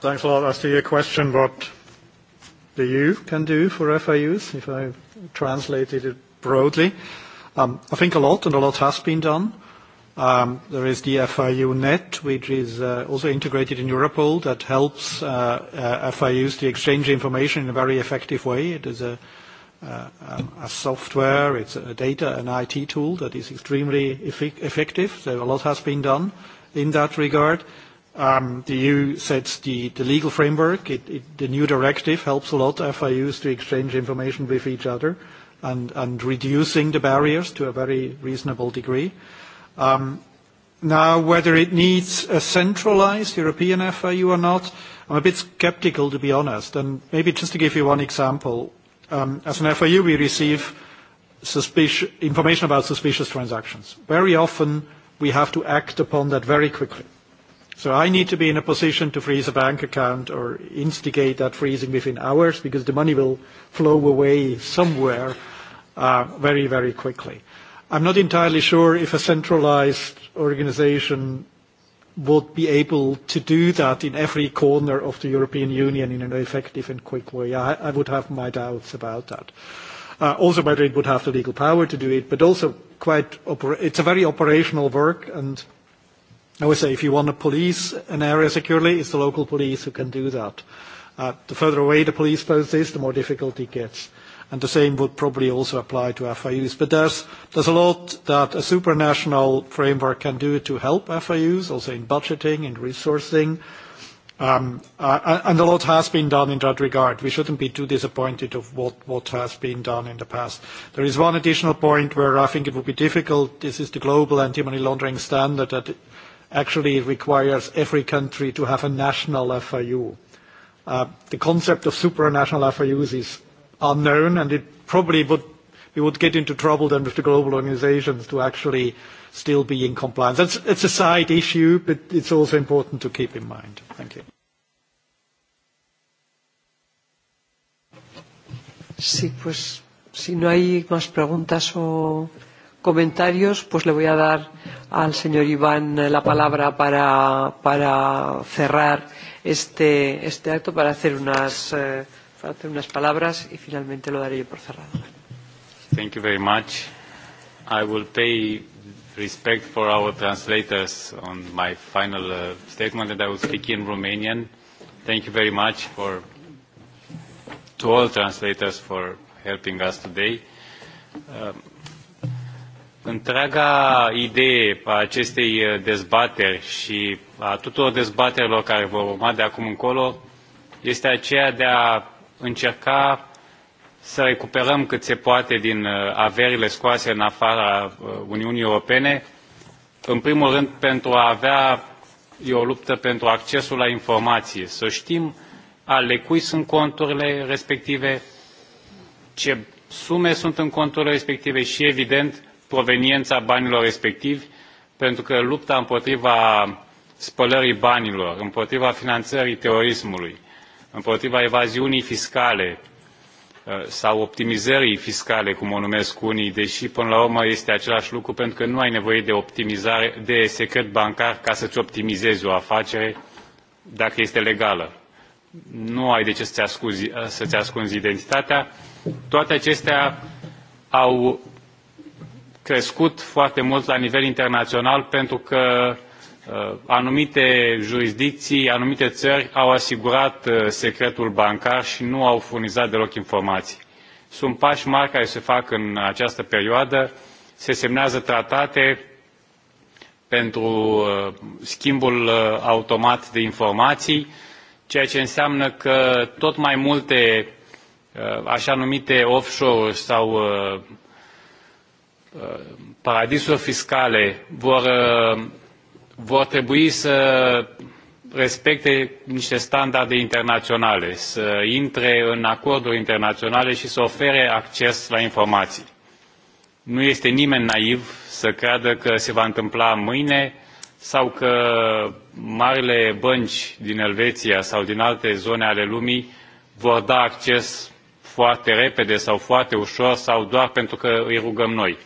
Thanks a lot. As to your question, what the EU can do for FIUs, if I translated it broadly, um, I think a lot, and a lot has been done. Um, there is the FIU Net, which is uh, also integrated in Europol, that helps uh, uh, FIUs to exchange information in a very effective way. It is a, uh, um, a software, it's a data and IT tool that is extremely effective. So a lot has been done in that regard. Um, the EU sets the, the legal framework. It, it, the new directive helps a lot FIUs to exchange information with each other and, and reducing the barriers to a very reasonable degree. Um, now, whether it needs a centralized European FIU or not, I'm a bit skeptical, to be honest. And maybe just to give you one example, um, as an FIU, we receive information about suspicious transactions. Very often, we have to act upon that very quickly. So I need to be in a position to freeze a bank account or instigate that freezing within hours because the money will flow away somewhere uh, very, very quickly. I'm not entirely sure if a centralized organization would be able to do that in every corner of the European Union in an effective and quick way. I, I would have my doubts about that. Uh, also whether it would have the legal power to do it, but also quite, it's a very operational work and i would say if you want to police an area securely, it's the local police who can do that. Uh, the further away the police post is, the more difficult it gets. And the same would probably also apply to FIUs. But there's, there's a lot that a supranational framework can do to help FIUs, also in budgeting, in resourcing. Um, uh, and a lot has been done in that regard. We shouldn't be too disappointed of what, what has been done in the past. There is one additional point where I think it would be difficult. This is the global anti-money laundering standard that actually requires every country to have a national FIU. Uh, the concept of supranational FIUs is unknown, and it probably would, we would get into trouble then with the global organizations to actually still be in compliance. That's, it's a side issue, but it's also important to keep in mind. Thank you. Sí, pues si no hay más preguntas o comentarios, pues le voy a dar al señor Iván la palabra para, para cerrar este, este acto, para hacer, unas, eh, para hacer unas palabras y finalmente lo daré yo por cerrado. Thank you very much. I will pay respect for our translators on my final uh, statement I will speak in Romanian. Thank you very much for, to all translators for helping us today. Um, Întreaga idee a acestei uh, dezbateri și a tuturor dezbaterilor care vor urma de acum încolo este aceea de a încerca să recuperăm cât se poate din uh, averile scoase în afara uh, Uniunii Europene, în primul rând pentru a avea e o luptă pentru accesul la informație, să știm ale cui sunt conturile respective, ce sume sunt în conturile respective și, evident, proveniența banilor respectivi, pentru că lupta împotriva spălării banilor, împotriva finanțării terorismului, împotriva evaziunii fiscale uh, sau optimizării fiscale, cum o numesc unii, deși până la urmă este același lucru pentru că nu ai nevoie de, optimizare, de secret bancar ca să-ți optimizezi o afacere dacă este legală. Nu ai de ce să-ți ascunzi, să ascunzi identitatea. Toate acestea au crescut foarte mult la nivel internațional pentru că uh, anumite jurisdicții, anumite țări au asigurat uh, secretul bancar și nu au furnizat deloc informații. Sunt pași mari care se fac în această perioadă, se semnează tratate pentru uh, schimbul automat de informații, ceea ce înseamnă că tot mai multe așa numite offshore sau Eh, paradisuri fiscale vor, eh, vor trebui să respecte niște standarde internaționale, să intre în acorduri internaționale și să ofere acces la informații. Nu este nimeni naiv să creadă că se va întâmpla mâine sau că marile bănci din Elveția sau din alte zone ale lumii vor da acces foarte repede sau foarte ușor sau doar pentru că îi rugăm noi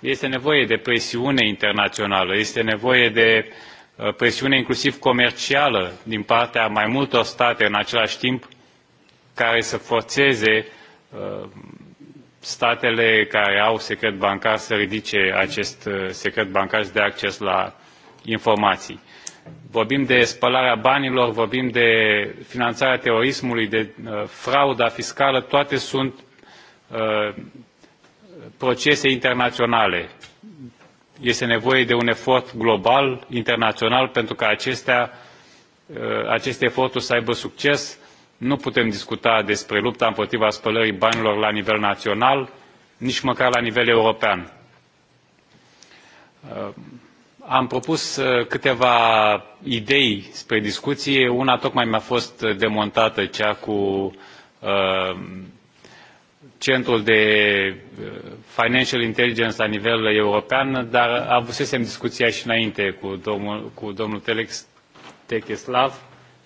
este nevoie de presiune internațională, este nevoie de uh, presiune inclusiv comercială din partea mai multor state în același timp care să forțeze uh, statele care au secret bancar să ridice acest uh, secret bancar și de acces la informații. Vorbim de spălarea banilor, vorbim de finanțarea terorismului, de frauda fiscală, toate sunt procese internaționale. Este nevoie de un efort global, internațional, pentru ca acestea, uh, aceste eforturi să aibă succes. Nu putem discuta despre lupta împotriva spălării banilor la nivel național, nici măcar la nivel european. Uh, am propus uh, câteva idei spre discuție. Una tocmai mi-a fost demontată, cea cu centrul de uh, financial intelligence la nivel european, dar avusesem discuția și înainte cu domnul, cu domnul Telex Techeslav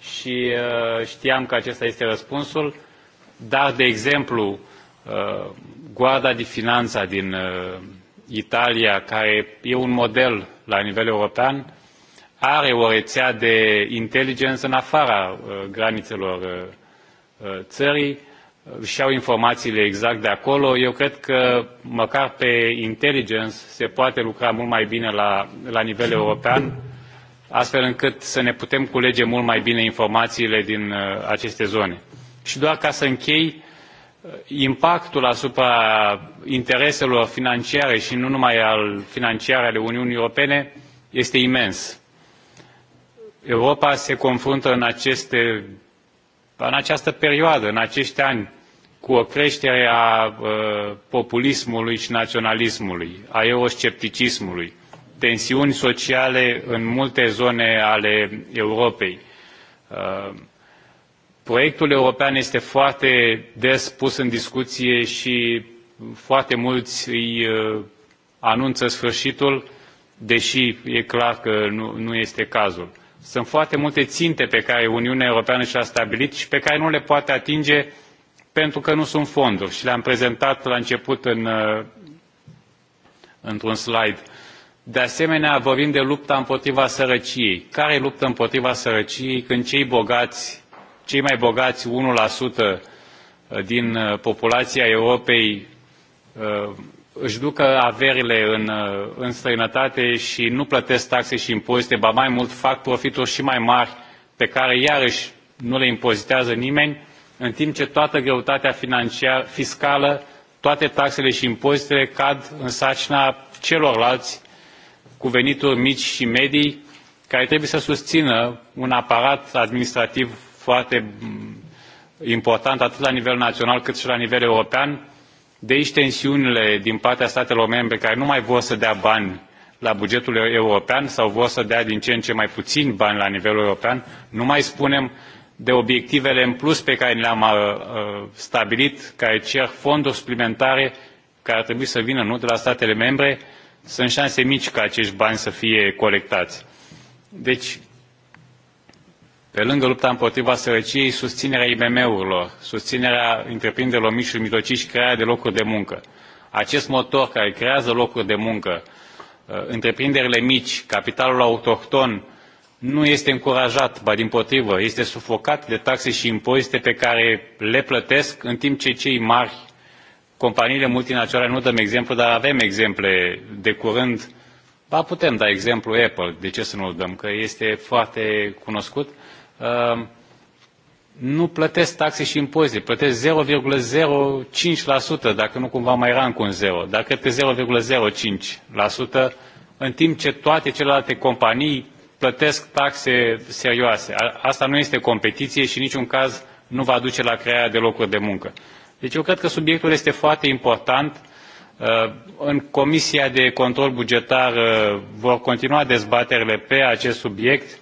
și uh, știam că acesta este răspunsul, dar, de exemplu, uh, Guarda de Finanța din Italia, care e un model la nivel european, are o rețea de inteligență în afara granițelor țării, își uh, iau informațiile exact de acolo. Eu cred că măcar pe intelligence se poate lucra mult mai bine la, la nivel european, astfel încât să ne putem culege mult mai bine informațiile din uh, aceste zone. Și doar ca să închei, uh, impactul asupra intereselor financiare și nu numai al financiare ale Uniunii Europene este imens. Europa se confruntă în aceste în această perioadă, în acești ani, cu o creștere a uh, populismului și naționalismului, a euroscepticismului, tensiuni sociale în multe zone ale Europei. Uh, proiectul european este foarte des pus în discuție și foarte mulți îi uh, anunță sfârșitul, deși e clar că nu, nu este cazul Sunt foarte multe ținte pe care Uniunea Europeană și le-a stabilit și pe care nu le poate atinge pentru că nu sunt fonduri. Și le-am prezentat la început în, uh, într-un slide. De asemenea, vorbim de lupta împotriva sărăciei. Care e luptă împotriva sărăciei când cei bogați, cei mai bogați 1% uh, din uh, populația Europei își ducă averile în, în străinătate și nu plătesc taxe și impozite, ba mai mult fac profituri și mai mari pe care iarăși nu le impozitează nimeni, în timp ce toată greutatea financiară fiscală, toate taxele și impozitele cad în sarcina celorlalți cu venituri mici și medii, care trebuie să susțină un aparat administrativ foarte mm, important atât la nivel național cât și la nivel european, De aici tensiunile din partea statelor membre care nu mai vor să dea bani la bugetul european sau vor să dea din ce în ce mai puțin bani la nivelul european, nu mai spunem de obiectivele în plus pe care le-am uh, uh, stabilit, care cer fonduri suplimentare care ar trebui să vină nu de la statele membre, sunt șanse mici ca acești bani să fie colectați. Deci Pe lângă lupta împotriva sărăciei, susținerea IMM-urilor, susținerea întreprinderilor mici și mijlocii și crearea de locuri de muncă. Acest motor care creează locuri de muncă, uh, întreprinderile mici, capitalul autohton, nu este încurajat, ba din potrivă, este sufocat de taxe și impozite pe care le plătesc, în timp ce cei mari, companiile multinaționale, nu dăm exemplu, dar avem exemple de curând, ba putem da exemplu Apple, de ce să nu-l dăm, că este foarte cunoscut, Ehm, nu plătesc taxe și impozite, plătesc 0,05%, dacă nu cumva mai rank un 0, dar cred că 0,05%, în timp ce toate celelalte companii plătesc taxe serioase. Asta nu este competiție și în niciun caz nu va duce la crearea de locuri de muncă. Deci eu cred că subiectul este foarte important. Ehm, în Comisia de Control Bugetar ehm, vor continua dezbaterile pe acest subiect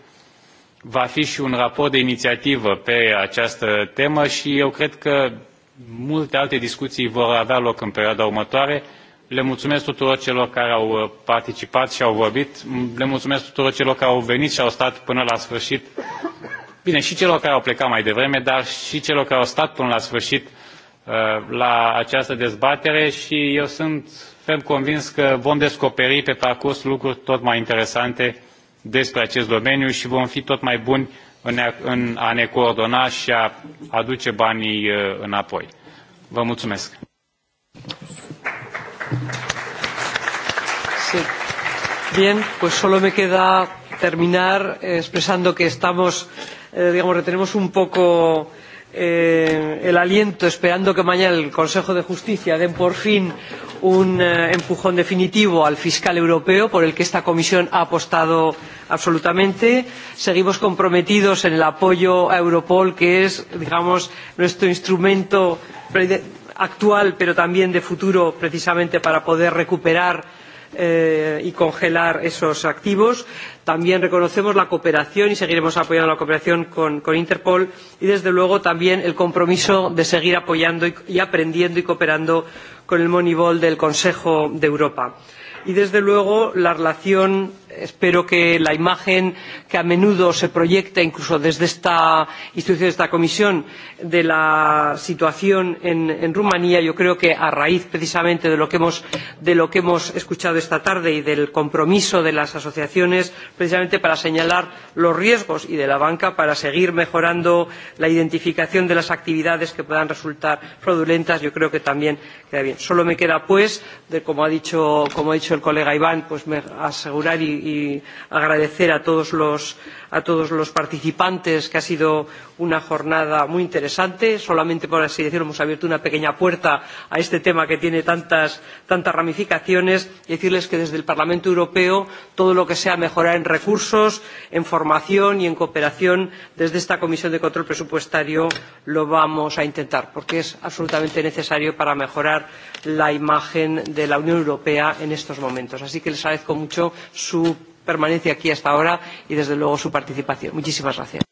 va fi și un raport de inițiativă pe această temă și eu cred că multe alte discuții vor avea loc în perioada următoare. Le mulțumesc tuturor celor care au participat și au vorbit. Le mulțumesc tuturor celor care au venit și au stat până la sfârșit. Bine, și celor care au plecat mai devreme, dar și celor care au stat până la sfârșit uh, la această dezbatere și eu sunt ferm convins că vom descoperi pe parcurs lucruri tot mai interesante despre acest domeniu și vom fi tot mai buni în a, ne coordona și a aduce banii uh, înapoi. Vă mulțumesc! Sí. Bien, pues solo me queda terminar eh, expresando que estamos, eh, digamos, retenemos un poco eh, el aliento esperando que mañana el Consejo de Justicia dé por fin un eh, empujón definitivo al fiscal europeo por el que esta comisión ha apostado absolutamente. Seguimos comprometidos en el apoyo a Europol, que es, digamos, nuestro instrumento actual, pero también de futuro, precisamente para poder recuperar eh, y congelar esos activos. También reconocemos la cooperación y seguiremos apoyando la cooperación con, con Interpol y, desde luego, también el compromiso de seguir apoyando y, y aprendiendo y cooperando con el Moneyball del Consejo de Europa. Y, desde luego, la relación espero que la imagen que a menudo se proyecta incluso desde esta institución de esta comisión de la situación en, en rumanía yo creo que a raíz precisamente de lo, que hemos, de lo que hemos escuchado esta tarde y del compromiso de las asociaciones precisamente para señalar los riesgos y de la banca para seguir mejorando la identificación de las actividades que puedan resultar fraudulentas yo creo que también queda bien. solo me queda pues de, como, ha dicho, como ha dicho el colega iván pues asegurar y y agradecer a todos los a todos los participantes que ha sido una jornada muy interesante solamente por así decirlo hemos abierto una pequeña puerta a este tema que tiene tantas, tantas ramificaciones y decirles que desde el parlamento europeo todo lo que sea mejorar en recursos en formación y en cooperación desde esta comisión de control presupuestario lo vamos a intentar porque es absolutamente necesario para mejorar la imagen de la unión europea en estos momentos. así que les agradezco mucho su permanencia aquí hasta ahora y desde luego su participación. Muchísimas gracias.